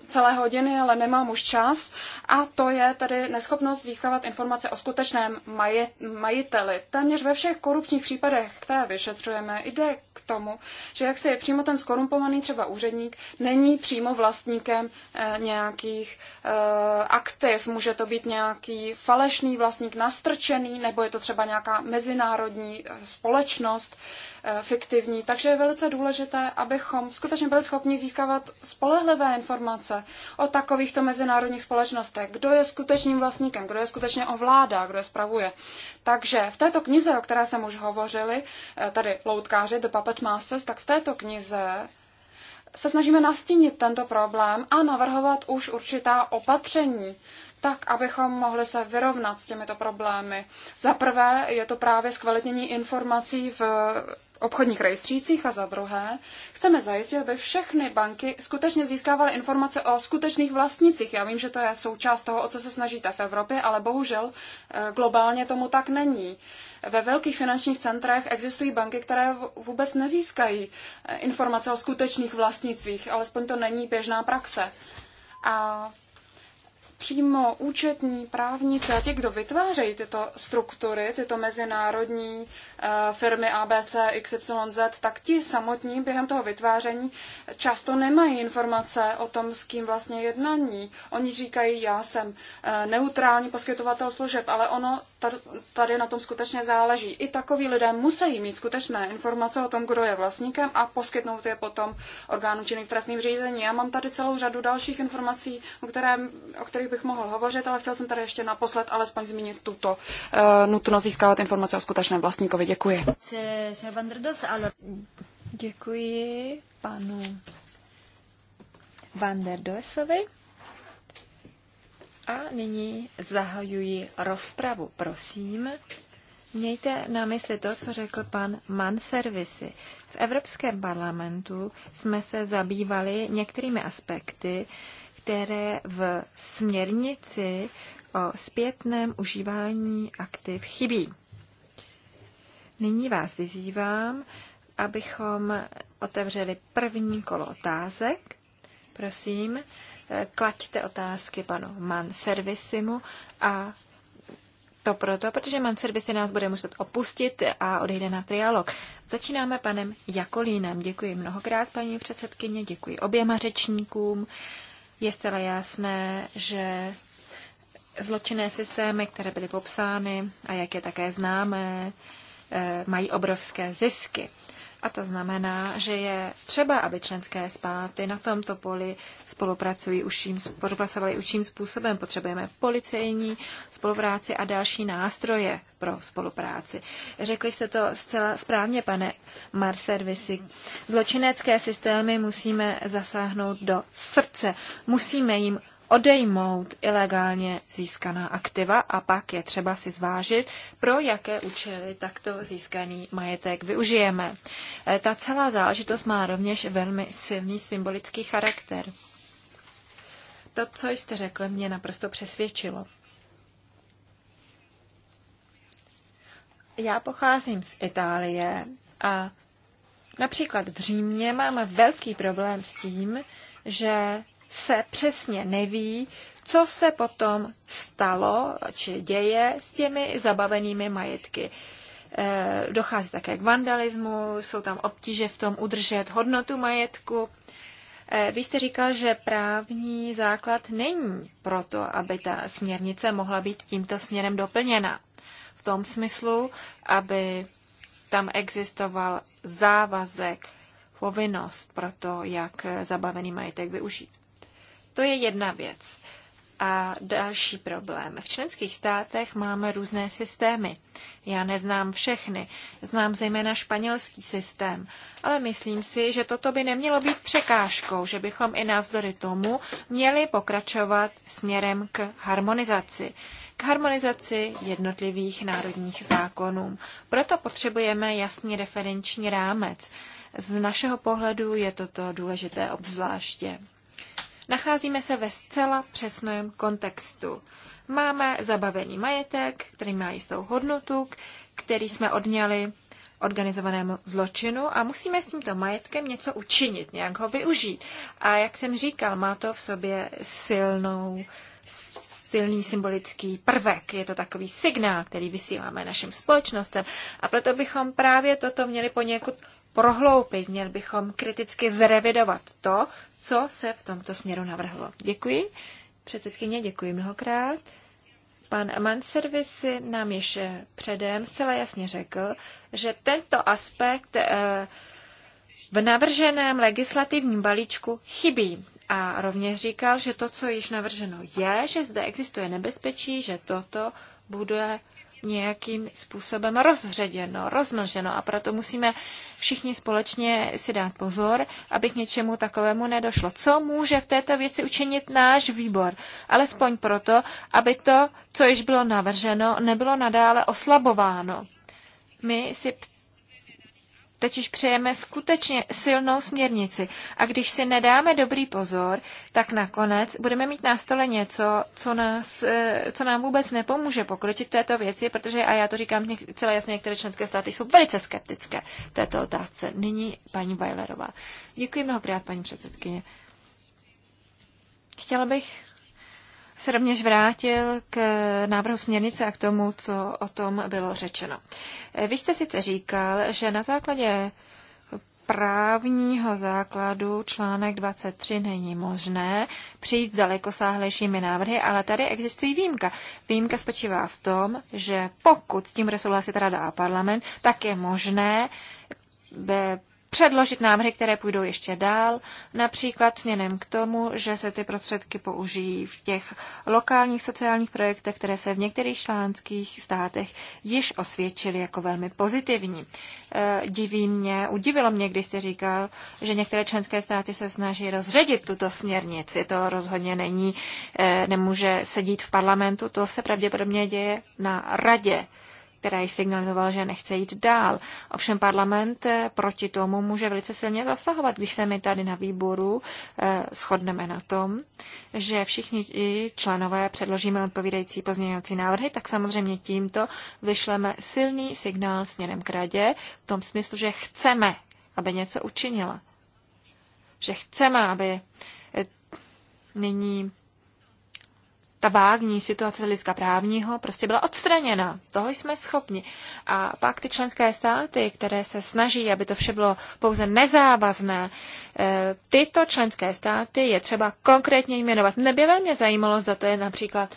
celé hodiny, ale nemám už čas. A to je tedy neschopnost získávat informace o skutečném majiteli. Téměř ve všech korupčních případech, které vyšetřujeme, jde k tomu, že jak se je přímo ten skorumpovaný třeba úředník, není přímo vlastníkem eh, nějakých aktiv. Může to být nějaký falešný vlastník, nastrčený, nebo je to třeba nějaká mezinárodní společnost, Eh, fiktivní. Takže je velice důležité, abychom skutečně byli schopni získávat spolehlivé informace o takovýchto mezinárodních společnostech, kdo je skutečným vlastníkem, kdo je skutečně ovládá, kdo je spravuje. Takže v této knize, o které jsem už hovořili, eh, tady loutkáři do Puppet Masters, tak v této knize se snažíme nastínit tento problém a navrhovat už určitá opatření, tak, abychom mohli se vyrovnat s těmito problémy. Za prvé je to právě zkvalitnění informací v obchodních rejstřících a za druhé chceme zajistit, aby všechny banky skutečně získávaly informace o skutečných vlastnicích. Já vím, že to je součást toho, o co se snažíte v Evropě, ale bohužel eh, globálně tomu tak není. Ve velkých finančních centrech existují banky, které vůbec nezískají eh, informace o skutečných vlastnicích, alespoň to není běžná praxe. A přímo účetní, právníci a ti, kdo vytvářejí tyto struktury, tyto mezinárodní eh, firmy ABC, XYZ, tak ti samotní během toho vytváření často nemají informace o tom, s kým vlastně jednání. Oni říkají, já jsem eh, neutrální poskytovatel služeb, ale ono tady na tom skutečně záleží. I takoví lidé musí mít skutečné informace o tom, kdo je vlastníkem a poskytnout je potom orgánům činným v trestním řízení. Já mám tady celou řadu dalších informací, o, kterém, o kterých kterých bych mohl hovořit, ale chtěl jsem tady ještě naposled alespoň zmínit tuto uh, nutnost získávat informace o skutečném vlastníkovi. Děkuji. Děkuji panu Van der Doesovi. A nyní zahajuji rozpravu. Prosím, mějte na mysli to, co řekl pan Man Servisy. V Evropském parlamentu jsme se zabývali některými aspekty, které v směrnici o zpětném užívání aktiv chybí. Nyní vás vyzývám, abychom otevřeli první kolo otázek. Prosím, eh, klaďte otázky panu Man Servisimu a to proto, protože Man Servisy nás bude muset opustit a odejde na trialog. Začínáme panem Jakolínem. Děkuji mnohokrát, paní předsedkyně, děkuji oběma řečníkům je zcela jasné, že zločinné systémy, které byly popsány a jak je také známé, eh, mají obrovské zisky. A to znamená, že je třeba, aby členské státy na tomto poli spolupracují uším, spolupracovali učím způsobem. Potřebujeme policejní spolupráci a další nástroje pro spolupráci. Řekli jste to zcela správně, pane Marservisi. Zločinecké systémy musíme zasáhnout do srdce. Musíme jim odejmout ilegálně získaná aktiva a pak je třeba si zvážit, pro jaké účely takto získaný majetek využijeme. E, ta celá záležitost má rovněž velmi silný symbolický charakter. To, co jste řekl, mě naprosto přesvědčilo. Já pocházím z Itálie a například v Římě máme velký problém s tím, že se přesně neví, co se potom stalo či děje s těmi zabavenými majetky. E, dochází také k vandalismu, jsou tam obtíže v tom udržet hodnotu majetku. E, vy jste říkal, že právní základ není proto, aby ta směrnice mohla být tímto směrem doplněna. V tom smyslu, aby tam existoval závazek, povinnost pro to, jak zabavený majetek využít. To je jedna věc. A další problém. V členských státech máme různé systémy. Já neznám všechny, znám zejména španělský systém, ale myslím si, že toto by nemělo být překážkou, že bychom i navzdory tomu měli pokračovat směrem k harmonizaci k harmonizaci jednotlivých národních zákonů. Proto potřebujeme jasný referenční rámec. Z našeho pohledu je toto důležité obzvláště. Nacházíme se ve zcela přesném kontextu. Máme zabavený majetek, který má jistou hodnotu, který jsme odňali organizovanému zločinu a musíme s tímto majetkem něco učinit, nějak ho využít. A jak jsem říkal, má to v sobě silnou, silný symbolický prvek. Je to takový signál, který vysíláme našim společnostem a proto bychom právě toto měli poněkud prohloupit, měl bychom kriticky zrevidovat to, co se v tomto směru navrhlo. Děkuji. Předsedkyně, děkuji mnohokrát. Pan Manservisi nám již eh, předem zcela jasně řekl, že tento aspekt eh, v navrženém legislativním balíčku chybí. A rovněž říkal, že to, co již navrženo je, že zde existuje nebezpečí, že toto bude nějakým způsobem rozředěno, rozmlženo a proto musíme všichni společně si dát pozor, aby k něčemu takovému nedošlo. Co může v této věci učinit náš výbor? Alespoň proto, aby to, co již bylo navrženo, nebylo nadále oslabováno. My si Totiž přejeme skutečně silnou směrnici. A když si nedáme dobrý pozor, tak nakonec budeme mít na stole něco, co, nás, eh, co nám vůbec nepomůže pokročit této věci, protože, a já to říkám celé jasně, některé členské státy jsou velice skeptické v této otázce. Nyní paní Bajlerová. Děkuji mnohokrát, paní předsedkyně. Chtěla bych se rovněž vrátil k návrhu směrnice a k tomu, co o tom bylo řečeno. Vy jste sice říkal, že na základě právního základu článek 23 není možné přijít s dalekosáhlejšími návrhy, ale tady existují výjimka. Výjimka spočívá v tom, že pokud s tím bude souhlasit rada a parlament, tak je možné předložit návrhy, které půjdou ještě dál, například směrem k tomu, že se ty prostředky použijí v těch lokálních sociálních projektech, které se v některých článských státech již osvědčily jako velmi pozitivní. E, diví mě, udivilo mě, když jste říkal, že některé členské státy se snaží rozředit tuto směrnici. To rozhodně není, e, nemůže sedít v parlamentu, to se pravděpodobně děje na radě která ji signalizoval, že nechce jít dál. Ovšem parlament eh, proti tomu může velice silně zasahovat, když se my tady na výboru eh, shodneme na tom, že všichni členové předložíme odpovídající pozměňovací návrhy, tak samozřejmě tímto vyšleme silný signál směrem k radě v tom smyslu, že chceme, aby něco učinila. Že chceme, aby eh, nyní ta vágní situace z hlediska právního prostě byla odstraněna. Toho jsme schopni. A pak ty členské státy, které se snaží, aby to vše bylo pouze nezávazné, eh, tyto členské státy je třeba konkrétně jmenovat. by velmi zajímalo, zda to je například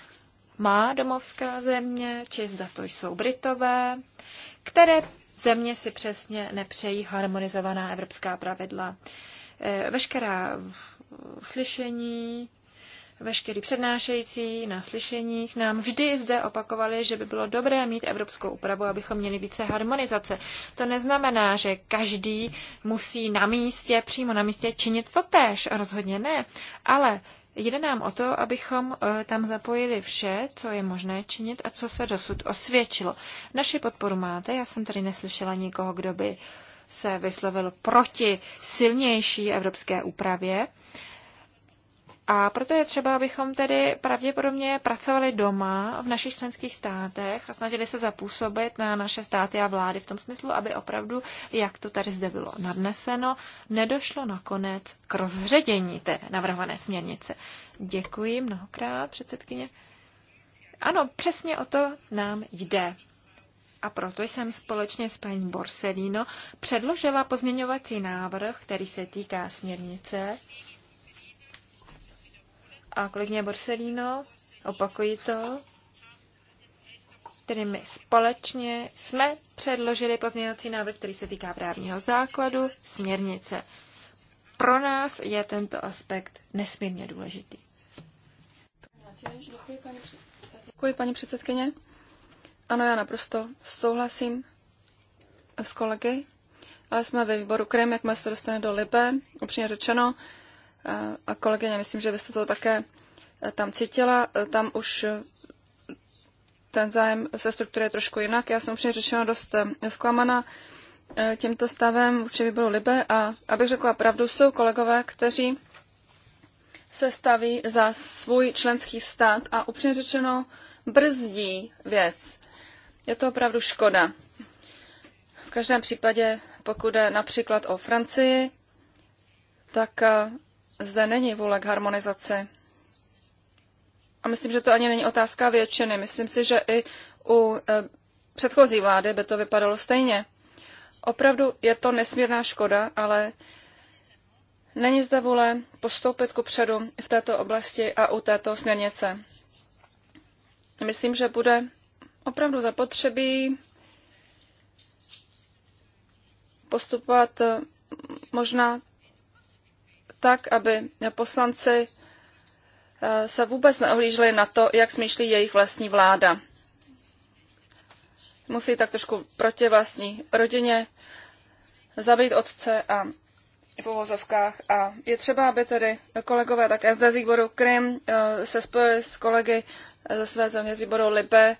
má domovská země, či zda to jsou Britové, které země si přesně nepřejí harmonizovaná evropská pravidla. Eh, veškerá slyšení, veškerý přednášející na slyšeních nám vždy zde opakovali, že by bylo dobré mít evropskou úpravu, abychom měli více harmonizace. To neznamená, že každý musí na místě, přímo na místě činit to tež, rozhodně ne, ale Jde nám o to, abychom e, tam zapojili vše, co je možné činit a co se dosud osvědčilo. Naši podporu máte, já jsem tady neslyšela nikoho, kdo by se vyslovil proti silnější evropské úpravě a proto je třeba, abychom tedy pravděpodobně pracovali doma v našich členských státech a snažili se zapůsobit na naše státy a vlády v tom smyslu, aby opravdu, jak to tady zde bylo nadneseno, nedošlo nakonec k rozředění té navrhované směrnice. Děkuji mnohokrát, předsedkyně. Ano, přesně o to nám jde. A proto jsem společně s paní Borsellino předložila pozměňovací návrh, který se týká směrnice a kolegyně Borsellino, opakuji to, my společně jsme předložili pozměňovací návrh, který se týká právního základu směrnice. Pro nás je tento aspekt nesmírně důležitý. Děkuji, paní, paní předsedkyně. Ano, já naprosto souhlasím s kolegy, ale jsme ve výboru KREM, jak se dostane do Libe, upřímně řečeno, a kolegyně, myslím, že byste to také e, tam cítila, e, tam už ten zájem se strukturuje trošku jinak. Já jsem upřímně řečeno dost e, zklamaná tímto stavem by bylo Libe a abych řekla pravdu, jsou kolegové, kteří se staví za svůj členský stát a upřímně řečeno brzdí věc. Je to opravdu škoda. V každém případě, pokud je například o Francii, tak zde není vůle k harmonizaci. A myslím, že to ani není otázka většiny. Myslím si, že i u e, předchozí vlády by to vypadalo stejně. Opravdu je to nesmírná škoda, ale není zde vůle postoupit ku předu v této oblasti a u této směrnice. Myslím, že bude opravdu zapotřebí postupovat e, možná tak, aby poslanci eh, se vůbec neohlíželi na to, jak smýšlí jejich vlastní vláda. Musí tak trošku proti vlastní rodině zabít otce a v uvozovkách. A je třeba, aby tedy kolegové také zde z výboru Krym eh, se spojili s kolegy ze své země z výboru Libe,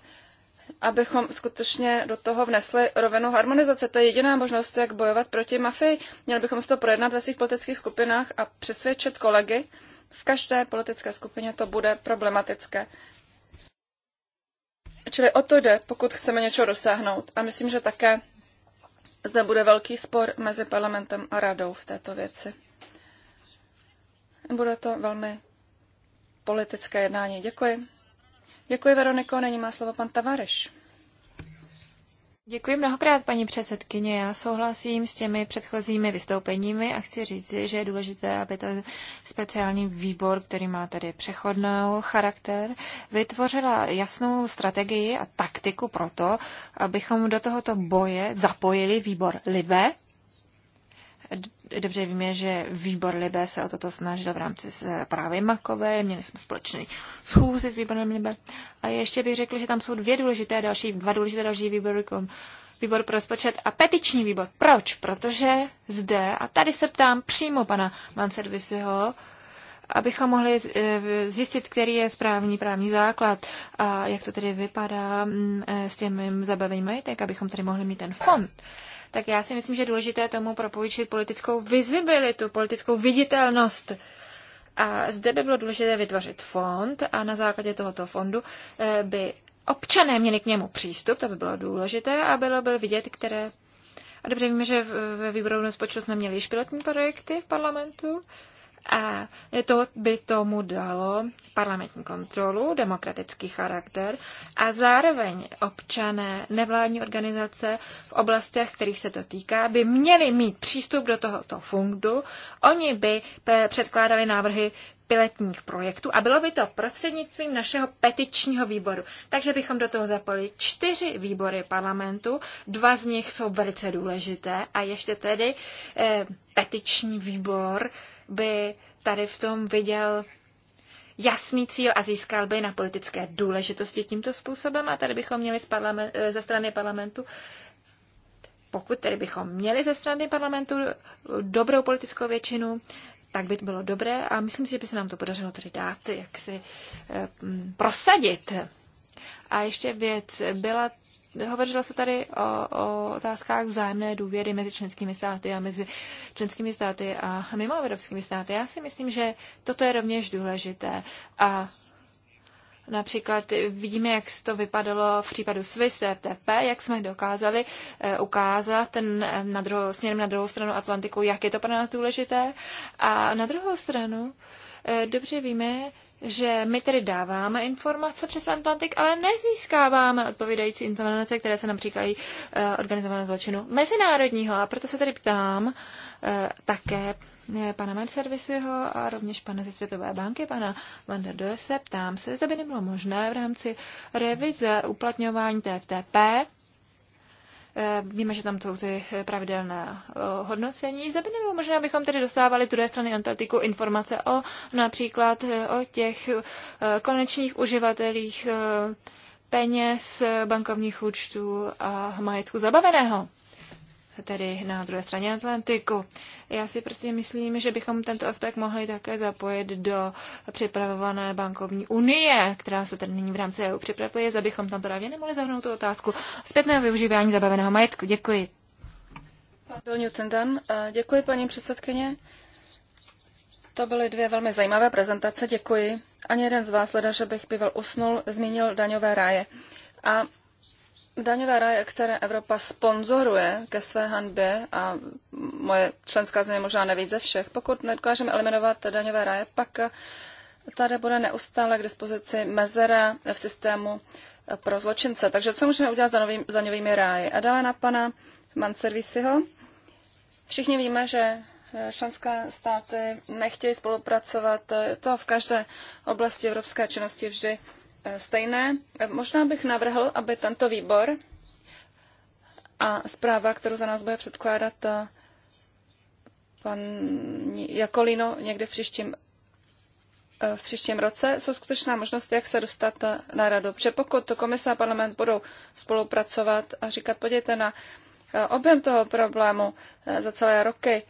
abychom skutečně do toho vnesli rovenu harmonizace. To je jediná možnost, jak bojovat proti mafii. Měli bychom se to projednat ve svých politických skupinách a přesvědčit kolegy. V každé politické skupině to bude problematické. Čili o to jde, pokud chceme něco dosáhnout. A myslím, že také zde bude velký spor mezi parlamentem a radou v této věci. Bude to velmi politické jednání. Děkuji. Děkuji, Veroniko. Není má slovo pan Tavareš. Děkuji mnohokrát, paní předsedkyně. Já souhlasím s těmi předchozími vystoupeními a chci říci, že je důležité, aby ten speciální výbor, který má tedy přechodnou charakter, vytvořila jasnou strategii a taktiku pro to, abychom do tohoto boje zapojili výbor LIBE, dobře víme, že výbor Libe se o toto snažil v rámci právě Makové, měli jsme společný schůzi s výborem Libe. A ještě bych řekl, že tam jsou dvě důležité další, dva důležité další výbory, výbor pro rozpočet a petiční výbor. Proč? Protože zde, a tady se ptám přímo pana Manservisiho, abychom mohli eh, zjistit, který je správný právní základ a jak to tedy vypadá mm, eh, s těmi zabavením majetek, abychom tady mohli mít ten fond tak já si myslím, že je důležité tomu propůjčit politickou vizibilitu, politickou viditelnost. A zde by bylo důležité vytvořit fond a na základě tohoto fondu eh, by občané měli k němu přístup, to by bylo důležité a bylo by vidět, které. A dobře víme, že ve výboru rozpočtu jsme měli již pilotní projekty v parlamentu, a to by tomu dalo parlamentní kontrolu, demokratický charakter a zároveň občané, nevládní organizace v oblastech, kterých se to týká, by měli mít přístup do tohoto fundu. Oni by eh, předkládali návrhy piletních projektů a bylo by to prostřednictvím našeho petičního výboru. Takže bychom do toho zapojili čtyři výbory parlamentu, dva z nich jsou velice důležité a ještě tedy eh, petiční výbor eh, by tady v tom viděl jasný cíl a získal by na politické důležitosti tímto způsobem. A tady bychom měli z parlament, eh, ze strany parlamentu pokud tedy bychom měli ze strany parlamentu dobrou politickou většinu, tak by to bylo dobré a myslím si, že by se nám to podařilo tedy dát, jak si eh, prosadit. A ještě věc, byla Hovořilo se tady o, o otázkách vzájemné důvěry mezi členskými státy a mezi členskými státy a mimo evropskými státy. Já si myslím, že toto je rovněž důležité a Například vidíme, jak to vypadalo v případu Swiss RTP, jak jsme dokázali eh, ukázat ten eh, na druhou, směrem na druhou stranu Atlantiku, jak je to pro nás důležité. A na druhou stranu Eh, dobře víme, že my tedy dáváme informace přes Atlantik, ale nezískáváme odpovídající informace, které se nám říkají eh, organizovaného zločinu mezinárodního. A proto se tedy ptám eh, také pana Manservisiho a rovněž pana ze Světové banky, pana Vanda Doese, ptám se, zda by nebylo možné v rámci revize uplatňování TFTP Eh, víme, že tam jsou ty pravidelná eh, hodnocení. Zda by nebylo možné, abychom tedy dostávali z druhé strany Antarktiku informace o například eh, o těch konečných uživatelích peněz, bankovních účtů a majetku zabaveného tedy na druhé straně Atlantiku. Já si prostě myslím, že bychom tento aspekt mohli také zapojit do připravované bankovní unie, která se tedy nyní v rámci EU připravuje, abychom tam právě nemohli zahrnout tu otázku zpětného využívání zabaveného majetku. Děkuji. Byl Newton Dan. Děkuji, paní předsedkyně. To byly dvě velmi zajímavé prezentace, děkuji. Ani jeden z vás, leda, že bych býval usnul, zmínil daňové ráje. A daňové ráje, které Evropa sponzoruje ke své hanbě, a moje členská země možná nevíc ze všech, pokud nedokážeme eliminovat daňové ráje, pak tady bude neustále k dispozici mezera v systému pro zločince. Takže co můžeme udělat s danovým, daňovými ráji? A dále na pana Manservisiho. Všichni víme, že členské státy nechtějí spolupracovat. To v každé oblasti evropské činnosti vždy stejné. Možná bych navrhl, aby tento výbor a zpráva, kterou za nás bude předkládat eh, pan Jakolino někde v příštím, eh, v příštím roce, jsou skutečná možnost, jak se dostat eh, na radu. Protože pokud to komise a parlament budou spolupracovat a říkat, podívejte na objem toho problému za celé roky,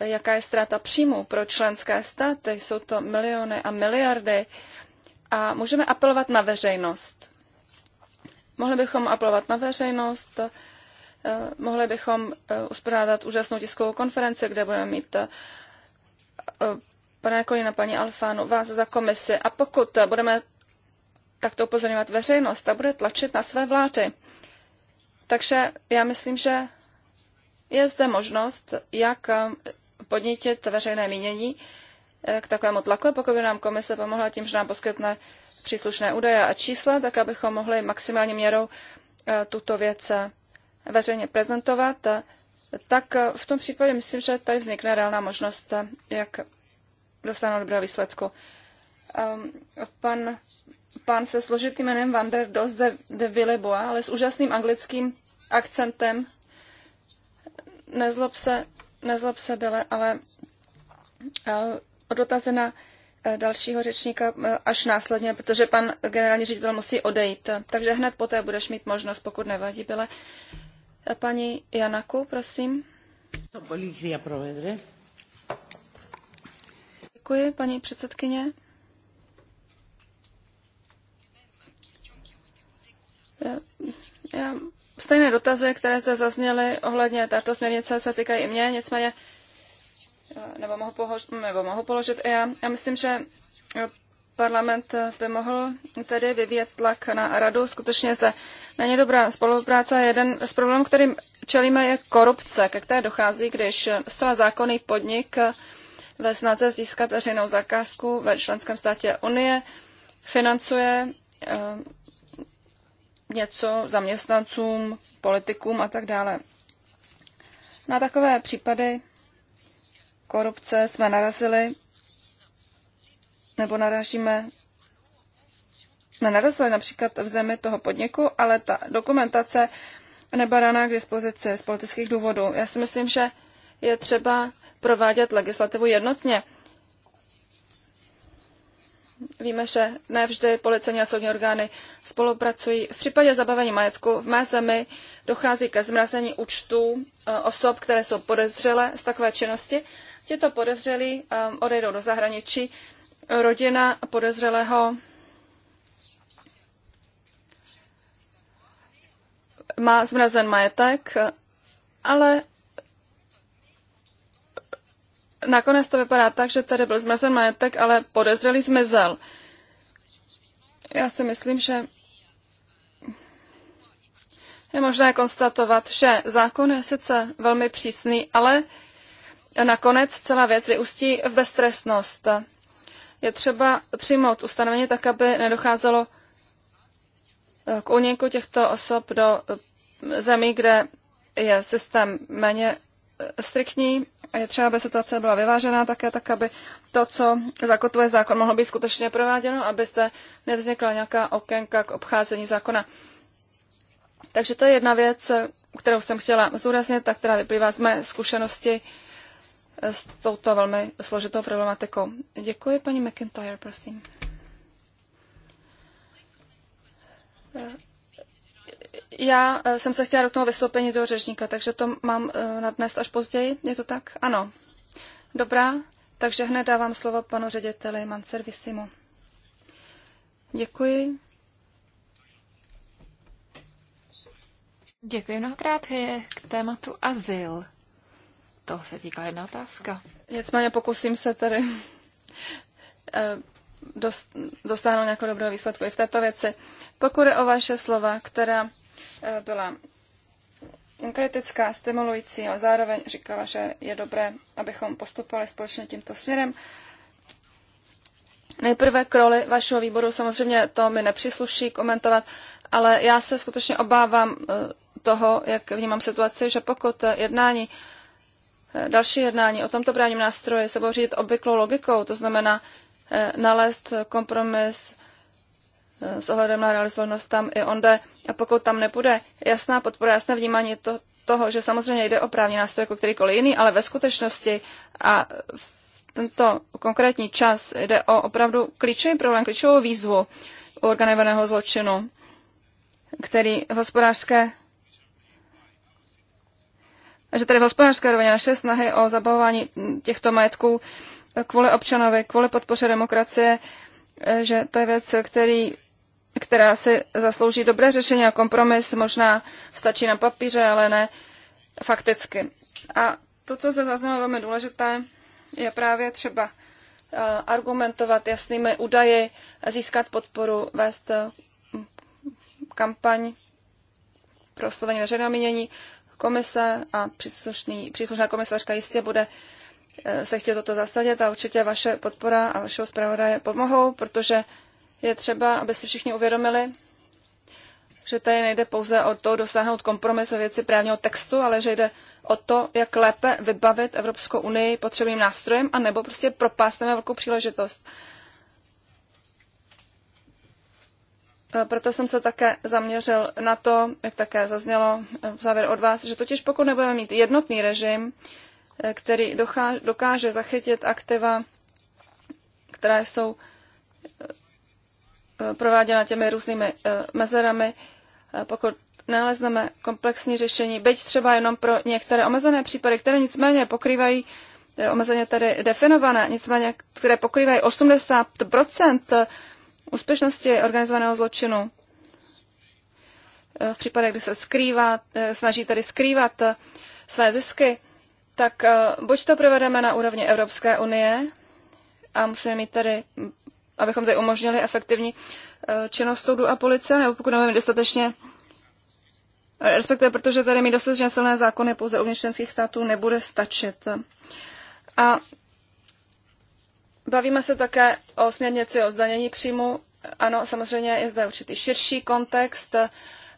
jaká je ztráta příjmů pro členské státy, jsou to miliony a miliardy, a můžeme apelovat na veřejnost. Mohli bychom apelovat na veřejnost, eh, mohli bychom eh, uspořádat úžasnou tiskovou konferenci, kde budeme mít eh, pana Kolina, paní Alfánu, vás za komisi. A pokud budeme takto upozorňovat veřejnost a bude tlačit na své vlády. Takže já myslím, že je zde možnost, jak podnítit veřejné mínění Eh, k takovému tlaku, pokud by nám komise pomohla tím, že nám poskytne příslušné údaje a čísla, tak abychom mohli maximální měrou eh, tuto věc eh, veřejně prezentovat, tak v tom případě myslím, že tady vznikne reálná možnost, jak dosáhnout dobrého výsledku. Ehm, pan, pan se složitým jménem Vander Dos de, de Villeboa, ale s úžasným anglickým akcentem. Nezlob se, nezlob se, Bile, ale od dotazy na eh, dalšího řečníka eh, až následně, protože pan generální ředitel musí odejít. Takže hned poté budeš mít možnost, pokud nevadí, byla. Eh, paní Janaku, prosím. Děkuji, paní předsedkyně. Já, já, stejné dotazy, které zde zazněly ohledně této směrnice, se týkají i mě, nicméně nebo mohu, pohož, nebo mohu položit i já. Já myslím, že parlament by mohl tedy vyvíjet tlak na radu. Skutečně zde není dobrá spolupráce. Jeden z problémů, kterým čelíme, je korupce, ke které dochází, když zcela zákonný podnik ve snaze získat veřejnou zakázku ve členském státě Unie financuje eh, něco zaměstnancům, politikům a tak dále. Na takové případy korupce jsme narazili nebo narážíme Ne narazili například v zemi toho podniku, ale ta dokumentace nebyla daná k dispozici z politických důvodů. Já si myslím, že je třeba provádět legislativu jednotně. Víme, že ne vždy policejní a soudní orgány spolupracují. V případě zabavení majetku v mé zemi dochází ke zmrazení účtů eh, osob, které jsou podezřelé z takové činnosti. Tito podezřelí eh, odejdou do zahraničí. Rodina podezřelého má zmrazen majetek, eh, ale nakonec to vypadá tak, že tady byl zmrazen majetek, ale podezřelý zmizel. Já si myslím, že je možné konstatovat, že zákon je sice velmi přísný, ale nakonec celá věc vyústí v beztrestnost. Je třeba přijmout ustanovení tak, aby nedocházelo k úniku těchto osob do zemí, kde je systém méně striktní je třeba, aby situace byla vyvážená také tak, aby to, co zakotuje zákon, mohlo být skutečně prováděno, abyste nevznikla nějaká okénka k obcházení zákona. Takže to je jedna věc, kterou jsem chtěla zdůraznit, tak která vyplývá z mé zkušenosti s touto velmi složitou problematikou. Děkuji, paní McIntyre, prosím já eh, jsem se chtěla dotknout vystoupení do řečníka, takže to mám eh, na dnes až později, je to tak? Ano. Dobrá, takže hned dávám slovo panu řediteli Manservisimu. Děkuji. Děkuji mnohokrát je k tématu azyl. To se týká jedna otázka. Nicméně pokusím se tady eh, dost, dostáhnout nějakou dobrou výsledku i v této věci. Pokud je o vaše slova, která byla kritická, stimulující, ale zároveň říkala, že je dobré, abychom postupovali společně tímto směrem. Nejprve k roli vašeho výboru, samozřejmě to mi nepřísluší komentovat, ale já se skutečně obávám eh, toho, jak vnímám situaci, že pokud jednání, eh, další jednání o tomto právním nástroji se bude řídit obvyklou logikou, to znamená eh, nalézt kompromis Eh, s ohledem na realizovanost tam i onde. A pokud tam nebude jasná podpora, jasné vnímání to, toho, že samozřejmě jde o právní nástroj jako kterýkoliv jiný, ale ve skutečnosti a v tento konkrétní čas jde o opravdu klíčový problém, klíčovou výzvu organizovaného zločinu, který hospodářské že tady v hospodářské rovině naše snahy o zabavování těchto majetků kvůli občanovi, kvůli podpoře demokracie, eh, že to je věc, který která si zaslouží dobré řešení a kompromis. Možná stačí na papíře, ale ne fakticky. A to, co zde zaznělo velmi důležité, je právě třeba eh, argumentovat jasnými údaji, získat podporu, vést eh, kampaň pro oslovení veřejného mínění. Komise a příslušný, příslušná komisařka jistě bude eh, se chtěl toto zasadit a určitě vaše podpora a vašeho zpravodaje pomohou, protože je třeba, aby si všichni uvědomili, že tady nejde pouze o to dosáhnout kompromis ve věci právního textu, ale že jde o to, jak lépe vybavit Evropskou unii potřebným nástrojem, anebo prostě propásneme velkou příležitost. Proto jsem se také zaměřil na to, jak také zaznělo v závěr od vás, že totiž pokud nebudeme mít jednotný režim, eh, který dokáže zachytit aktiva, která jsou prováděna těmi různými eh, mezerami, eh, pokud nalezneme komplexní řešení, byť třeba jenom pro některé omezené případy, které nicméně pokrývají eh, omezeně tady definované, nicméně které pokrývají 80 úspěšnosti organizovaného zločinu. V případě, kdy se skrývá, snaží tady skrývat své zisky, tak buď to provedeme na úrovni Evropské unie a musíme mít tady abychom tady umožnili efektivní eh, činnost soudu a policie, nebo pokud nemáme dostatečně eh, respektive protože tady mít dostatečně silné zákony pouze uvnitř členských států nebude stačit. A bavíme se také o směrnici o zdanění příjmu. Ano, samozřejmě je zde určitý širší kontext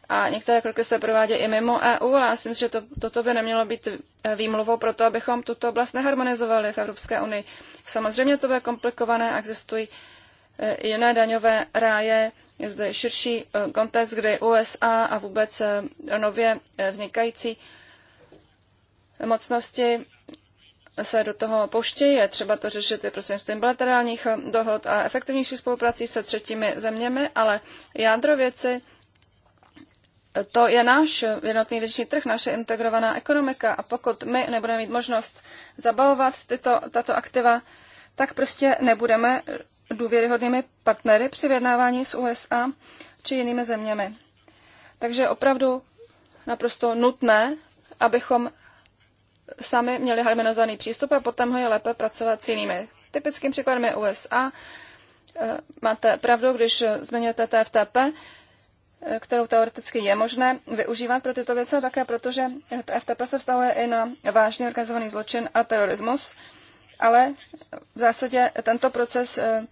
a některé kroky se provádějí i mimo EU, ale já myslím, že to, toto by nemělo být eh, výmluvou pro to, abychom tuto oblast neharmonizovali v Evropské unii. Samozřejmě to bude komplikované, existují uh, Eh, jiné daňové ráje. Je zde širší eh, kontext, kde USA a vůbec eh, nově vznikající mocnosti se do toho pouštějí. Je třeba to řešit i prostřednictvím bilaterálních dohod a efektivnější spoluprací se třetími zeměmi, ale jádro věci to je náš jednotný vnitřní trh, naše integrovaná ekonomika a pokud my nebudeme mít možnost zabavovat tyto, tato aktiva, tak prostě nebudeme důvěryhodnými partnery při vyjednávání s USA či jinými zeměmi. Takže je opravdu naprosto nutné, abychom sami měli harmonizovaný přístup a potom ho je lépe pracovat s jinými. Typickým příkladem je USA. Eh, máte pravdu, když zmiňujete TFTP, eh, kterou teoreticky je možné využívat pro tyto věci, také protože TFTP se vztahuje i na vážně organizovaný zločin a terorismus ale v zásadě tento proces eh,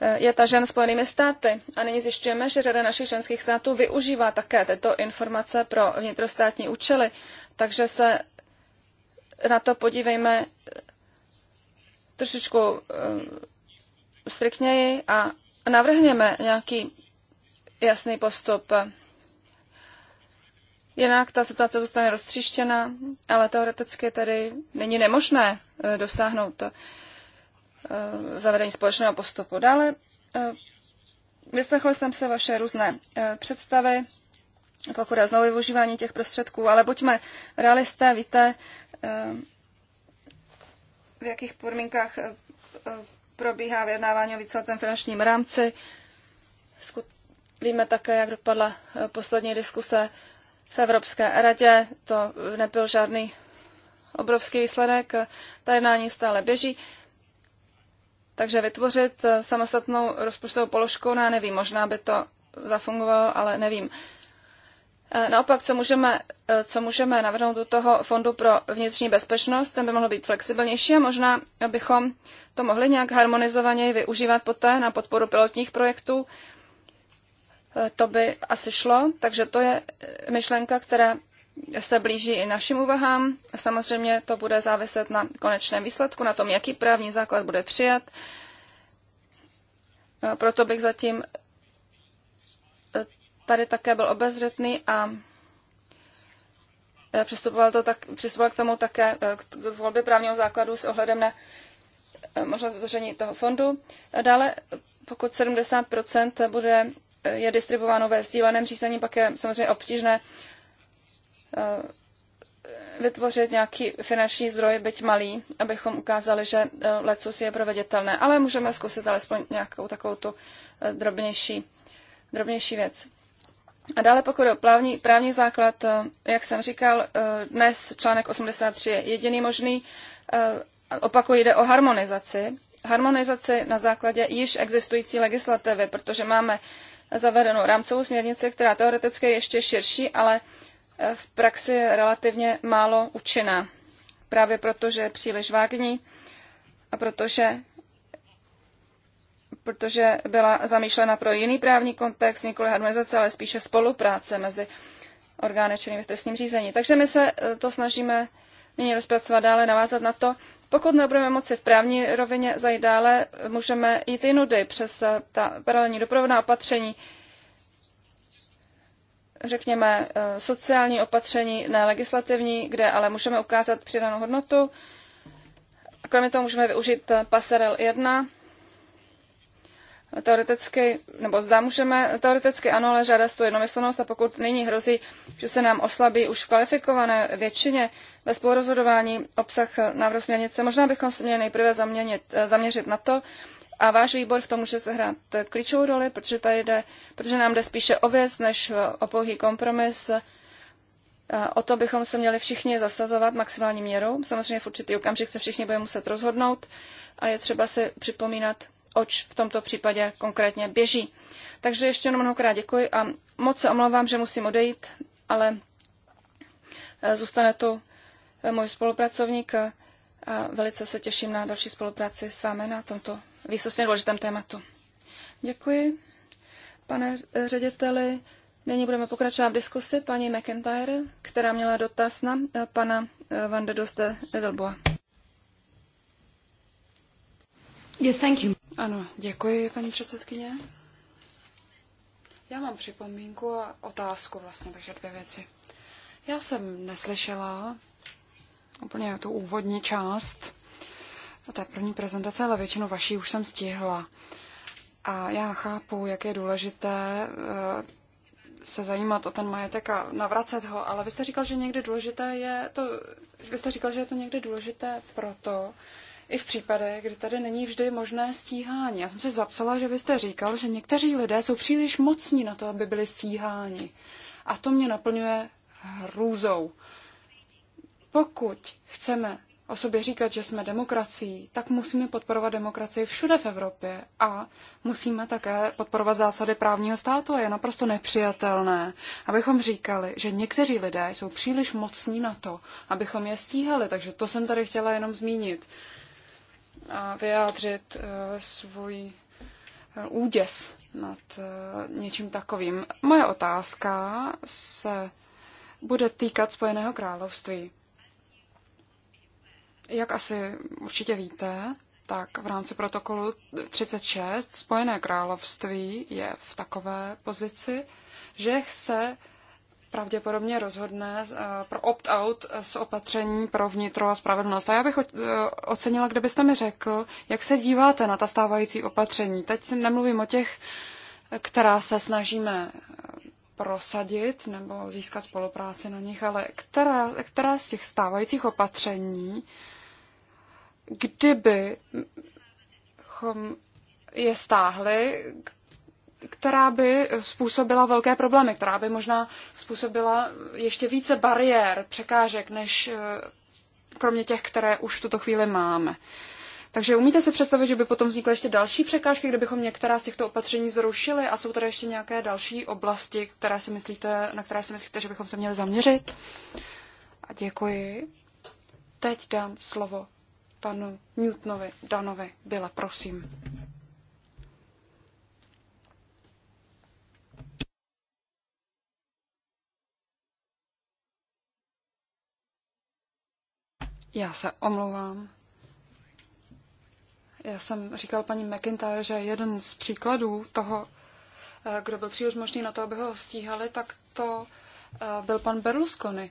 eh, je tažen Spojenými státy. A nyní zjišťujeme, že řada našich členských států využívá také tyto informace pro vnitrostátní účely, takže se na to podívejme eh, trošičku striktněji a navrhněme nějaký jasný postup. Jinak ta situace zůstane roztřištěna, ale teoreticky tedy není nemožné eh, dosáhnout eh, zavedení společného postupu. Dále eh, vyslechl jsem se vaše různé představy, pokud je znovu využívání těch prostředků, ale buďme realisté, víte, v jakých podmínkách probíhá vyjednávání o víceletém finančním rámci. Víme také, jak dopadla poslední diskuse v Evropské radě. To nebyl žádný obrovský výsledek. Ta jednání stále běží. Takže vytvořit samostatnou rozpočtovou položku, ne, no nevím, možná by to zafungovalo, ale nevím. Eh, naopak, co můžeme, eh, co můžeme navrhnout do toho Fondu pro vnitřní bezpečnost, ten by mohl být flexibilnější a možná bychom to mohli nějak harmonizovaně využívat poté na podporu pilotních projektů to by asi šlo, takže to je myšlenka, která se blíží i našim úvahám. Samozřejmě to bude záviset na konečném výsledku, na tom, jaký právní základ bude přijat. Proto bych zatím e, tady také byl obezřetný a e, přistupoval, to tak, přistupoval k tomu také e, k volbě právního základu s ohledem na možnost vytvoření toho fondu. Dále, pokud 70 bude je distribuováno ve sdíleném řízení, pak je samozřejmě obtížné eh, vytvořit nějaký finanční zdroj, byť malý, abychom ukázali, že eh, lecos je proveditelné, ale můžeme zkusit alespoň nějakou takovou tu eh, drobnější, drobnější věc. A dále pokud o právní, právní základ, jak jsem říkal, dnes článek 83 je jediný možný. Opakuji, jde o harmonizaci. Harmonizaci na základě již existující legislativy, protože máme zavedenou rámcovou směrnici, která teoreticky je ještě širší, ale e, v praxi je relativně málo účinná. Právě protože je příliš vágní a protože protože byla zamýšlena pro jiný právní kontext, nikoli harmonizace, ale spíše spolupráce mezi orgány činnými v trestním řízení. Takže my se e, to snažíme nyní rozpracovat dále, navázat na to, pokud nebudeme moci v právní rovině zajít dále, můžeme jít jinudy přes eh, ta paralelní doprovodná opatření, řekněme eh, sociální opatření, ne legislativní, kde ale můžeme ukázat přidanou hodnotu. Kromě toho můžeme využít eh, Passerel 1, teoreticky, nebo zda můžeme, teoreticky ano, ale žádá tu jednomyslnost a pokud nyní hrozí, že se nám oslabí už kvalifikované většině, ve spolurozhodování obsah návrhu směrnice. Možná bychom se měli nejprve zaměnit, zaměřit na to, a váš výbor v tom může sehrát klíčovou roli, protože, tady jde, protože nám jde spíše o věc než o pouhý kompromis. O to bychom se měli všichni zasazovat maximální měrou. Samozřejmě v určitý okamžik se všichni budeme muset rozhodnout a je třeba si připomínat, oč v tomto případě konkrétně běží. Takže ještě jednou mnohokrát děkuji a moc se omlouvám, že musím odejít, ale e, zůstane tu můj spolupracovník a velice se těším na další spolupráci s vámi na tomto výsostně důležitém tématu. Děkuji, pane řediteli. Nyní budeme pokračovat v diskusi paní McIntyre, která měla dotaz na eh, pana eh, Van de Doste Edelboa. Yes, thank you. Ano, děkuji, paní předsedkyně. Já mám připomínku a otázku vlastně, takže dvě věci. Já jsem neslyšela úplně tu úvodní část té první prezentace, ale většinu vaší už jsem stihla. A já chápu, jak je důležité eh, se zajímat o ten majetek a navracet ho, ale vy jste říkal, že někdy důležité je to, vy jste říkal, že je to někdy důležité proto, i v případě, kdy tady není vždy možné stíhání. Já jsem si zapsala, že vy jste říkal, že někteří lidé jsou příliš mocní na to, aby byli stíháni. A to mě naplňuje hrůzou. Pokud chceme o sobě říkat, že jsme demokracií, tak musíme podporovat demokracii všude v Evropě a musíme také podporovat zásady právního státu a je naprosto nepřijatelné, abychom říkali, že někteří lidé jsou příliš mocní na to, abychom je stíhali, takže to jsem tady chtěla jenom zmínit a vyjádřit eh, svůj eh, úděs nad eh, něčím takovým. Moje otázka se bude týkat Spojeného království. Jak asi určitě víte, tak v rámci protokolu 36 Spojené království je v takové pozici, že se pravděpodobně rozhodne eh, pro opt-out z opatření pro vnitro a spravedlnost. A já bych eh, ocenila, kdybyste mi řekl, jak se díváte na ta stávající opatření. Teď nemluvím o těch, která se snažíme eh, prosadit nebo získat spolupráci na nich, ale která, která z těch stávajících opatření kdyby je stáhli, která by způsobila velké problémy, která by možná způsobila ještě více bariér, překážek, než eh, kromě těch, které už v tuto chvíli máme. Takže umíte si představit, že by potom vznikly ještě další překážky, kde bychom některá z těchto opatření zrušili a jsou tady ještě nějaké další oblasti, které si myslíte, na které si myslíte, že bychom se měli zaměřit? A děkuji. Teď dám slovo panu Newtonovi Danovi byla, prosím. Já se omlouvám. Já jsem říkal paní McIntyre, že jeden z příkladů toho, eh, kdo byl příliš možný na to, aby ho stíhali, tak to eh, byl pan Berlusconi.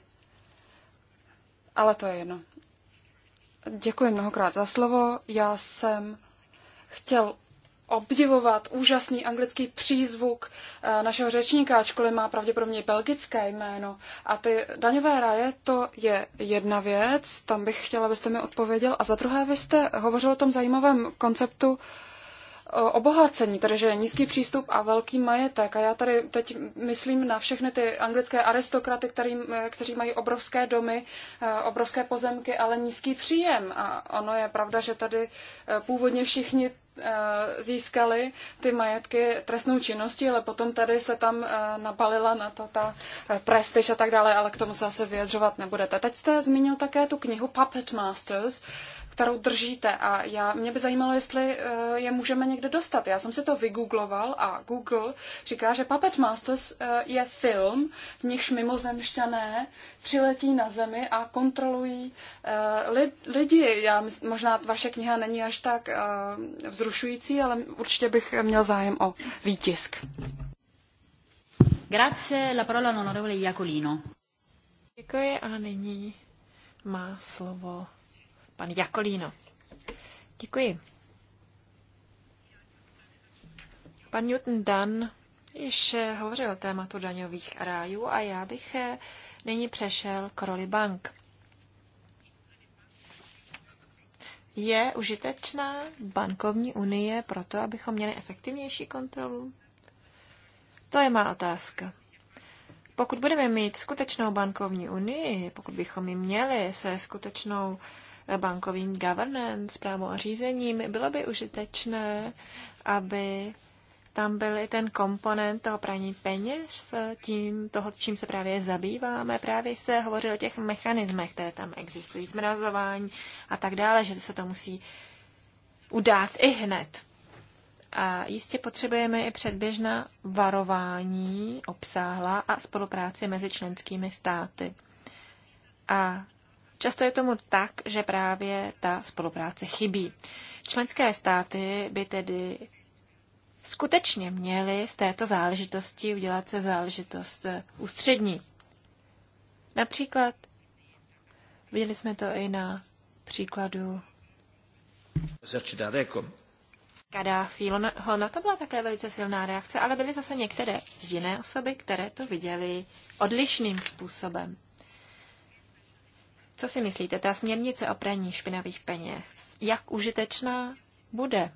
Ale to je jedno. Děkuji mnohokrát za slovo. Já jsem chtěl obdivovat úžasný anglický přízvuk eh, našeho řečníka, ačkoliv má pravděpodobně belgické jméno. A ty daňové raje, to je jedna věc, tam bych chtěla, abyste mi odpověděl. A za druhé, vy jste hovořil o tom zajímavém konceptu obohacení, tedy že nízký přístup a velký majetek. A já tady teď myslím na všechny ty anglické aristokraty, který, kteří mají obrovské domy, e, obrovské pozemky, ale nízký příjem. A ono je pravda, že tady e, původně všichni e, získali ty majetky trestnou činností, ale potom tady se tam nabalila na to ta prestiž a tak dále, ale k tomu se asi vyjadřovat nebudete. Teď jste zmínil také tu knihu Puppet Masters, kterou držíte. A já, mě by zajímalo, jestli eh, je můžeme někde dostat. Já jsem si to vygoogloval a Google říká, že Puppet Masters eh, je film, v nichž mimozemšťané přiletí na zemi a kontrolují eh, lidi. Já, možná vaše kniha není až tak vzrušující, ale určitě bych měl zájem o výtisk. Grazie, la parola all'onorevole Iacolino. Děkuji a nyní má slovo Pan Jakolíno. Děkuji. Pan Newton Dunn již hovořil o tématu daňových rájů a já bych nyní přešel k roli bank. Je užitečná bankovní unie proto, abychom měli efektivnější kontrolu? To je má otázka. Pokud budeme mít skutečnou bankovní unii, pokud bychom ji měli se skutečnou uh, bankovým governance, právo a řízením, bylo by užitečné, aby tam byl i ten komponent toho praní peněz, tím toho, čím se právě zabýváme. Právě se hovořilo o těch mechanismech, které tam existují, zmrazování a tak dále, že se to musí udát i hned. A jistě potřebujeme i předběžná varování obsáhla a spolupráci mezi členskými státy. A Často je tomu tak, že právě ta spolupráce chybí. Členské státy by tedy skutečně měly z této záležitosti udělat se záležitost eh, ústřední. Například, viděli jsme to i na příkladu Kadáfí. Jako- na no, to byla také velice silná reakce, ale byly zase některé jiné osoby, které to viděly odlišným způsobem. Co si myslíte, ta směrnice o praní špinavých peněz, jak užitečná bude?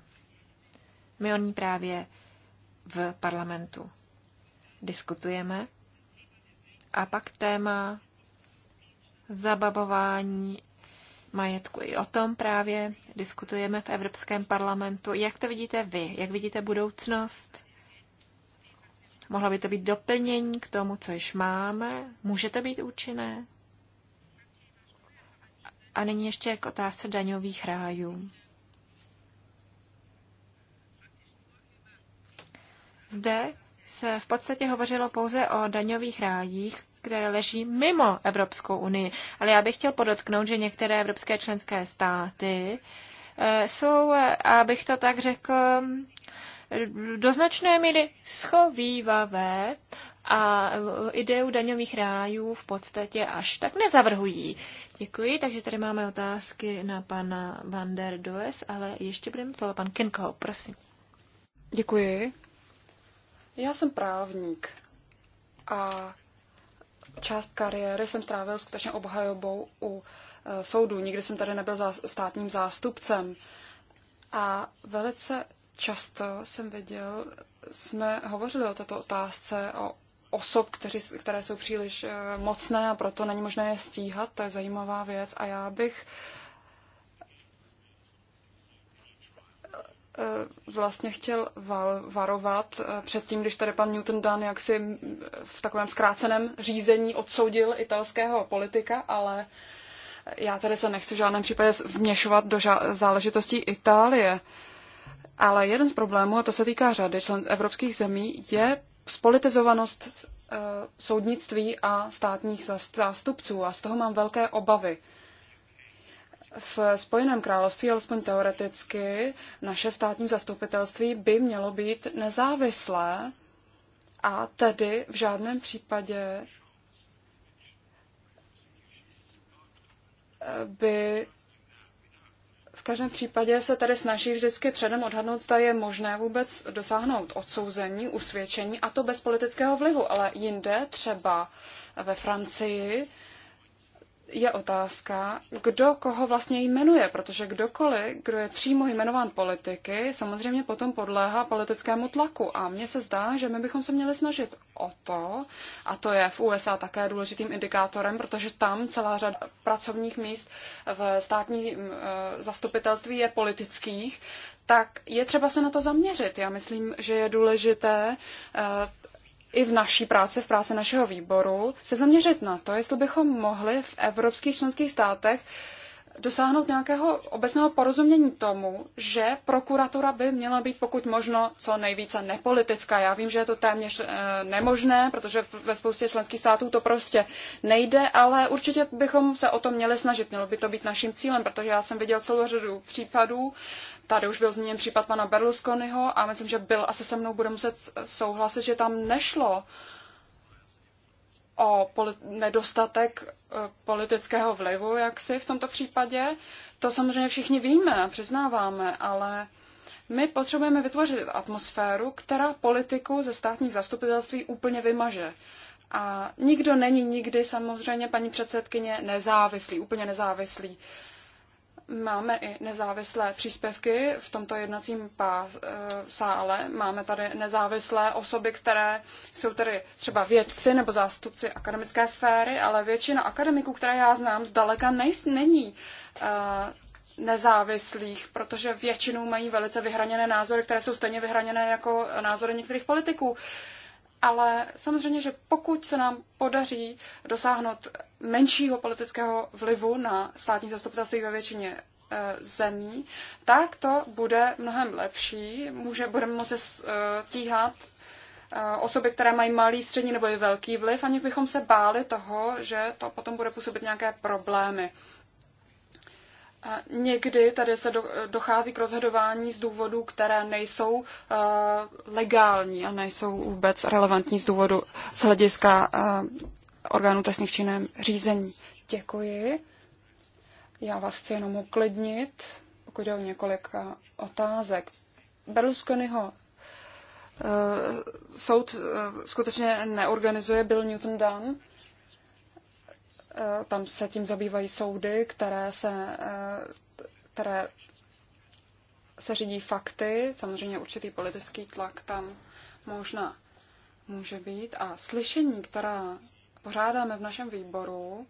My o ní právě v parlamentu diskutujeme. A pak téma zabavování majetku. I o tom právě diskutujeme v Evropském parlamentu. Jak to vidíte vy? Jak vidíte budoucnost? Mohlo by to být doplnění k tomu, co již máme? Může to být účinné? A nyní ještě k otázce daňových rájů. Zde se v podstatě hovořilo pouze o daňových rájích, které leží mimo Evropskou unii. Ale já bych chtěl podotknout, že některé evropské členské státy eh, jsou, eh, abych to tak řekl, do značné míry schovývavé a ideu daňových rájů v podstatě až tak nezavrhují. Děkuji, takže tady máme otázky na pana Van der Does, ale ještě budeme slovo pan Kinko, prosím. Děkuji. Já jsem právník a část kariéry jsem strávil skutečně obhajobou u e, soudu. Nikdy jsem tady nebyl státním zástupcem. A velice často jsem viděl, jsme hovořili o této otázce, o osob, kteři, které jsou příliš eh, mocné a proto není možné je stíhat. To je zajímavá věc a já bych eh, vlastně chtěl varovat eh, před tím, když tady pan Newton Dunn jaksi mm, v takovém zkráceném řízení odsoudil italského politika, ale já tady se nechci v žádném případě vměšovat do záležitostí Itálie. Ale jeden z problémů, a to se týká řady člen evropských zemí, je spolitizovanost eh, soudnictví a státních zástupců a z toho mám velké obavy. V Spojeném království, alespoň teoreticky, naše státní zastupitelství by mělo být nezávislé a tedy v žádném případě eh, by v každém případě se tady snaží vždycky předem odhadnout, zda je možné vůbec dosáhnout odsouzení, usvědčení, a to bez politického vlivu. Ale jinde, třeba ve Francii, je otázka, kdo koho vlastně jmenuje, protože kdokoliv, kdo je přímo jmenován politiky, samozřejmě potom podléhá politickému tlaku. A mně se zdá, že my bychom se měli snažit o to, a to je v USA také důležitým indikátorem, protože tam celá řada pracovních míst v státní e, zastupitelství je politických, tak je třeba se na to zaměřit. Já myslím, že je důležité e, i v naší práci, v práci našeho výboru, se zaměřit na to, jestli bychom mohli v evropských členských státech dosáhnout nějakého obecného porozumění tomu, že prokuratura by měla být pokud možno co nejvíce nepolitická. Já vím, že je to téměř eh, nemožné, protože ve spoustě členských států to prostě nejde, ale určitě bychom se o tom měli snažit. Mělo by to být naším cílem, protože já jsem viděl celou řadu případů, Tady už byl zmíněn případ pana Berlusconiho a myslím, že byl asi se mnou bude muset souhlasit, že tam nešlo o nedostatek e, politického vlivu, jak si v tomto případě. To samozřejmě všichni víme a přiznáváme, ale my potřebujeme vytvořit atmosféru, která politiku ze státních zastupitelství úplně vymaže. A nikdo není nikdy samozřejmě, paní předsedkyně, nezávislý, úplně nezávislý máme i nezávislé příspěvky v tomto jednacím pás, eh, sále. Máme tady nezávislé osoby, které jsou tady třeba vědci nebo zástupci akademické sféry, ale většina akademiků, které já znám, zdaleka nejs, není eh, nezávislých, protože většinou mají velice vyhraněné názory, které jsou stejně vyhraněné jako názory některých politiků ale samozřejmě, že pokud se nám podaří dosáhnout menšího politického vlivu na státní zastupitelství ve většině e, zemí, tak to bude mnohem lepší. Může, budeme moci stíhat e, e, osoby, které mají malý, střední nebo i velký vliv, ani bychom se báli toho, že to potom bude působit nějaké problémy někdy tady se dochází k rozhodování z důvodů, které nejsou uh, legální a nejsou vůbec relevantní z důvodu z hlediska uh, orgánů trestných činem řízení. Děkuji. Já vás chci jenom uklidnit, pokud jde o několik eh, otázek. Berlusconiho uh, soud uh, skutečně neorganizuje Bill Newton Dunn, Eh, tam se tím zabývají soudy, které se, eh, které se řídí fakty. Samozřejmě určitý politický tlak tam možná může být. A slyšení, která pořádáme v našem výboru,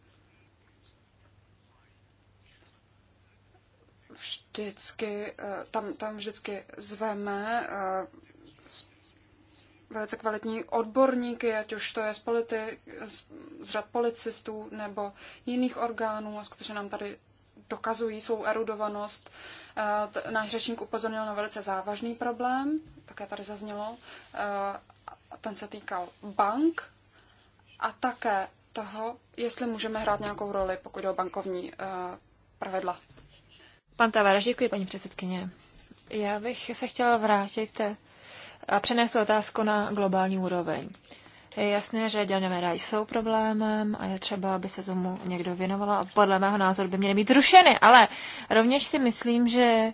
vždycky, eh, tam, tam vždycky zveme velice kvalitní odborníky, ať už to je z, politi- z řad policistů nebo jiných orgánů a skutečně nám tady dokazují svou erudovanost. Eh, náš řečník upozornil na velice závažný problém, také tady zaznělo, eh, ten se týkal bank a také toho, jestli můžeme hrát nějakou roli, pokud jde o bankovní eh, pravidla. Pan Tavara, děkuji, paní předsedkyně. Já bych se chtěla vrátit k té a přenést otázku na globální úroveň. Je jasné, že dělňové ráj jsou problémem a je třeba, aby se tomu někdo věnovala a podle mého názoru by měly být rušeny, ale rovněž si myslím, že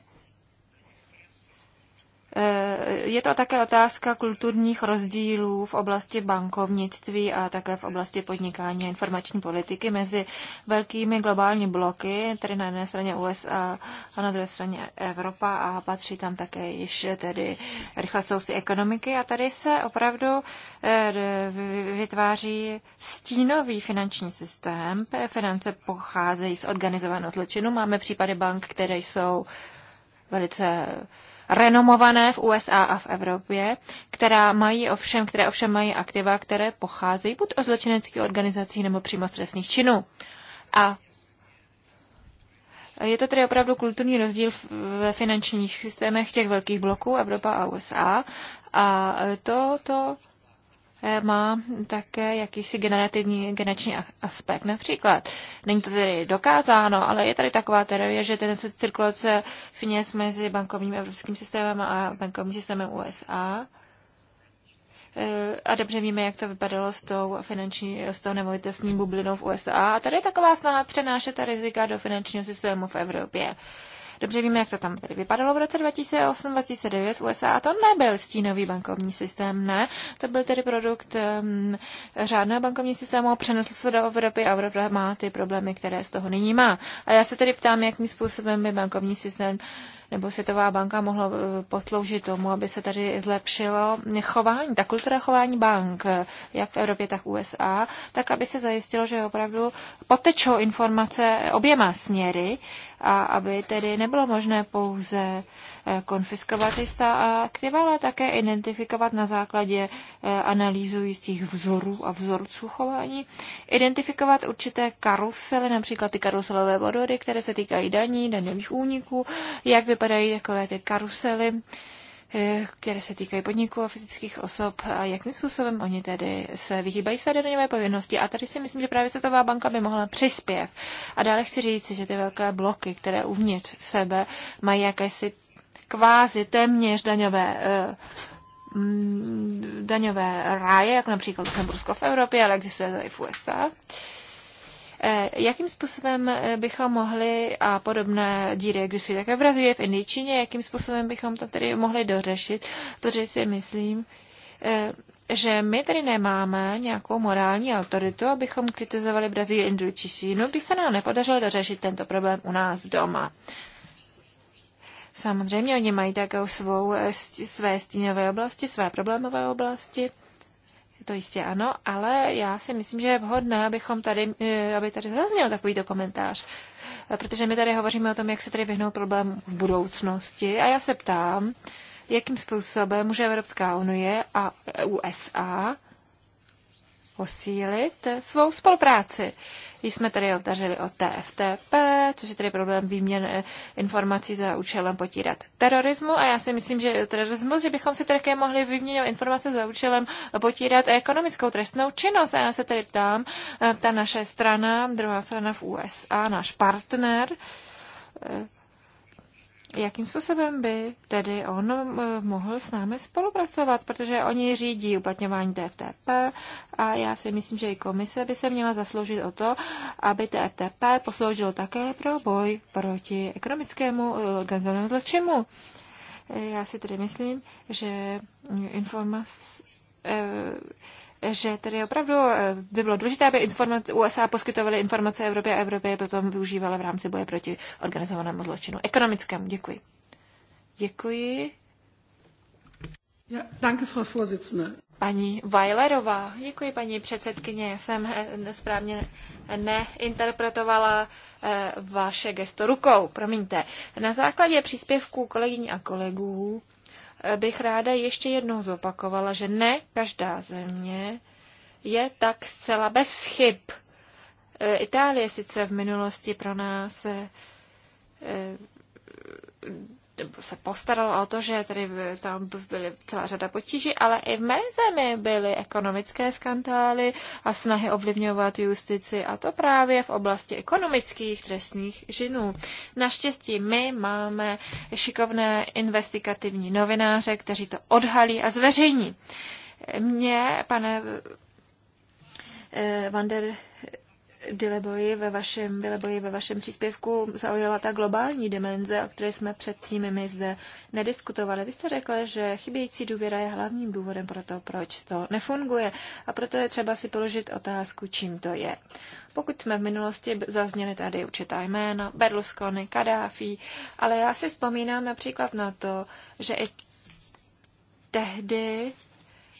Eh, je to také otázka kulturních rozdílů v oblasti bankovnictví a také v oblasti podnikání a informační politiky mezi velkými globální bloky, tedy na jedné straně USA a na druhé straně Evropa a patří tam také již tedy rychle ekonomiky a tady se opravdu eh, vytváří stínový finanční systém. Finance pocházejí z organizovaného zločinu. Máme případy bank, které jsou velice renomované v USA a v Evropě, která mají ovšem, které ovšem mají aktiva, které pocházejí buď od zločineckých organizací nebo přímo z trestných činů. A je to tedy opravdu kulturní rozdíl ve finančních systémech těch velkých bloků Evropa a USA a to, to má také jakýsi generativní genetický aspekt. Například, není to tedy dokázáno, ale je tady taková teorie, že ten cirkulace finěz mezi bankovním evropským systémem a bankovním systémem USA eh, a dobře víme, jak to vypadalo s tou finanční, s tou nemovitostní bublinou v USA. A tady je taková snaha přenášet ta rizika do finančního systému v Evropě. Dobře víme, jak to tam tady vypadalo v roce 2008-2009 v USA. A to nebyl stínový bankovní systém, ne. To byl tedy produkt um, řádného bankovního systému, přenesl se do Evropy a Evropa má ty problémy, které z toho nyní má. A já se tedy ptám, jakým způsobem by bankovní systém uh, nebo Světová banka mohla eh, posloužit tomu, aby se tady zlepšilo chování, ta kultura chování bank, eh, jak v Evropě, tak v USA, tak aby se zajistilo, že opravdu potečou informace oběma směry a aby tedy nebylo možné pouze konfiskovat jistá aktiva, ale také identifikovat na základě eh, jistých vzorů a vzorců chování, identifikovat určité karusely, například ty karuselové vodory, které se týkají daní, daňových úniků, jak vypadají takové ty karusely, eh, které se týkají podniků a fyzických osob a jakým způsobem oni tedy se vyhýbají své daňové povinnosti. A tady si myslím, že právě Světová banka by mohla přispět. A dále chci říct, že ty velké bloky, které uvnitř sebe mají jakési kvázi téměř daňové eh, mm, daňové ráje, jako například Lucembursko v Evropě, ale existuje to i v USA. Eh, jakým způsobem eh, bychom mohli, a podobné díry existují také v Brazílii, v Indii, Číně, jakým způsobem bychom to tedy mohli dořešit, protože si myslím, že my tady nemáme nějakou morální autoritu, abychom kritizovali Brazílii, Indii Čínu, když se nám nepodařilo dořešit tento problém u nás doma. Samozřejmě oni mají také svou, eh, své stínové oblasti, své problémové oblasti, to jistě ano, ale já si myslím, že je vhodné, abychom tady, eh, aby tady zazněl takovýto komentář. Eh, protože my tady hovoříme o tom, jak se tady vyhnout problém v budoucnosti a já se ptám, jakým způsobem může Evropská unie a USA posílit svou spolupráci. Již jsme tady otařili o TFTP, což je tedy problém výměn eh, informací za účelem potírat terorismu. A já si myslím, že terorismus, že bychom si také mohli vyměnit informace za účelem potírat ekonomickou trestnou činnost. A já se tedy ptám, eh, ta naše strana, druhá strana v USA, náš partner, eh, jakým způsobem by tedy on eh, mohl s námi spolupracovat, protože oni řídí uplatňování TFTP a já si myslím, že i komise by se měla zasloužit o to, aby TFTP posloužilo také pro boj proti ekonomickému eh, organizovanému zločinu. Eh, já si tedy myslím, že informace že tedy opravdu eh, by bylo důležité, aby informace, USA poskytovaly informace Evropě a Evropě je potom využívala v rámci boje proti organizovanému zločinu ekonomickému. Děkuji. Děkuji. Ja, danke, Frau Vorsitzende. Paní Weilerová, děkuji paní předsedkyně, jsem eh, správně neinterpretovala eh, vaše gesto rukou, promiňte. Na základě příspěvků kolegyň a kolegů bych ráda ještě jednou zopakovala, že ne každá země je tak zcela bez chyb. E, Itálie sice v minulosti pro nás e, se postaralo o to, že tady tam byly celá řada potíží, ale i v mé zemi byly ekonomické skandály a snahy ovlivňovat justici a to právě v oblasti ekonomických trestních žinů. Naštěstí my máme šikovné investigativní novináře, kteří to odhalí a zveřejní. Mě, pane eh, Vander Dileboji ve vašem, Dileboji ve vašem příspěvku zaujala ta globální dimenze, o které jsme předtím my zde nediskutovali. Vy jste řekla, že chybějící důvěra je hlavním důvodem pro to, proč to nefunguje a proto je třeba si položit otázku, čím to je. Pokud jsme v minulosti zazněli tady určitá jména, Berlusconi, Kadáfi, ale já si vzpomínám například na to, že i tehdy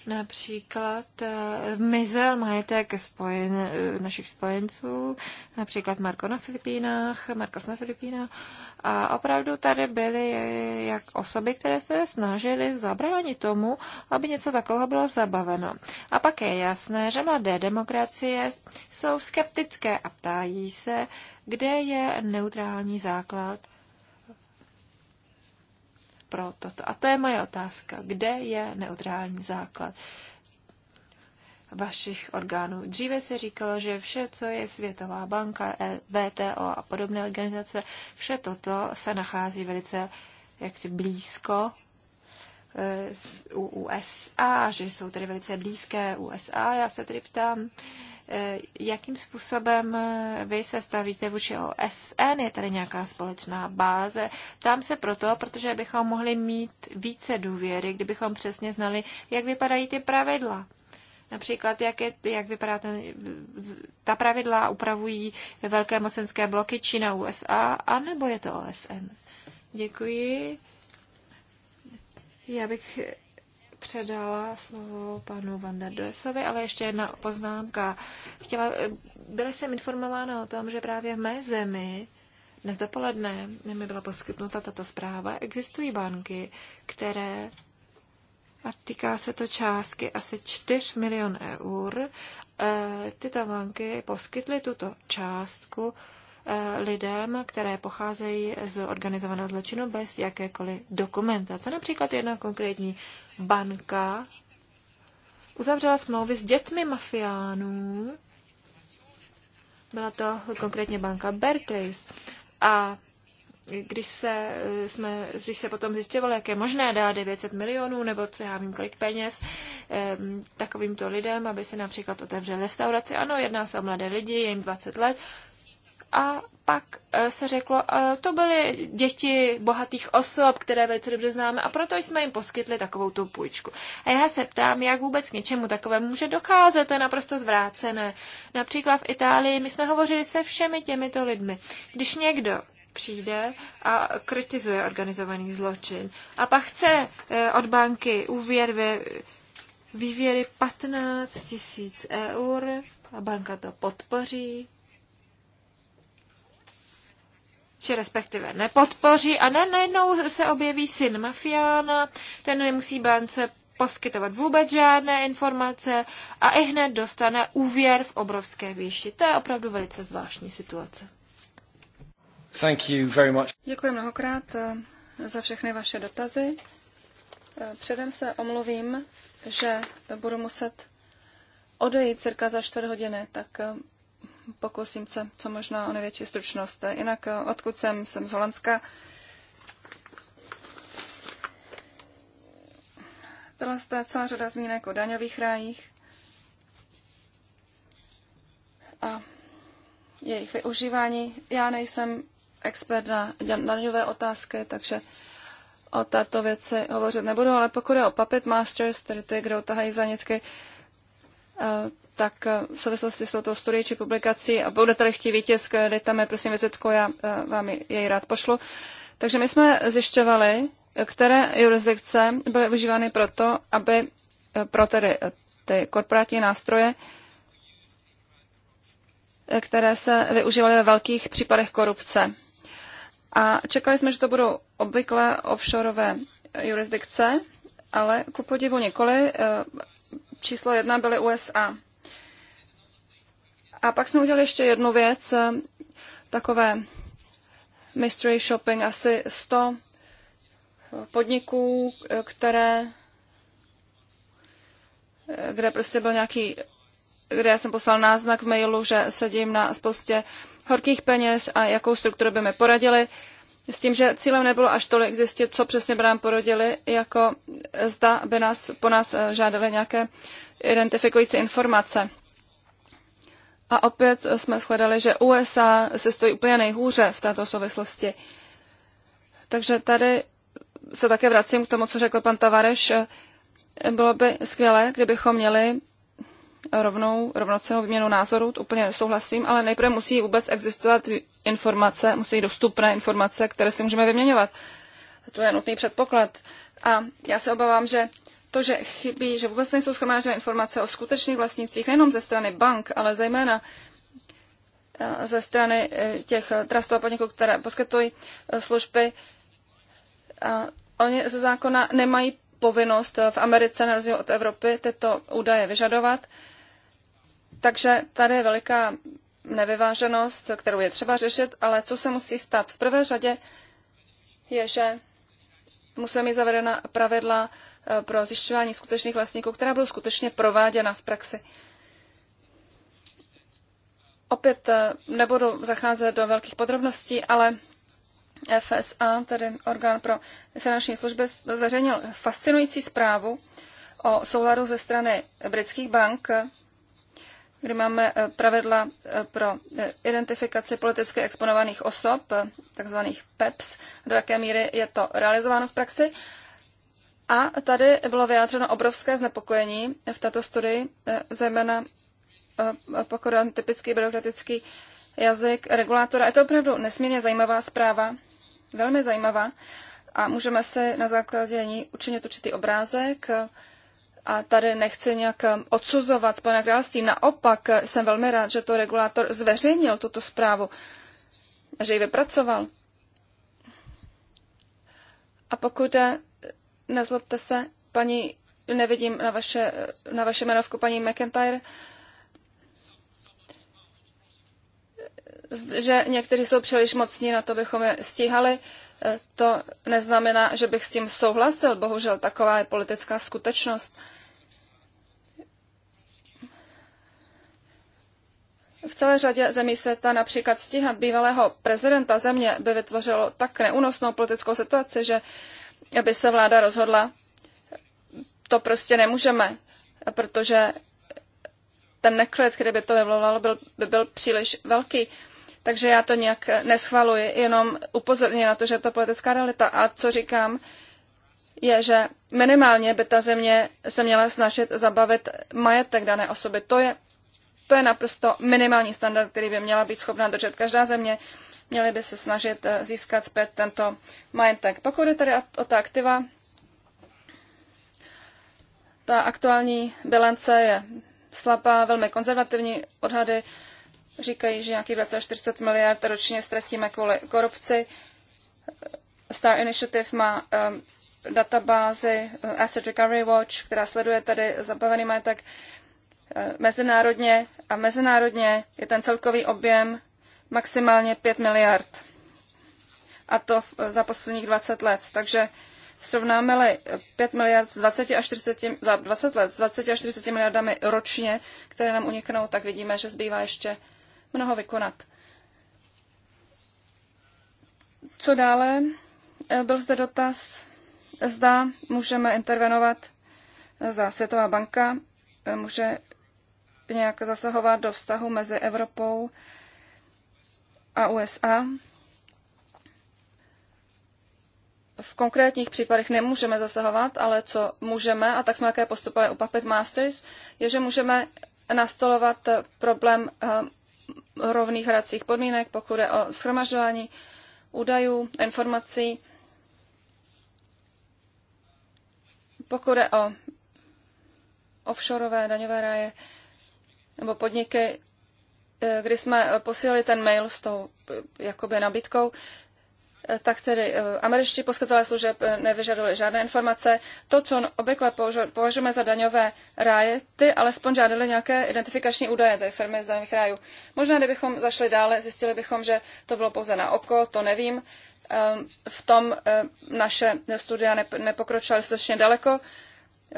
Například eh, mizel majetek spojen, eh, našich spojenců, například Marko na Filipínách, Marcos na Filipínách. A opravdu tady byly jak osoby, které se snažily zabránit tomu, aby něco takového bylo zabaveno. A pak je jasné, že mladé demokracie jsou skeptické a ptají se, kde je neutrální základ pro toto. A to je moje otázka. Kde je neutrální základ? vašich orgánů. Dříve se říkalo, že vše, co je Světová banka, e, VTO a podobné organizace, vše toto se nachází velice jaksi blízko e, u USA, že jsou tedy velice blízké USA. Já se tedy ptám, Jakým způsobem eh, vy se stavíte vůči OSN? Je tady nějaká společná báze? Tam se proto, protože bychom mohli mít více důvěry, kdybychom přesně znali, jak vypadají ty pravidla. Například, jak, je, jak vypadá ten, ta pravidla, upravují velké mocenské bloky Čína, USA, anebo je to OSN? Děkuji. Já bych předala slovo panu Vanda der ale ještě jedna poznámka. Chtěla, byla jsem informována o tom, že právě v mé zemi dnes dopoledne mi byla poskytnuta tato zpráva. Existují banky, které a týká se to částky asi 4 milion eur. Eh, tyto banky poskytly tuto částku lidem, které pocházejí z organizovaného zločinu bez jakékoliv dokumentace. Například jedna konkrétní banka uzavřela smlouvy s dětmi mafiánů. Byla to konkrétně banka Berkeley's. A když se, eh, jsme, když se potom zjistilo, jak je možné dát 900 milionů nebo co já vím kolik peněz eh, takovýmto lidem, aby si například otevřeli restauraci. Ano, jedná se o mladé lidi, je jim 20 let a pak e, se řeklo, e, to byly děti bohatých osob, které velice dobře známe a proto jsme jim poskytli takovou tu půjčku. A já se ptám, jak vůbec k něčemu takovému může docházet, to je naprosto zvrácené. Například v Itálii my jsme hovořili se všemi těmito lidmi. Když někdo přijde a kritizuje organizovaný zločin a pak chce e, od banky úvěr ve vývěry 15 tisíc eur a banka to podpoří, či respektive nepodpoří a ne, najednou se objeví syn mafiána, ten nemusí bance poskytovat vůbec žádné informace a i hned dostane úvěr v obrovské výši. To je opravdu velice zvláštní situace. Thank you very much. Děkuji mnohokrát eh, za všechny vaše dotazy. Eh, předem se omluvím, že budu muset odejít cirka za čtvrt hodiny, tak eh, pokusím se co možná o největší stručnost. Jinak eh, odkud jsem, jsem z Holandska. Byla zde celá řada zmínek o daňových rájích a jejich využívání. Já nejsem expert na daňové otázky, takže o této věci hovořit nebudu, ale pokud je o Puppet Masters, tedy ty, kdo tahají za eh, tak eh, v souvislosti s touto studií či publikací, a budete-li chtít výtisk, eh, dejte mi prosím vizitku, já eh, vám jej rád pošlu. Takže my jsme zjišťovali, které jurisdikce byly užívány proto, aby pro tedy ty korporátní nástroje, které se využívaly ve velkých případech korupce. A čekali jsme, že to budou obvykle offshoreové jurisdikce, ale ku podivu nikoli. Číslo jedna byly USA. A pak jsme udělali ještě jednu věc, eh, takové mystery shopping, asi 100 eh, podniků, eh, které, kde prostě byl nějaký, kde já jsem poslal náznak v mailu, že sedím na spoustě horkých peněz a jakou strukturu by mi poradili. S tím, že cílem nebylo až tolik zjistit, co přesně by nám porodili, jako zda by nás, po nás žádali nějaké identifikující informace. A opět jsme shledali, že USA se stojí úplně nejhůře v této souvislosti. Takže tady se také vracím k tomu, co řekl pan Tavareš. Bylo by skvělé, kdybychom měli rovnou, rovnocenou výměnu názorů, to úplně souhlasím, ale nejprve musí vůbec existovat informace, musí být dostupné informace, které si můžeme vyměňovat. To je nutný předpoklad. A já se obávám, že to, že chybí, že vůbec nejsou schromážené informace o skutečných vlastnících nejenom ze strany bank, ale zejména eh, ze strany eh, těch eh, trustů a podniků, které poskytují služby. A oni ze zákona nemají povinnost v Americe, na rozdíl od Evropy, tyto údaje vyžadovat. Takže tady je veliká nevyváženost, kterou je třeba řešit, ale co se musí stát? V prvé řadě je, že musíme mít zavedena pravidla Eh, pro zjišťování skutečných vlastníků, která byla skutečně prováděna v praxi. Opět eh, nebudu zacházet do velkých podrobností, ale FSA, tedy orgán pro finanční služby, zveřejnil fascinující zprávu o souladu ze strany britských bank, kde máme eh, pravidla pro identifikaci politicky exponovaných osob, takzvaných PEPS, do jaké míry je to realizováno v praxi a tady bylo vyjádřeno obrovské znepokojení v této studii, eh, zejména eh, pokud typický byrokratický jazyk regulátora. Je to opravdu nesmírně zajímavá zpráva, velmi zajímavá a můžeme si na základě ní učinit určitý obrázek. A tady nechci nějak eh, odsuzovat Spojené království. Naopak jsem velmi rád, že to regulátor zveřejnil tuto zprávu, že ji vypracoval. A pokud je Nezlobte se, paní, nevidím na vaše, na vaše jmenovku paní McIntyre, že někteří jsou příliš mocní na to, bychom je stíhali. E, to neznamená, že bych s tím souhlasil. Bohužel taková je politická skutečnost. V celé řadě zemí světa například stíhat bývalého prezidenta země by vytvořilo tak neúnosnou politickou situaci, že aby se vláda rozhodla, to prostě nemůžeme, protože ten neklid, který by to vyvolalo, byl, by byl příliš velký. Takže já to nějak neschvaluji, jenom upozorňuji na to, že je to politická realita. A co říkám, je, že minimálně by ta země se měla snažit zabavit majetek dané osoby. To je, to je naprosto minimální standard, který by měla být schopná držet každá země měli by se snažit eh, získat zpět tento majetek. Pokud je tady o ta aktiva, ta aktuální bilance je slabá, velmi konzervativní odhady říkají, že nějakých 240 miliard ročně ztratíme kvůli korupci. Star Initiative má um, uh, Asset Recovery Watch, která sleduje tady zabavený majetek mezinárodně a mezinárodně je ten celkový objem maximálně 5 miliard. A to za posledních 20 let. Takže srovnáme-li 5 miliard z 20 až 40, za 20 let s 20 až 40 miliardami ročně, které nám uniknou, tak vidíme, že zbývá ještě mnoho vykonat. Co dále? E, byl zde dotaz, zda můžeme intervenovat za Světová banka, e, může nějak zasahovat do vztahu mezi Evropou a USA. V konkrétních případech nemůžeme zasahovat, ale co můžeme, a tak jsme také postupovali u Puppet Masters, je, že můžeme nastolovat problém eh, rovných hracích podmínek, pokud je o schromažďování údajů, informací, pokud je o offshoreové daňové ráje nebo podniky, kdy jsme posílali ten mail s tou jakoby nabídkou, tak tedy eh, američtí poskytovatelé služeb eh, nevyžadovali žádné informace. To, co obvykle považujeme za daňové ráje, ty alespoň žádali nějaké identifikační údaje té firmy z daňových rájů. Možná, kdybychom zašli dále, zjistili bychom, že to bylo pouze na oko, to nevím. Eh, v tom naše studia nepokročila dostatečně daleko,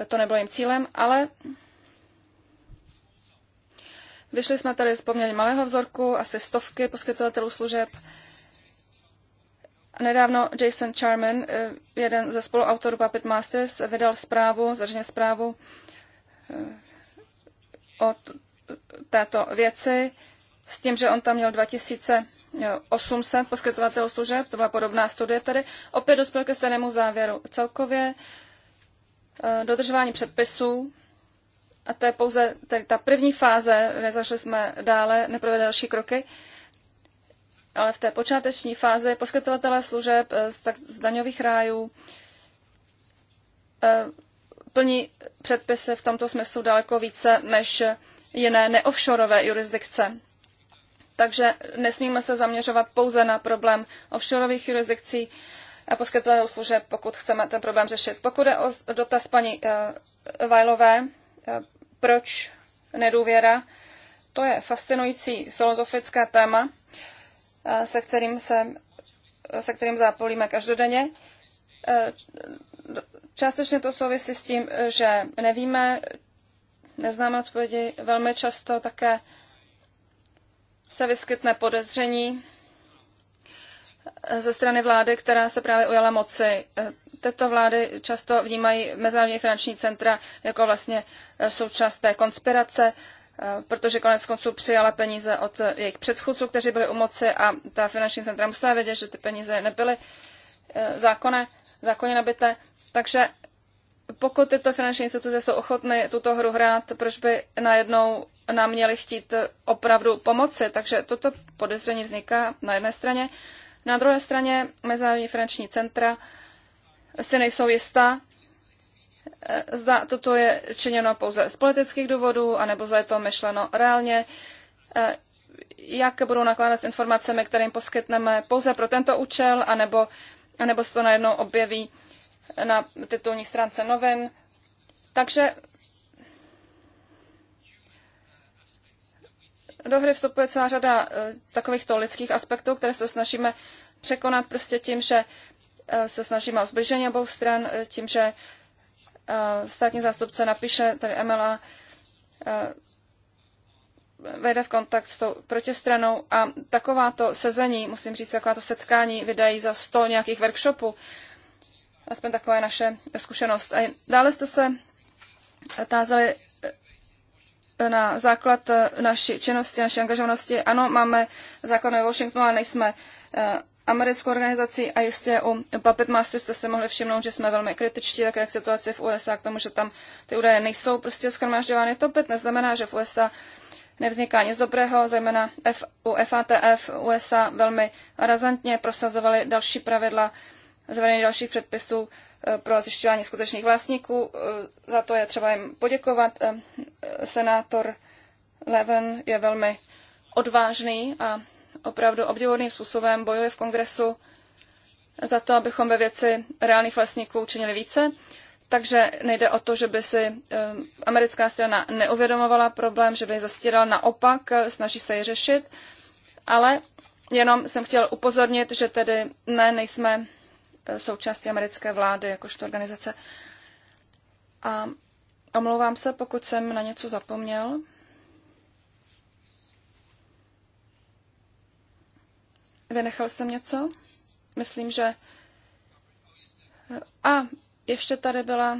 to nebylo jim cílem, ale Vyšli jsme tady z poměrně malého vzorku, asi stovky poskytovatelů služeb. Nedávno Jason Charman, eh, jeden ze spoluautorů Puppet Masters, vydal zprávu, zřejmě zprávu eh, o této věci s tím, že on tam měl 2000 800 poskytovatelů služeb, to byla podobná studie tady, opět dospěl ke stejnému závěru. Celkově eh, dodržování předpisů a to je pouze tedy ta první fáze, nezašli jsme dále, neprovedli další kroky, ale v té počáteční fázi poskytovatelé služeb eh, z, tak, z daňových rájů eh, plní předpisy v tomto smyslu daleko více než jiné neoffshoreové jurisdikce. Takže nesmíme se zaměřovat pouze na problém offshoreových jurisdikcí a poskytovatelů služeb, pokud chceme ten problém řešit. Pokud je o dotaz paní eh, Vajlové, proč nedůvěra? To je fascinující filozofické téma, eh, se kterým, se, eh, se kterým zápolíme každodenně. Eh, částečně to souvisí s tím, že nevíme, neznáme odpovědi, velmi často také se vyskytne podezření, ze strany vlády, která se právě ujala moci. Tyto vlády často vnímají mezinárodní finanční centra jako vlastně součást té konspirace, protože konec konců přijala peníze od jejich předchůdců, kteří byli u moci a ta finanční centra musela vědět, že ty peníze nebyly eh, zákonné, zákonně nabité. Takže pokud tyto finanční instituce jsou ochotny tuto hru hrát, proč by najednou nám měli chtít opravdu pomoci? Takže toto podezření vzniká na jedné straně. Na druhé straně mezinárodní finanční centra si nejsou jista, eh, zda toto je činěno pouze z politických důvodů, anebo zda je to myšleno reálně, eh, jak budou nakládat s informacemi, které jim poskytneme pouze pro tento účel, anebo, anebo se to najednou objeví na titulní stránce novin. Takže do hry vstupuje celá řada eh, takovýchto lidských aspektů, které se snažíme překonat prostě tím, že eh, se snažíme o zbližení obou stran, eh, tím, že státní zástupce napíše, tady MLA vede v kontakt s tou protistranou a takováto sezení, musím říct, takováto setkání vydají za 100 nějakých workshopů. Aspoň taková je naše zkušenost. A dále jste se tázali na základ eh, naší činnosti, naší angažovanosti. Ano, máme základ ve Washingtonu, ale nejsme eh, americkou organizací a jistě u Puppet Masters jste se mohli všimnout, že jsme velmi kritičtí také k situaci v USA, k tomu, že tam ty údaje nejsou prostě schromažďovány. To opět neznamená, že v USA nevzniká nic dobrého, zejména F, u FATF USA velmi razantně prosazovali další pravidla zavedení dalších předpisů eh, pro zjišťování skutečných vlastníků. Eh, za to je třeba jim poděkovat. Eh, senátor Leven je velmi odvážný a opravdu obdivuhodným způsobem bojuje v kongresu za to, abychom ve věci reálných vlastníků činili více. Takže nejde o to, že by si americká strana neuvědomovala problém, že by ji zastírala, naopak snaží se ji řešit, ale jenom jsem chtěl upozornit, že tedy ne, nejsme součástí americké vlády, jakožto organizace. A omlouvám se, pokud jsem na něco zapomněl. Vynechal jsem něco? Myslím, že... A ještě tady byla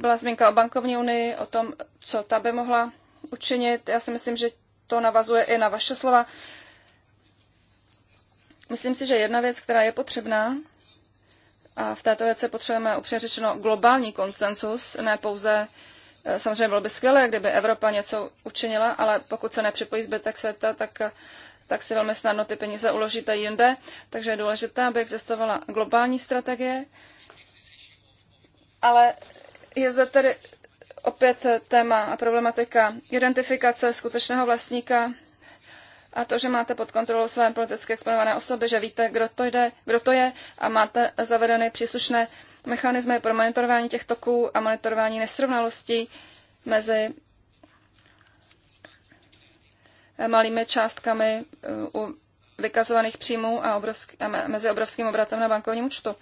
byla zmínka o bankovní unii, o tom, co ta by mohla učinit. Já si myslím, že to navazuje i na vaše slova. Myslím si, že jedna věc, která je potřebná, a v této věci potřebujeme upřímně řečeno globální konsensus, ne pouze eh, Samozřejmě bylo by skvělé, kdyby Evropa něco učinila, ale pokud se nepřipojí zbytek světa, tak, tak si velmi snadno ty peníze uložíte jinde. Takže je důležité, aby existovala globální strategie. Ale je zde tedy opět eh, téma a problematika identifikace skutečného vlastníka a to, že máte pod kontrolou své politicky exponované osoby, že víte, kdo to, jde, kdo to je a máte zavedeny příslušné mechanismy pro monitorování těch toků a monitorování nesrovnalostí mezi eh, malými částkami eh, u vykazovaných příjmů a, obrovský, a mezi obrovským obratem na bankovním účtu.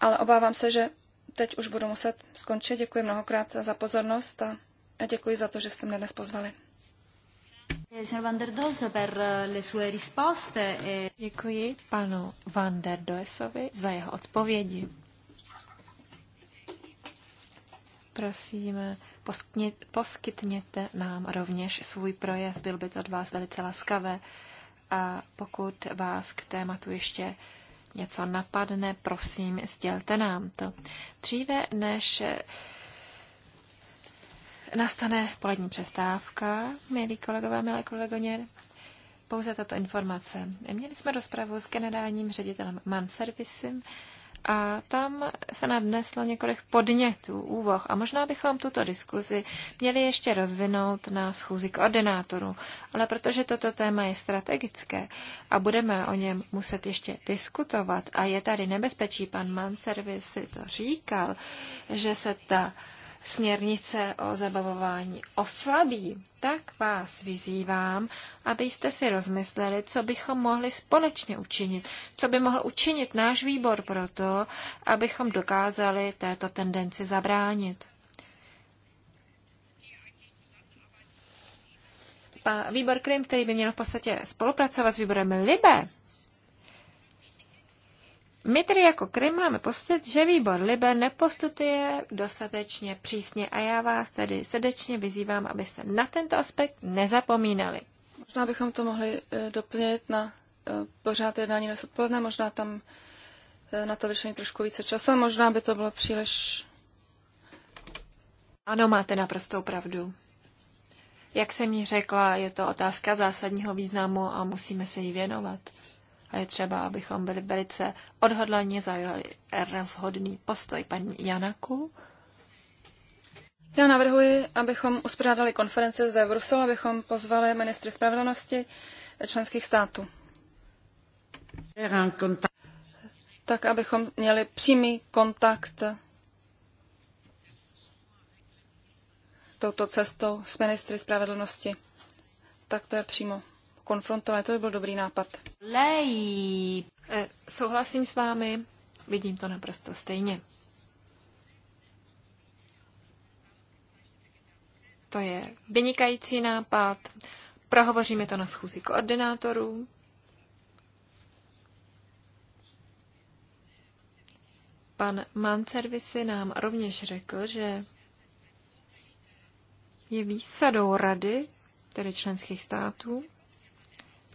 Ale obávám se, že teď už budu muset skončit. Děkuji mnohokrát za pozornost a děkuji za to, že jste mě dnes pozvali. Děkuji panu Van der Doesovi za jeho odpovědi. Prosím, poskytněte nám rovněž svůj projev, byl by to od vás velice laskavé. A pokud vás k tématu ještě něco napadne, prosím, sdělte nám to. Dříve než nastane polední přestávka, milí kolegové, milé kolegoně. Pouze tato informace. Měli jsme rozpravu s generálním ředitelem Servicem a tam se nadneslo několik podnětů, úvoh a možná bychom tuto diskuzi měli ještě rozvinout na schůzi koordinátoru. ale protože toto téma je strategické a budeme o něm muset ještě diskutovat a je tady nebezpečí, pan Manservis si to říkal, že se ta směrnice o zabavování oslabí, tak vás vyzývám, abyste si rozmysleli, co bychom mohli společně učinit, co by mohl učinit náš výbor pro to, abychom dokázali této tendenci zabránit. Výbor Krim, který by měl v podstatě spolupracovat s výborem Libe, my tedy jako Krym máme pocit, že výbor Libe nepostupuje dostatečně přísně a já vás tedy srdečně vyzývám, abyste na tento aspekt nezapomínali. Možná bychom to mohli eh, doplnit na eh, pořád jednání dnes odpoledne, možná tam eh, na to vyšlení trošku více času, možná by to bylo příliš... Ano, máte naprostou pravdu. Jak jsem ji řekla, je to otázka zásadního významu a musíme se jí věnovat a je třeba, abychom byli velice odhodlaně zajali rozhodný postoj. Paní Janaku? Já navrhuji, abychom uspořádali konferenci zde v Bruselu, abychom pozvali ministry spravedlnosti členských států. Tak, abychom měli přímý kontakt touto cestou s ministry spravedlnosti. Tak to je přímo konfrontované. To by byl dobrý nápad. Lej! E, souhlasím s vámi, vidím to naprosto stejně. To je vynikající nápad. Prohovoříme to na schůzi koordinátorů. Pan Manservisi nám rovněž řekl, že je výsadou rady, tedy členských států,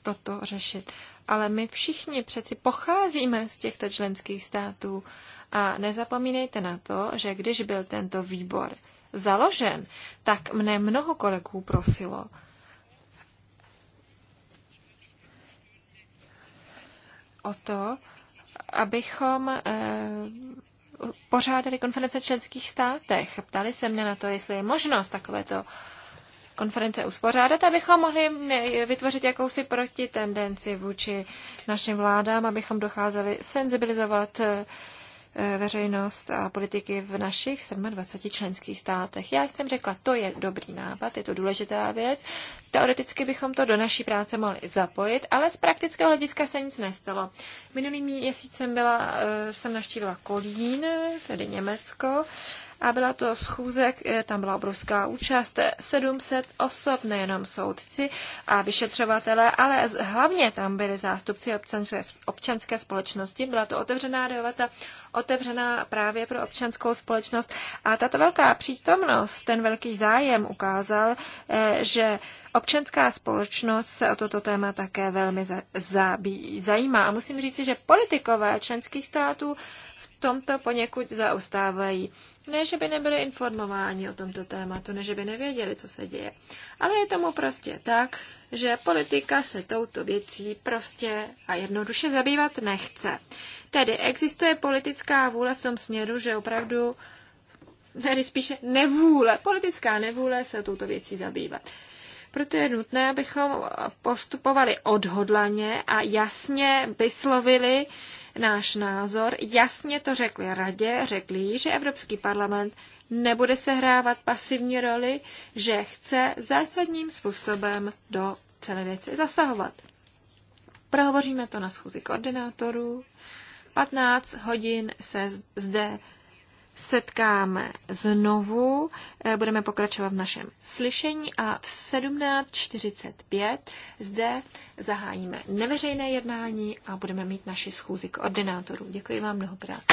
toto řešit. Ale my všichni přeci pocházíme z těchto členských států a nezapomínejte na to, že když byl tento výbor založen, tak mne mnoho kolegů prosilo, o to, abychom eh, pořádali konference v členských státech. Ptali se mě na to, jestli je možnost takovéto konference uspořádat, abychom mohli vytvořit jakousi protitendenci vůči našim vládám, abychom docházeli senzibilizovat eh, veřejnost a politiky v našich 27 členských státech. Já jsem řekla, to je dobrý nápad, je to důležitá věc. Teoreticky bychom to do naší práce mohli zapojit, ale z praktického hlediska se nic nestalo. Minulý měsíc jsem, byla, eh, jsem navštívila Kolín, tedy Německo, a byla to schůze, eh, tam byla obrovská účast, 700 eh, osob, nejenom soudci a vyšetřovatelé, ale hlavně tam byly zástupci občanské, občanské společnosti. Byla to otevřená debata, otevřená právě pro občanskou společnost a tato velká přítomnost, ten velký zájem ukázal, eh, že Občanská společnost se o toto téma také velmi zajímá. A musím říci, že politikové členských států v tomto poněkud zaustávají. Ne, že by nebyli informováni o tomto tématu, ne, že by nevěděli, co se děje. Ale je tomu prostě tak, že politika se touto věcí prostě a jednoduše zabývat nechce. Tedy existuje politická vůle v tom směru, že opravdu, tedy spíše nevůle, politická nevůle se touto věcí zabývat. Proto je nutné, abychom postupovali odhodlaně a jasně vyslovili, náš názor, jasně to řekli radě, řekli jí, že Evropský parlament nebude sehrávat pasivní roli, že chce zásadním způsobem do celé věci zasahovat. Prohovoříme to na schůzi koordinátorů. 15 hodin se zde setkáme znovu, eh, budeme pokračovat v našem slyšení a v 17.45 zde zahájíme neveřejné jednání a budeme mít naši schůzi k ordinátorů. Děkuji vám mnohokrát.